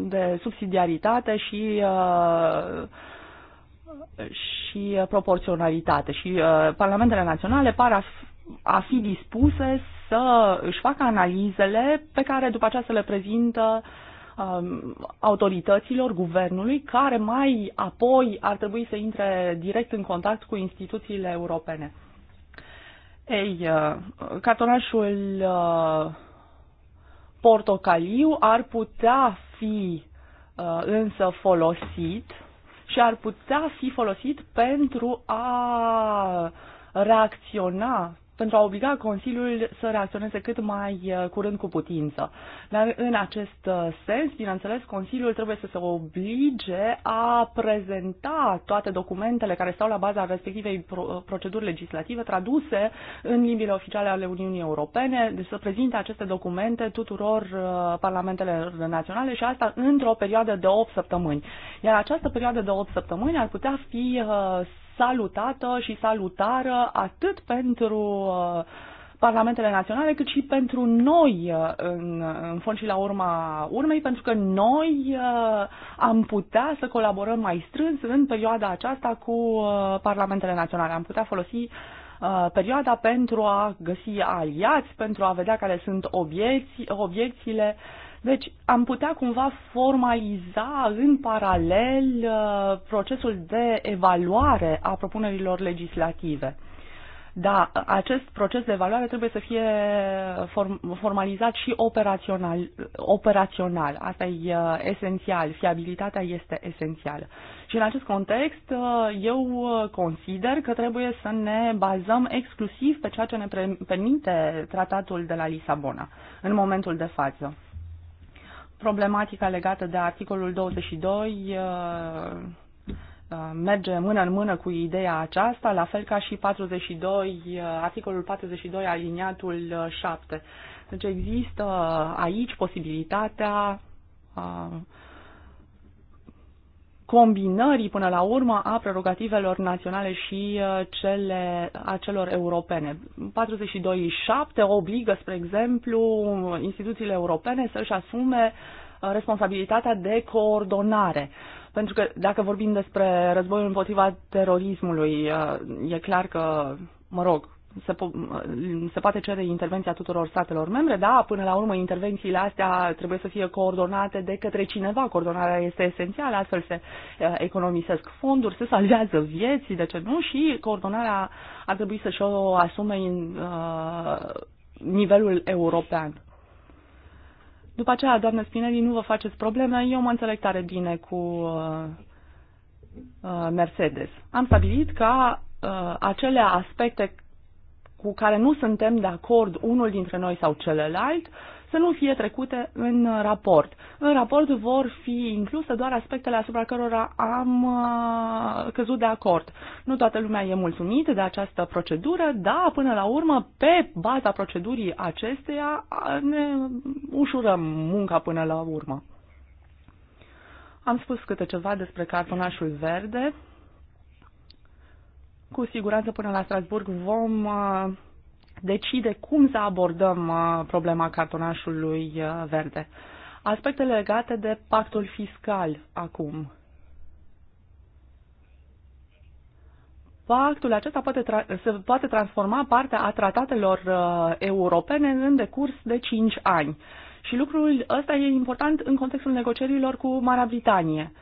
de subsidiaritate și uh, și proporționalitate și uh, parlamentele naționale par a, a fi dispuse să își facă analizele pe care după aceea să le prezintă um, autorităților guvernului care mai apoi ar trebui să intre direct în contact cu instituțiile europene. Ei, uh, cartonașul uh, portocaliu ar putea fi uh, însă folosit și ar putea fi folosit pentru a reacționa pentru a obliga Consiliul să reacționeze cât mai uh, curând cu putință. Dar în acest uh, sens, bineînțeles, Consiliul trebuie să se oblige a prezenta toate documentele care stau la baza respectivei uh, proceduri legislative traduse în limbile oficiale ale Uniunii Europene, deci să prezinte aceste documente tuturor parlamentele naționale și asta într-o perioadă de 8 săptămâni. Iar această perioadă de 8 săptămâni ar putea fi salutată și salutară atât pentru uh, parlamentele naționale, cât și pentru noi, uh, în, în fond și la urma urmei, pentru că noi uh, am putea să colaborăm mai strâns în perioada aceasta cu parlamentele naționale. Am putea folosi perioada pentru a găsi aliați, pentru a vedea care sunt obiecți, obiecțiile uh, deci am putea cumva formaliza în paralel uh, procesul de evaluare a propunerilor legislative. Da, acest proces de evaluare trebuie să fie formalizat și operațional, operațional. Asta e uh, esențial, fiabilitatea este esențială. Și în acest context, uh, eu consider că trebuie să ne bazăm exclusiv pe ceea ce ne permite tratatul de la Lisabona în momentul de față problematica legată de articolul 22 uh, uh, merge mână în mână cu ideea aceasta, la fel ca și 42, uh, articolul 42 aliniatul 7. Deci există aici posibilitatea combinării până la urmă a prerogativelor naționale și uh, cele, a celor europene. 42.7 obligă, spre exemplu, instituțiile europene să-și asume uh, responsabilitatea de coordonare. Pentru că dacă vorbim despre războiul împotriva terorismului, uh, e clar că, mă rog, se, po- se poate cere intervenția tuturor statelor membre, da, până la urmă intervențiile astea trebuie să fie coordonate de către cineva, coordonarea este esențială, astfel se uh, economisesc fonduri, se salvează vieți, de ce nu, și coordonarea ar trebui să-și o asume în uh, nivelul european. După aceea, doamnă Spinelli, nu vă faceți probleme, eu mă înțeleg tare bine cu uh, uh, Mercedes. Am stabilit ca uh, acele aspecte cu care nu suntem de acord unul dintre noi sau celălalt să nu fie trecute în raport. În raport vor fi incluse doar aspectele asupra cărora am uh, căzut de acord. Nu toată lumea e mulțumită de această procedură, dar până la urmă, pe baza procedurii acesteia, uh, ne ușurăm munca până la urmă. Am spus câte ceva despre cartonașul verde. Cu siguranță până la Strasburg vom uh, decide cum să abordăm uh, problema cartonașului uh, verde. Aspectele legate de pactul fiscal acum. Pactul acesta poate tra- se poate transforma partea a tratatelor uh, europene în decurs de 5 ani. Și lucrul ăsta e important în contextul negocierilor cu Marea Britanie. Uh,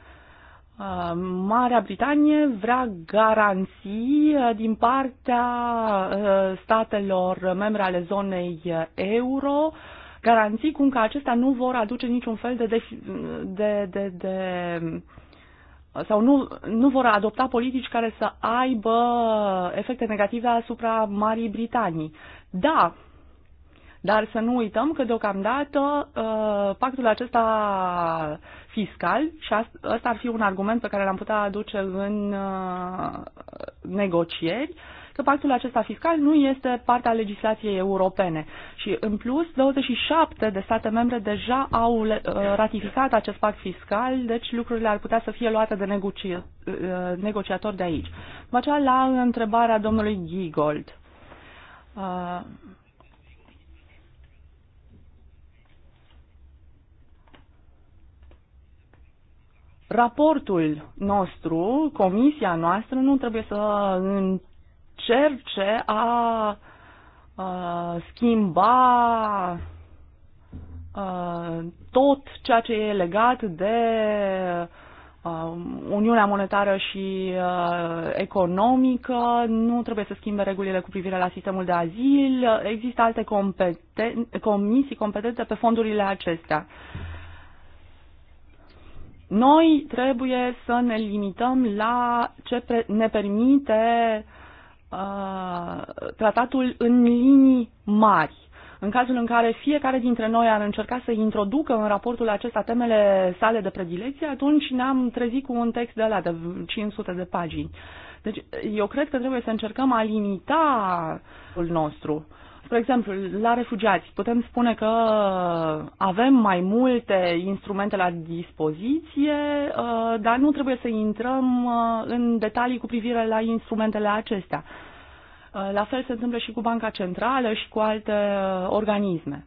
Uh, Marea Britanie vrea garanții uh, din partea uh, statelor membre ale zonei euro, garanții cum că acestea nu vor aduce niciun fel de, de, de, de sau nu, nu vor adopta politici care să aibă efecte negative asupra Marii Britanii. Da, dar să nu uităm că deocamdată pactul acesta fiscal și ăsta ar fi un argument pe care l-am putea aduce în uh, negocieri, că pactul acesta fiscal nu este parte a legislației europene. Și în plus, 27 de state membre deja au uh, ratificat acest pact fiscal, deci lucrurile ar putea să fie luate de negoci uh, negociatori de aici. După aceea, la întrebarea domnului Giegold. Raportul nostru, comisia noastră, nu trebuie să încerce a, a schimba tot ceea ce e legat de Uniunea monetară și economică, nu trebuie să schimbe regulile cu privire la sistemul de azil, există alte competen- comisii competente pe fondurile acestea. Noi trebuie să ne limităm la ce ne permite uh, tratatul în linii mari. În cazul în care fiecare dintre noi ar încerca să introducă în raportul acesta temele sale de predilecție, atunci ne-am trezit cu un text de la de 500 de pagini. Deci eu cred că trebuie să încercăm a limita nostru. Uh, Spre exemplu, la refugiați putem spune că avem mai multe instrumente la dispoziție, uh, dar nu trebuie să intrăm uh, în detalii cu privire la instrumentele acestea. Uh, la fel se întâmplă și cu Banca Centrală și cu alte organisme.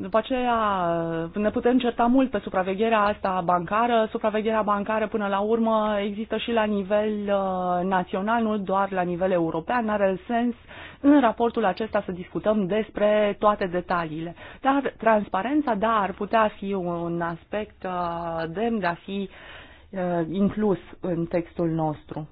După aceea ne putem certa mult pe supravegherea asta bancară. Supravegherea bancară până la urmă există și la nivel uh, național, nu doar la nivel european. N-are sens în raportul acesta să discutăm despre toate detaliile. Dar transparența, da, ar putea fi un aspect uh, demn de a fi uh, inclus în textul nostru.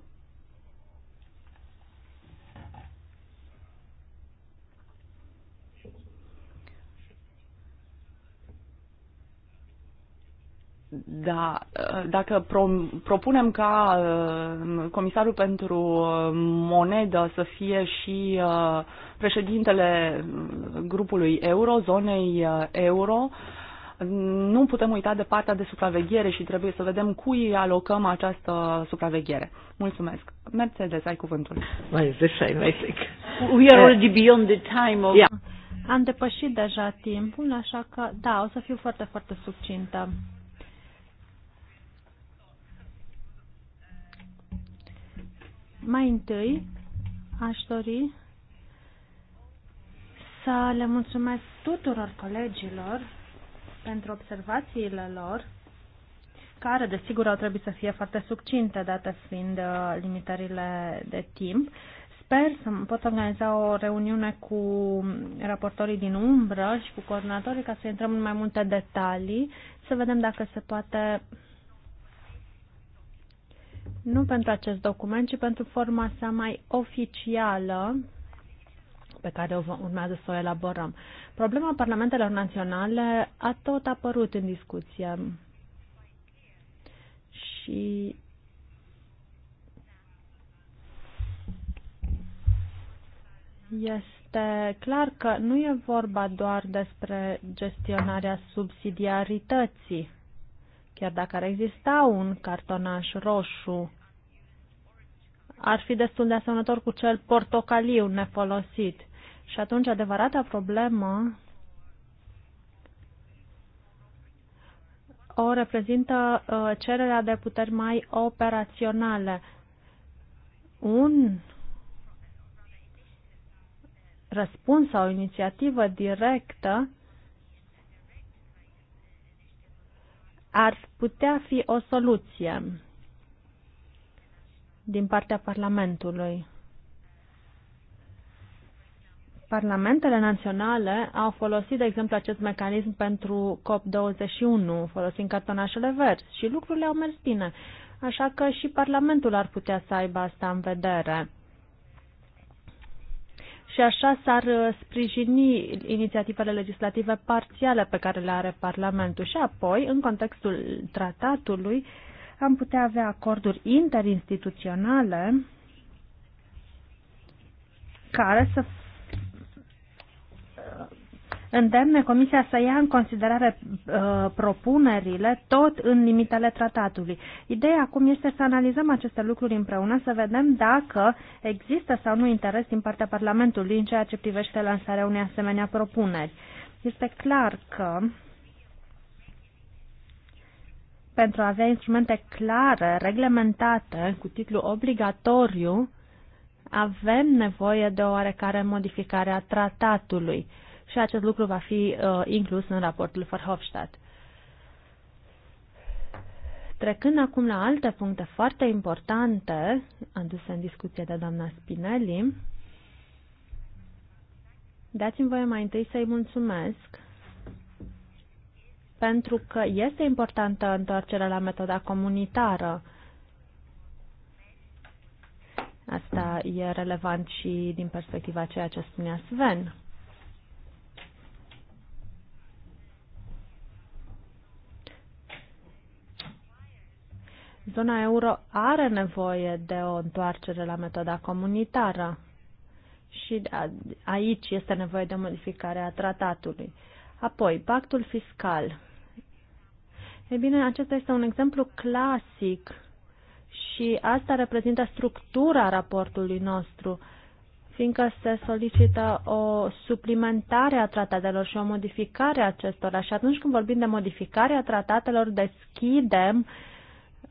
Da, ă, dacă pro, propunem ca ă, comisarul pentru monedă să fie și ă, președintele grupului euro, zonei euro, nu putem uita de partea de supraveghere și trebuie să vedem cui alocăm această supraveghere. Mulțumesc. Mercedes, ai cuvântul. Mai the same, I think. We are eh, already beyond the time of... Yeah. Am depășit deja timpul, așa că, da, o să fiu foarte, foarte succintă. Mai întâi, aș dori să le mulțumesc tuturor colegilor pentru observațiile lor, care, desigur, au trebuit să fie foarte succinte, date fiind uh, limitările de timp. Sper să pot organiza o reuniune cu raportorii din umbră și cu coordonatorii ca să intrăm în mai multe detalii, să vedem dacă se poate nu pentru acest document, ci pentru forma sa mai oficială pe care o urmează să o elaborăm. Problema parlamentelor naționale a tot apărut în discuție și este clar că nu e vorba doar despre gestionarea subsidiarității Chiar dacă ar exista un cartonaș roșu, ar fi destul de asemănător cu cel portocaliu nefolosit. Și atunci adevărata problemă o reprezintă uh, cererea de puteri mai operaționale. Un răspuns sau o inițiativă directă ar putea fi o soluție din partea Parlamentului. Parlamentele naționale au folosit, de exemplu, acest mecanism pentru COP21, folosind cartonașele verzi și lucrurile au mers bine. Așa că și Parlamentul ar putea să aibă asta în vedere și așa s-ar uh, sprijini inițiativele legislative parțiale pe care le are Parlamentul și apoi, în contextul tratatului, am putea avea acorduri interinstituționale care să uh, îndemne Comisia să ia în considerare uh, propunerile tot în limitele tratatului. Ideea acum este să analizăm aceste lucruri împreună, să vedem dacă există sau nu interes din partea Parlamentului în ceea ce privește lansarea unei asemenea propuneri. Este clar că pentru a avea instrumente clare, reglementate, cu titlu obligatoriu, avem nevoie de oarecare modificare a tratatului. Uh, și acest lucru va fi uh, inclus în raportul Verhofstadt. Trecând acum la alte puncte foarte importante aduse în discuție de doamna Spinelli, dați-mi voie mai întâi să-i mulțumesc pentru că este importantă întoarcerea la metoda comunitară. Asta e relevant și din perspectiva ceea ce spunea Sven. Zona euro are nevoie de o întoarcere la metoda comunitară și aici este nevoie de modificarea tratatului. Apoi, pactul fiscal. E bine, acesta este un exemplu clasic și asta reprezintă structura raportului nostru, fiindcă se solicită o suplimentare a tratatelor și o modificare a acestora. Și atunci când vorbim de modificarea tratatelor, deschidem uh,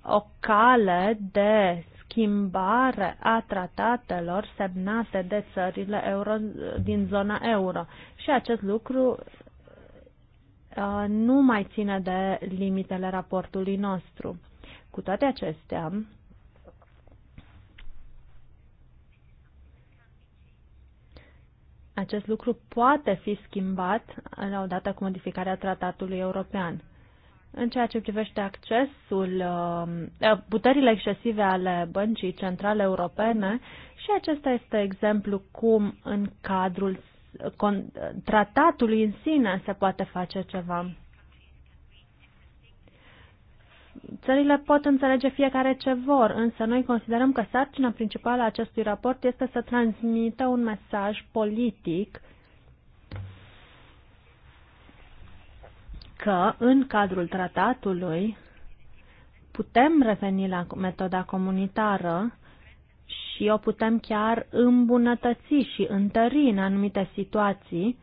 o cale de schimbare a tratatelor semnate de țările euro, din zona euro. Și acest lucru nu mai ține de limitele raportului nostru. Cu toate acestea, acest lucru poate fi schimbat odată cu modificarea tratatului european. În ceea ce privește accesul, uh, uh, puterile excesive ale băncii centrale europene, și acesta este exemplu cum în cadrul tratatului în sine se poate face ceva. Țările pot înțelege fiecare ce vor, însă noi considerăm că sarcina principală a acestui raport este să transmită un mesaj politic că în cadrul tratatului putem reveni la metoda comunitară și o putem chiar îmbunătăți și întări în anumite situații,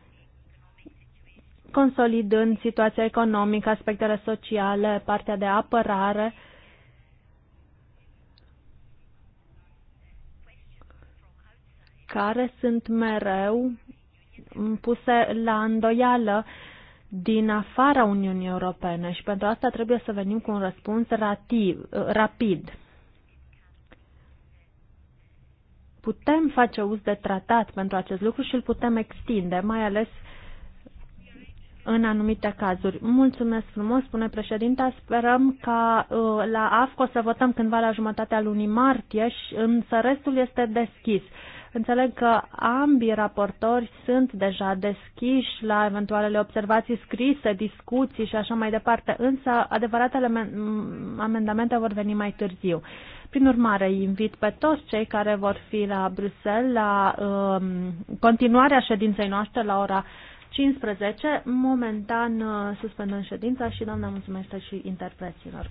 consolidând situația economică, aspectele sociale, partea de apărare. care sunt mereu puse la îndoială uh, din afara Uniunii Europene și pentru asta trebuie să venim cu un răspuns rativ, rapid. Putem face uz de tratat pentru acest lucru și îl putem extinde, mai ales în anumite cazuri. Mulțumesc frumos, spune președinta. Sperăm ca uh, la AFCO să votăm cândva la jumătatea lunii martie, și însă restul este deschis. Înțeleg că ambii raportori sunt deja deschiși la eventualele observații scrise, discuții și așa mai departe, însă adevăratele amendamente vor veni mai târziu. Prin urmare, invit pe toți cei care vor fi la Bruxelles la um, continuarea ședinței noastre la ora 15. Momentan uh, suspendăm ședința și doamna mulțumesc și interpreților.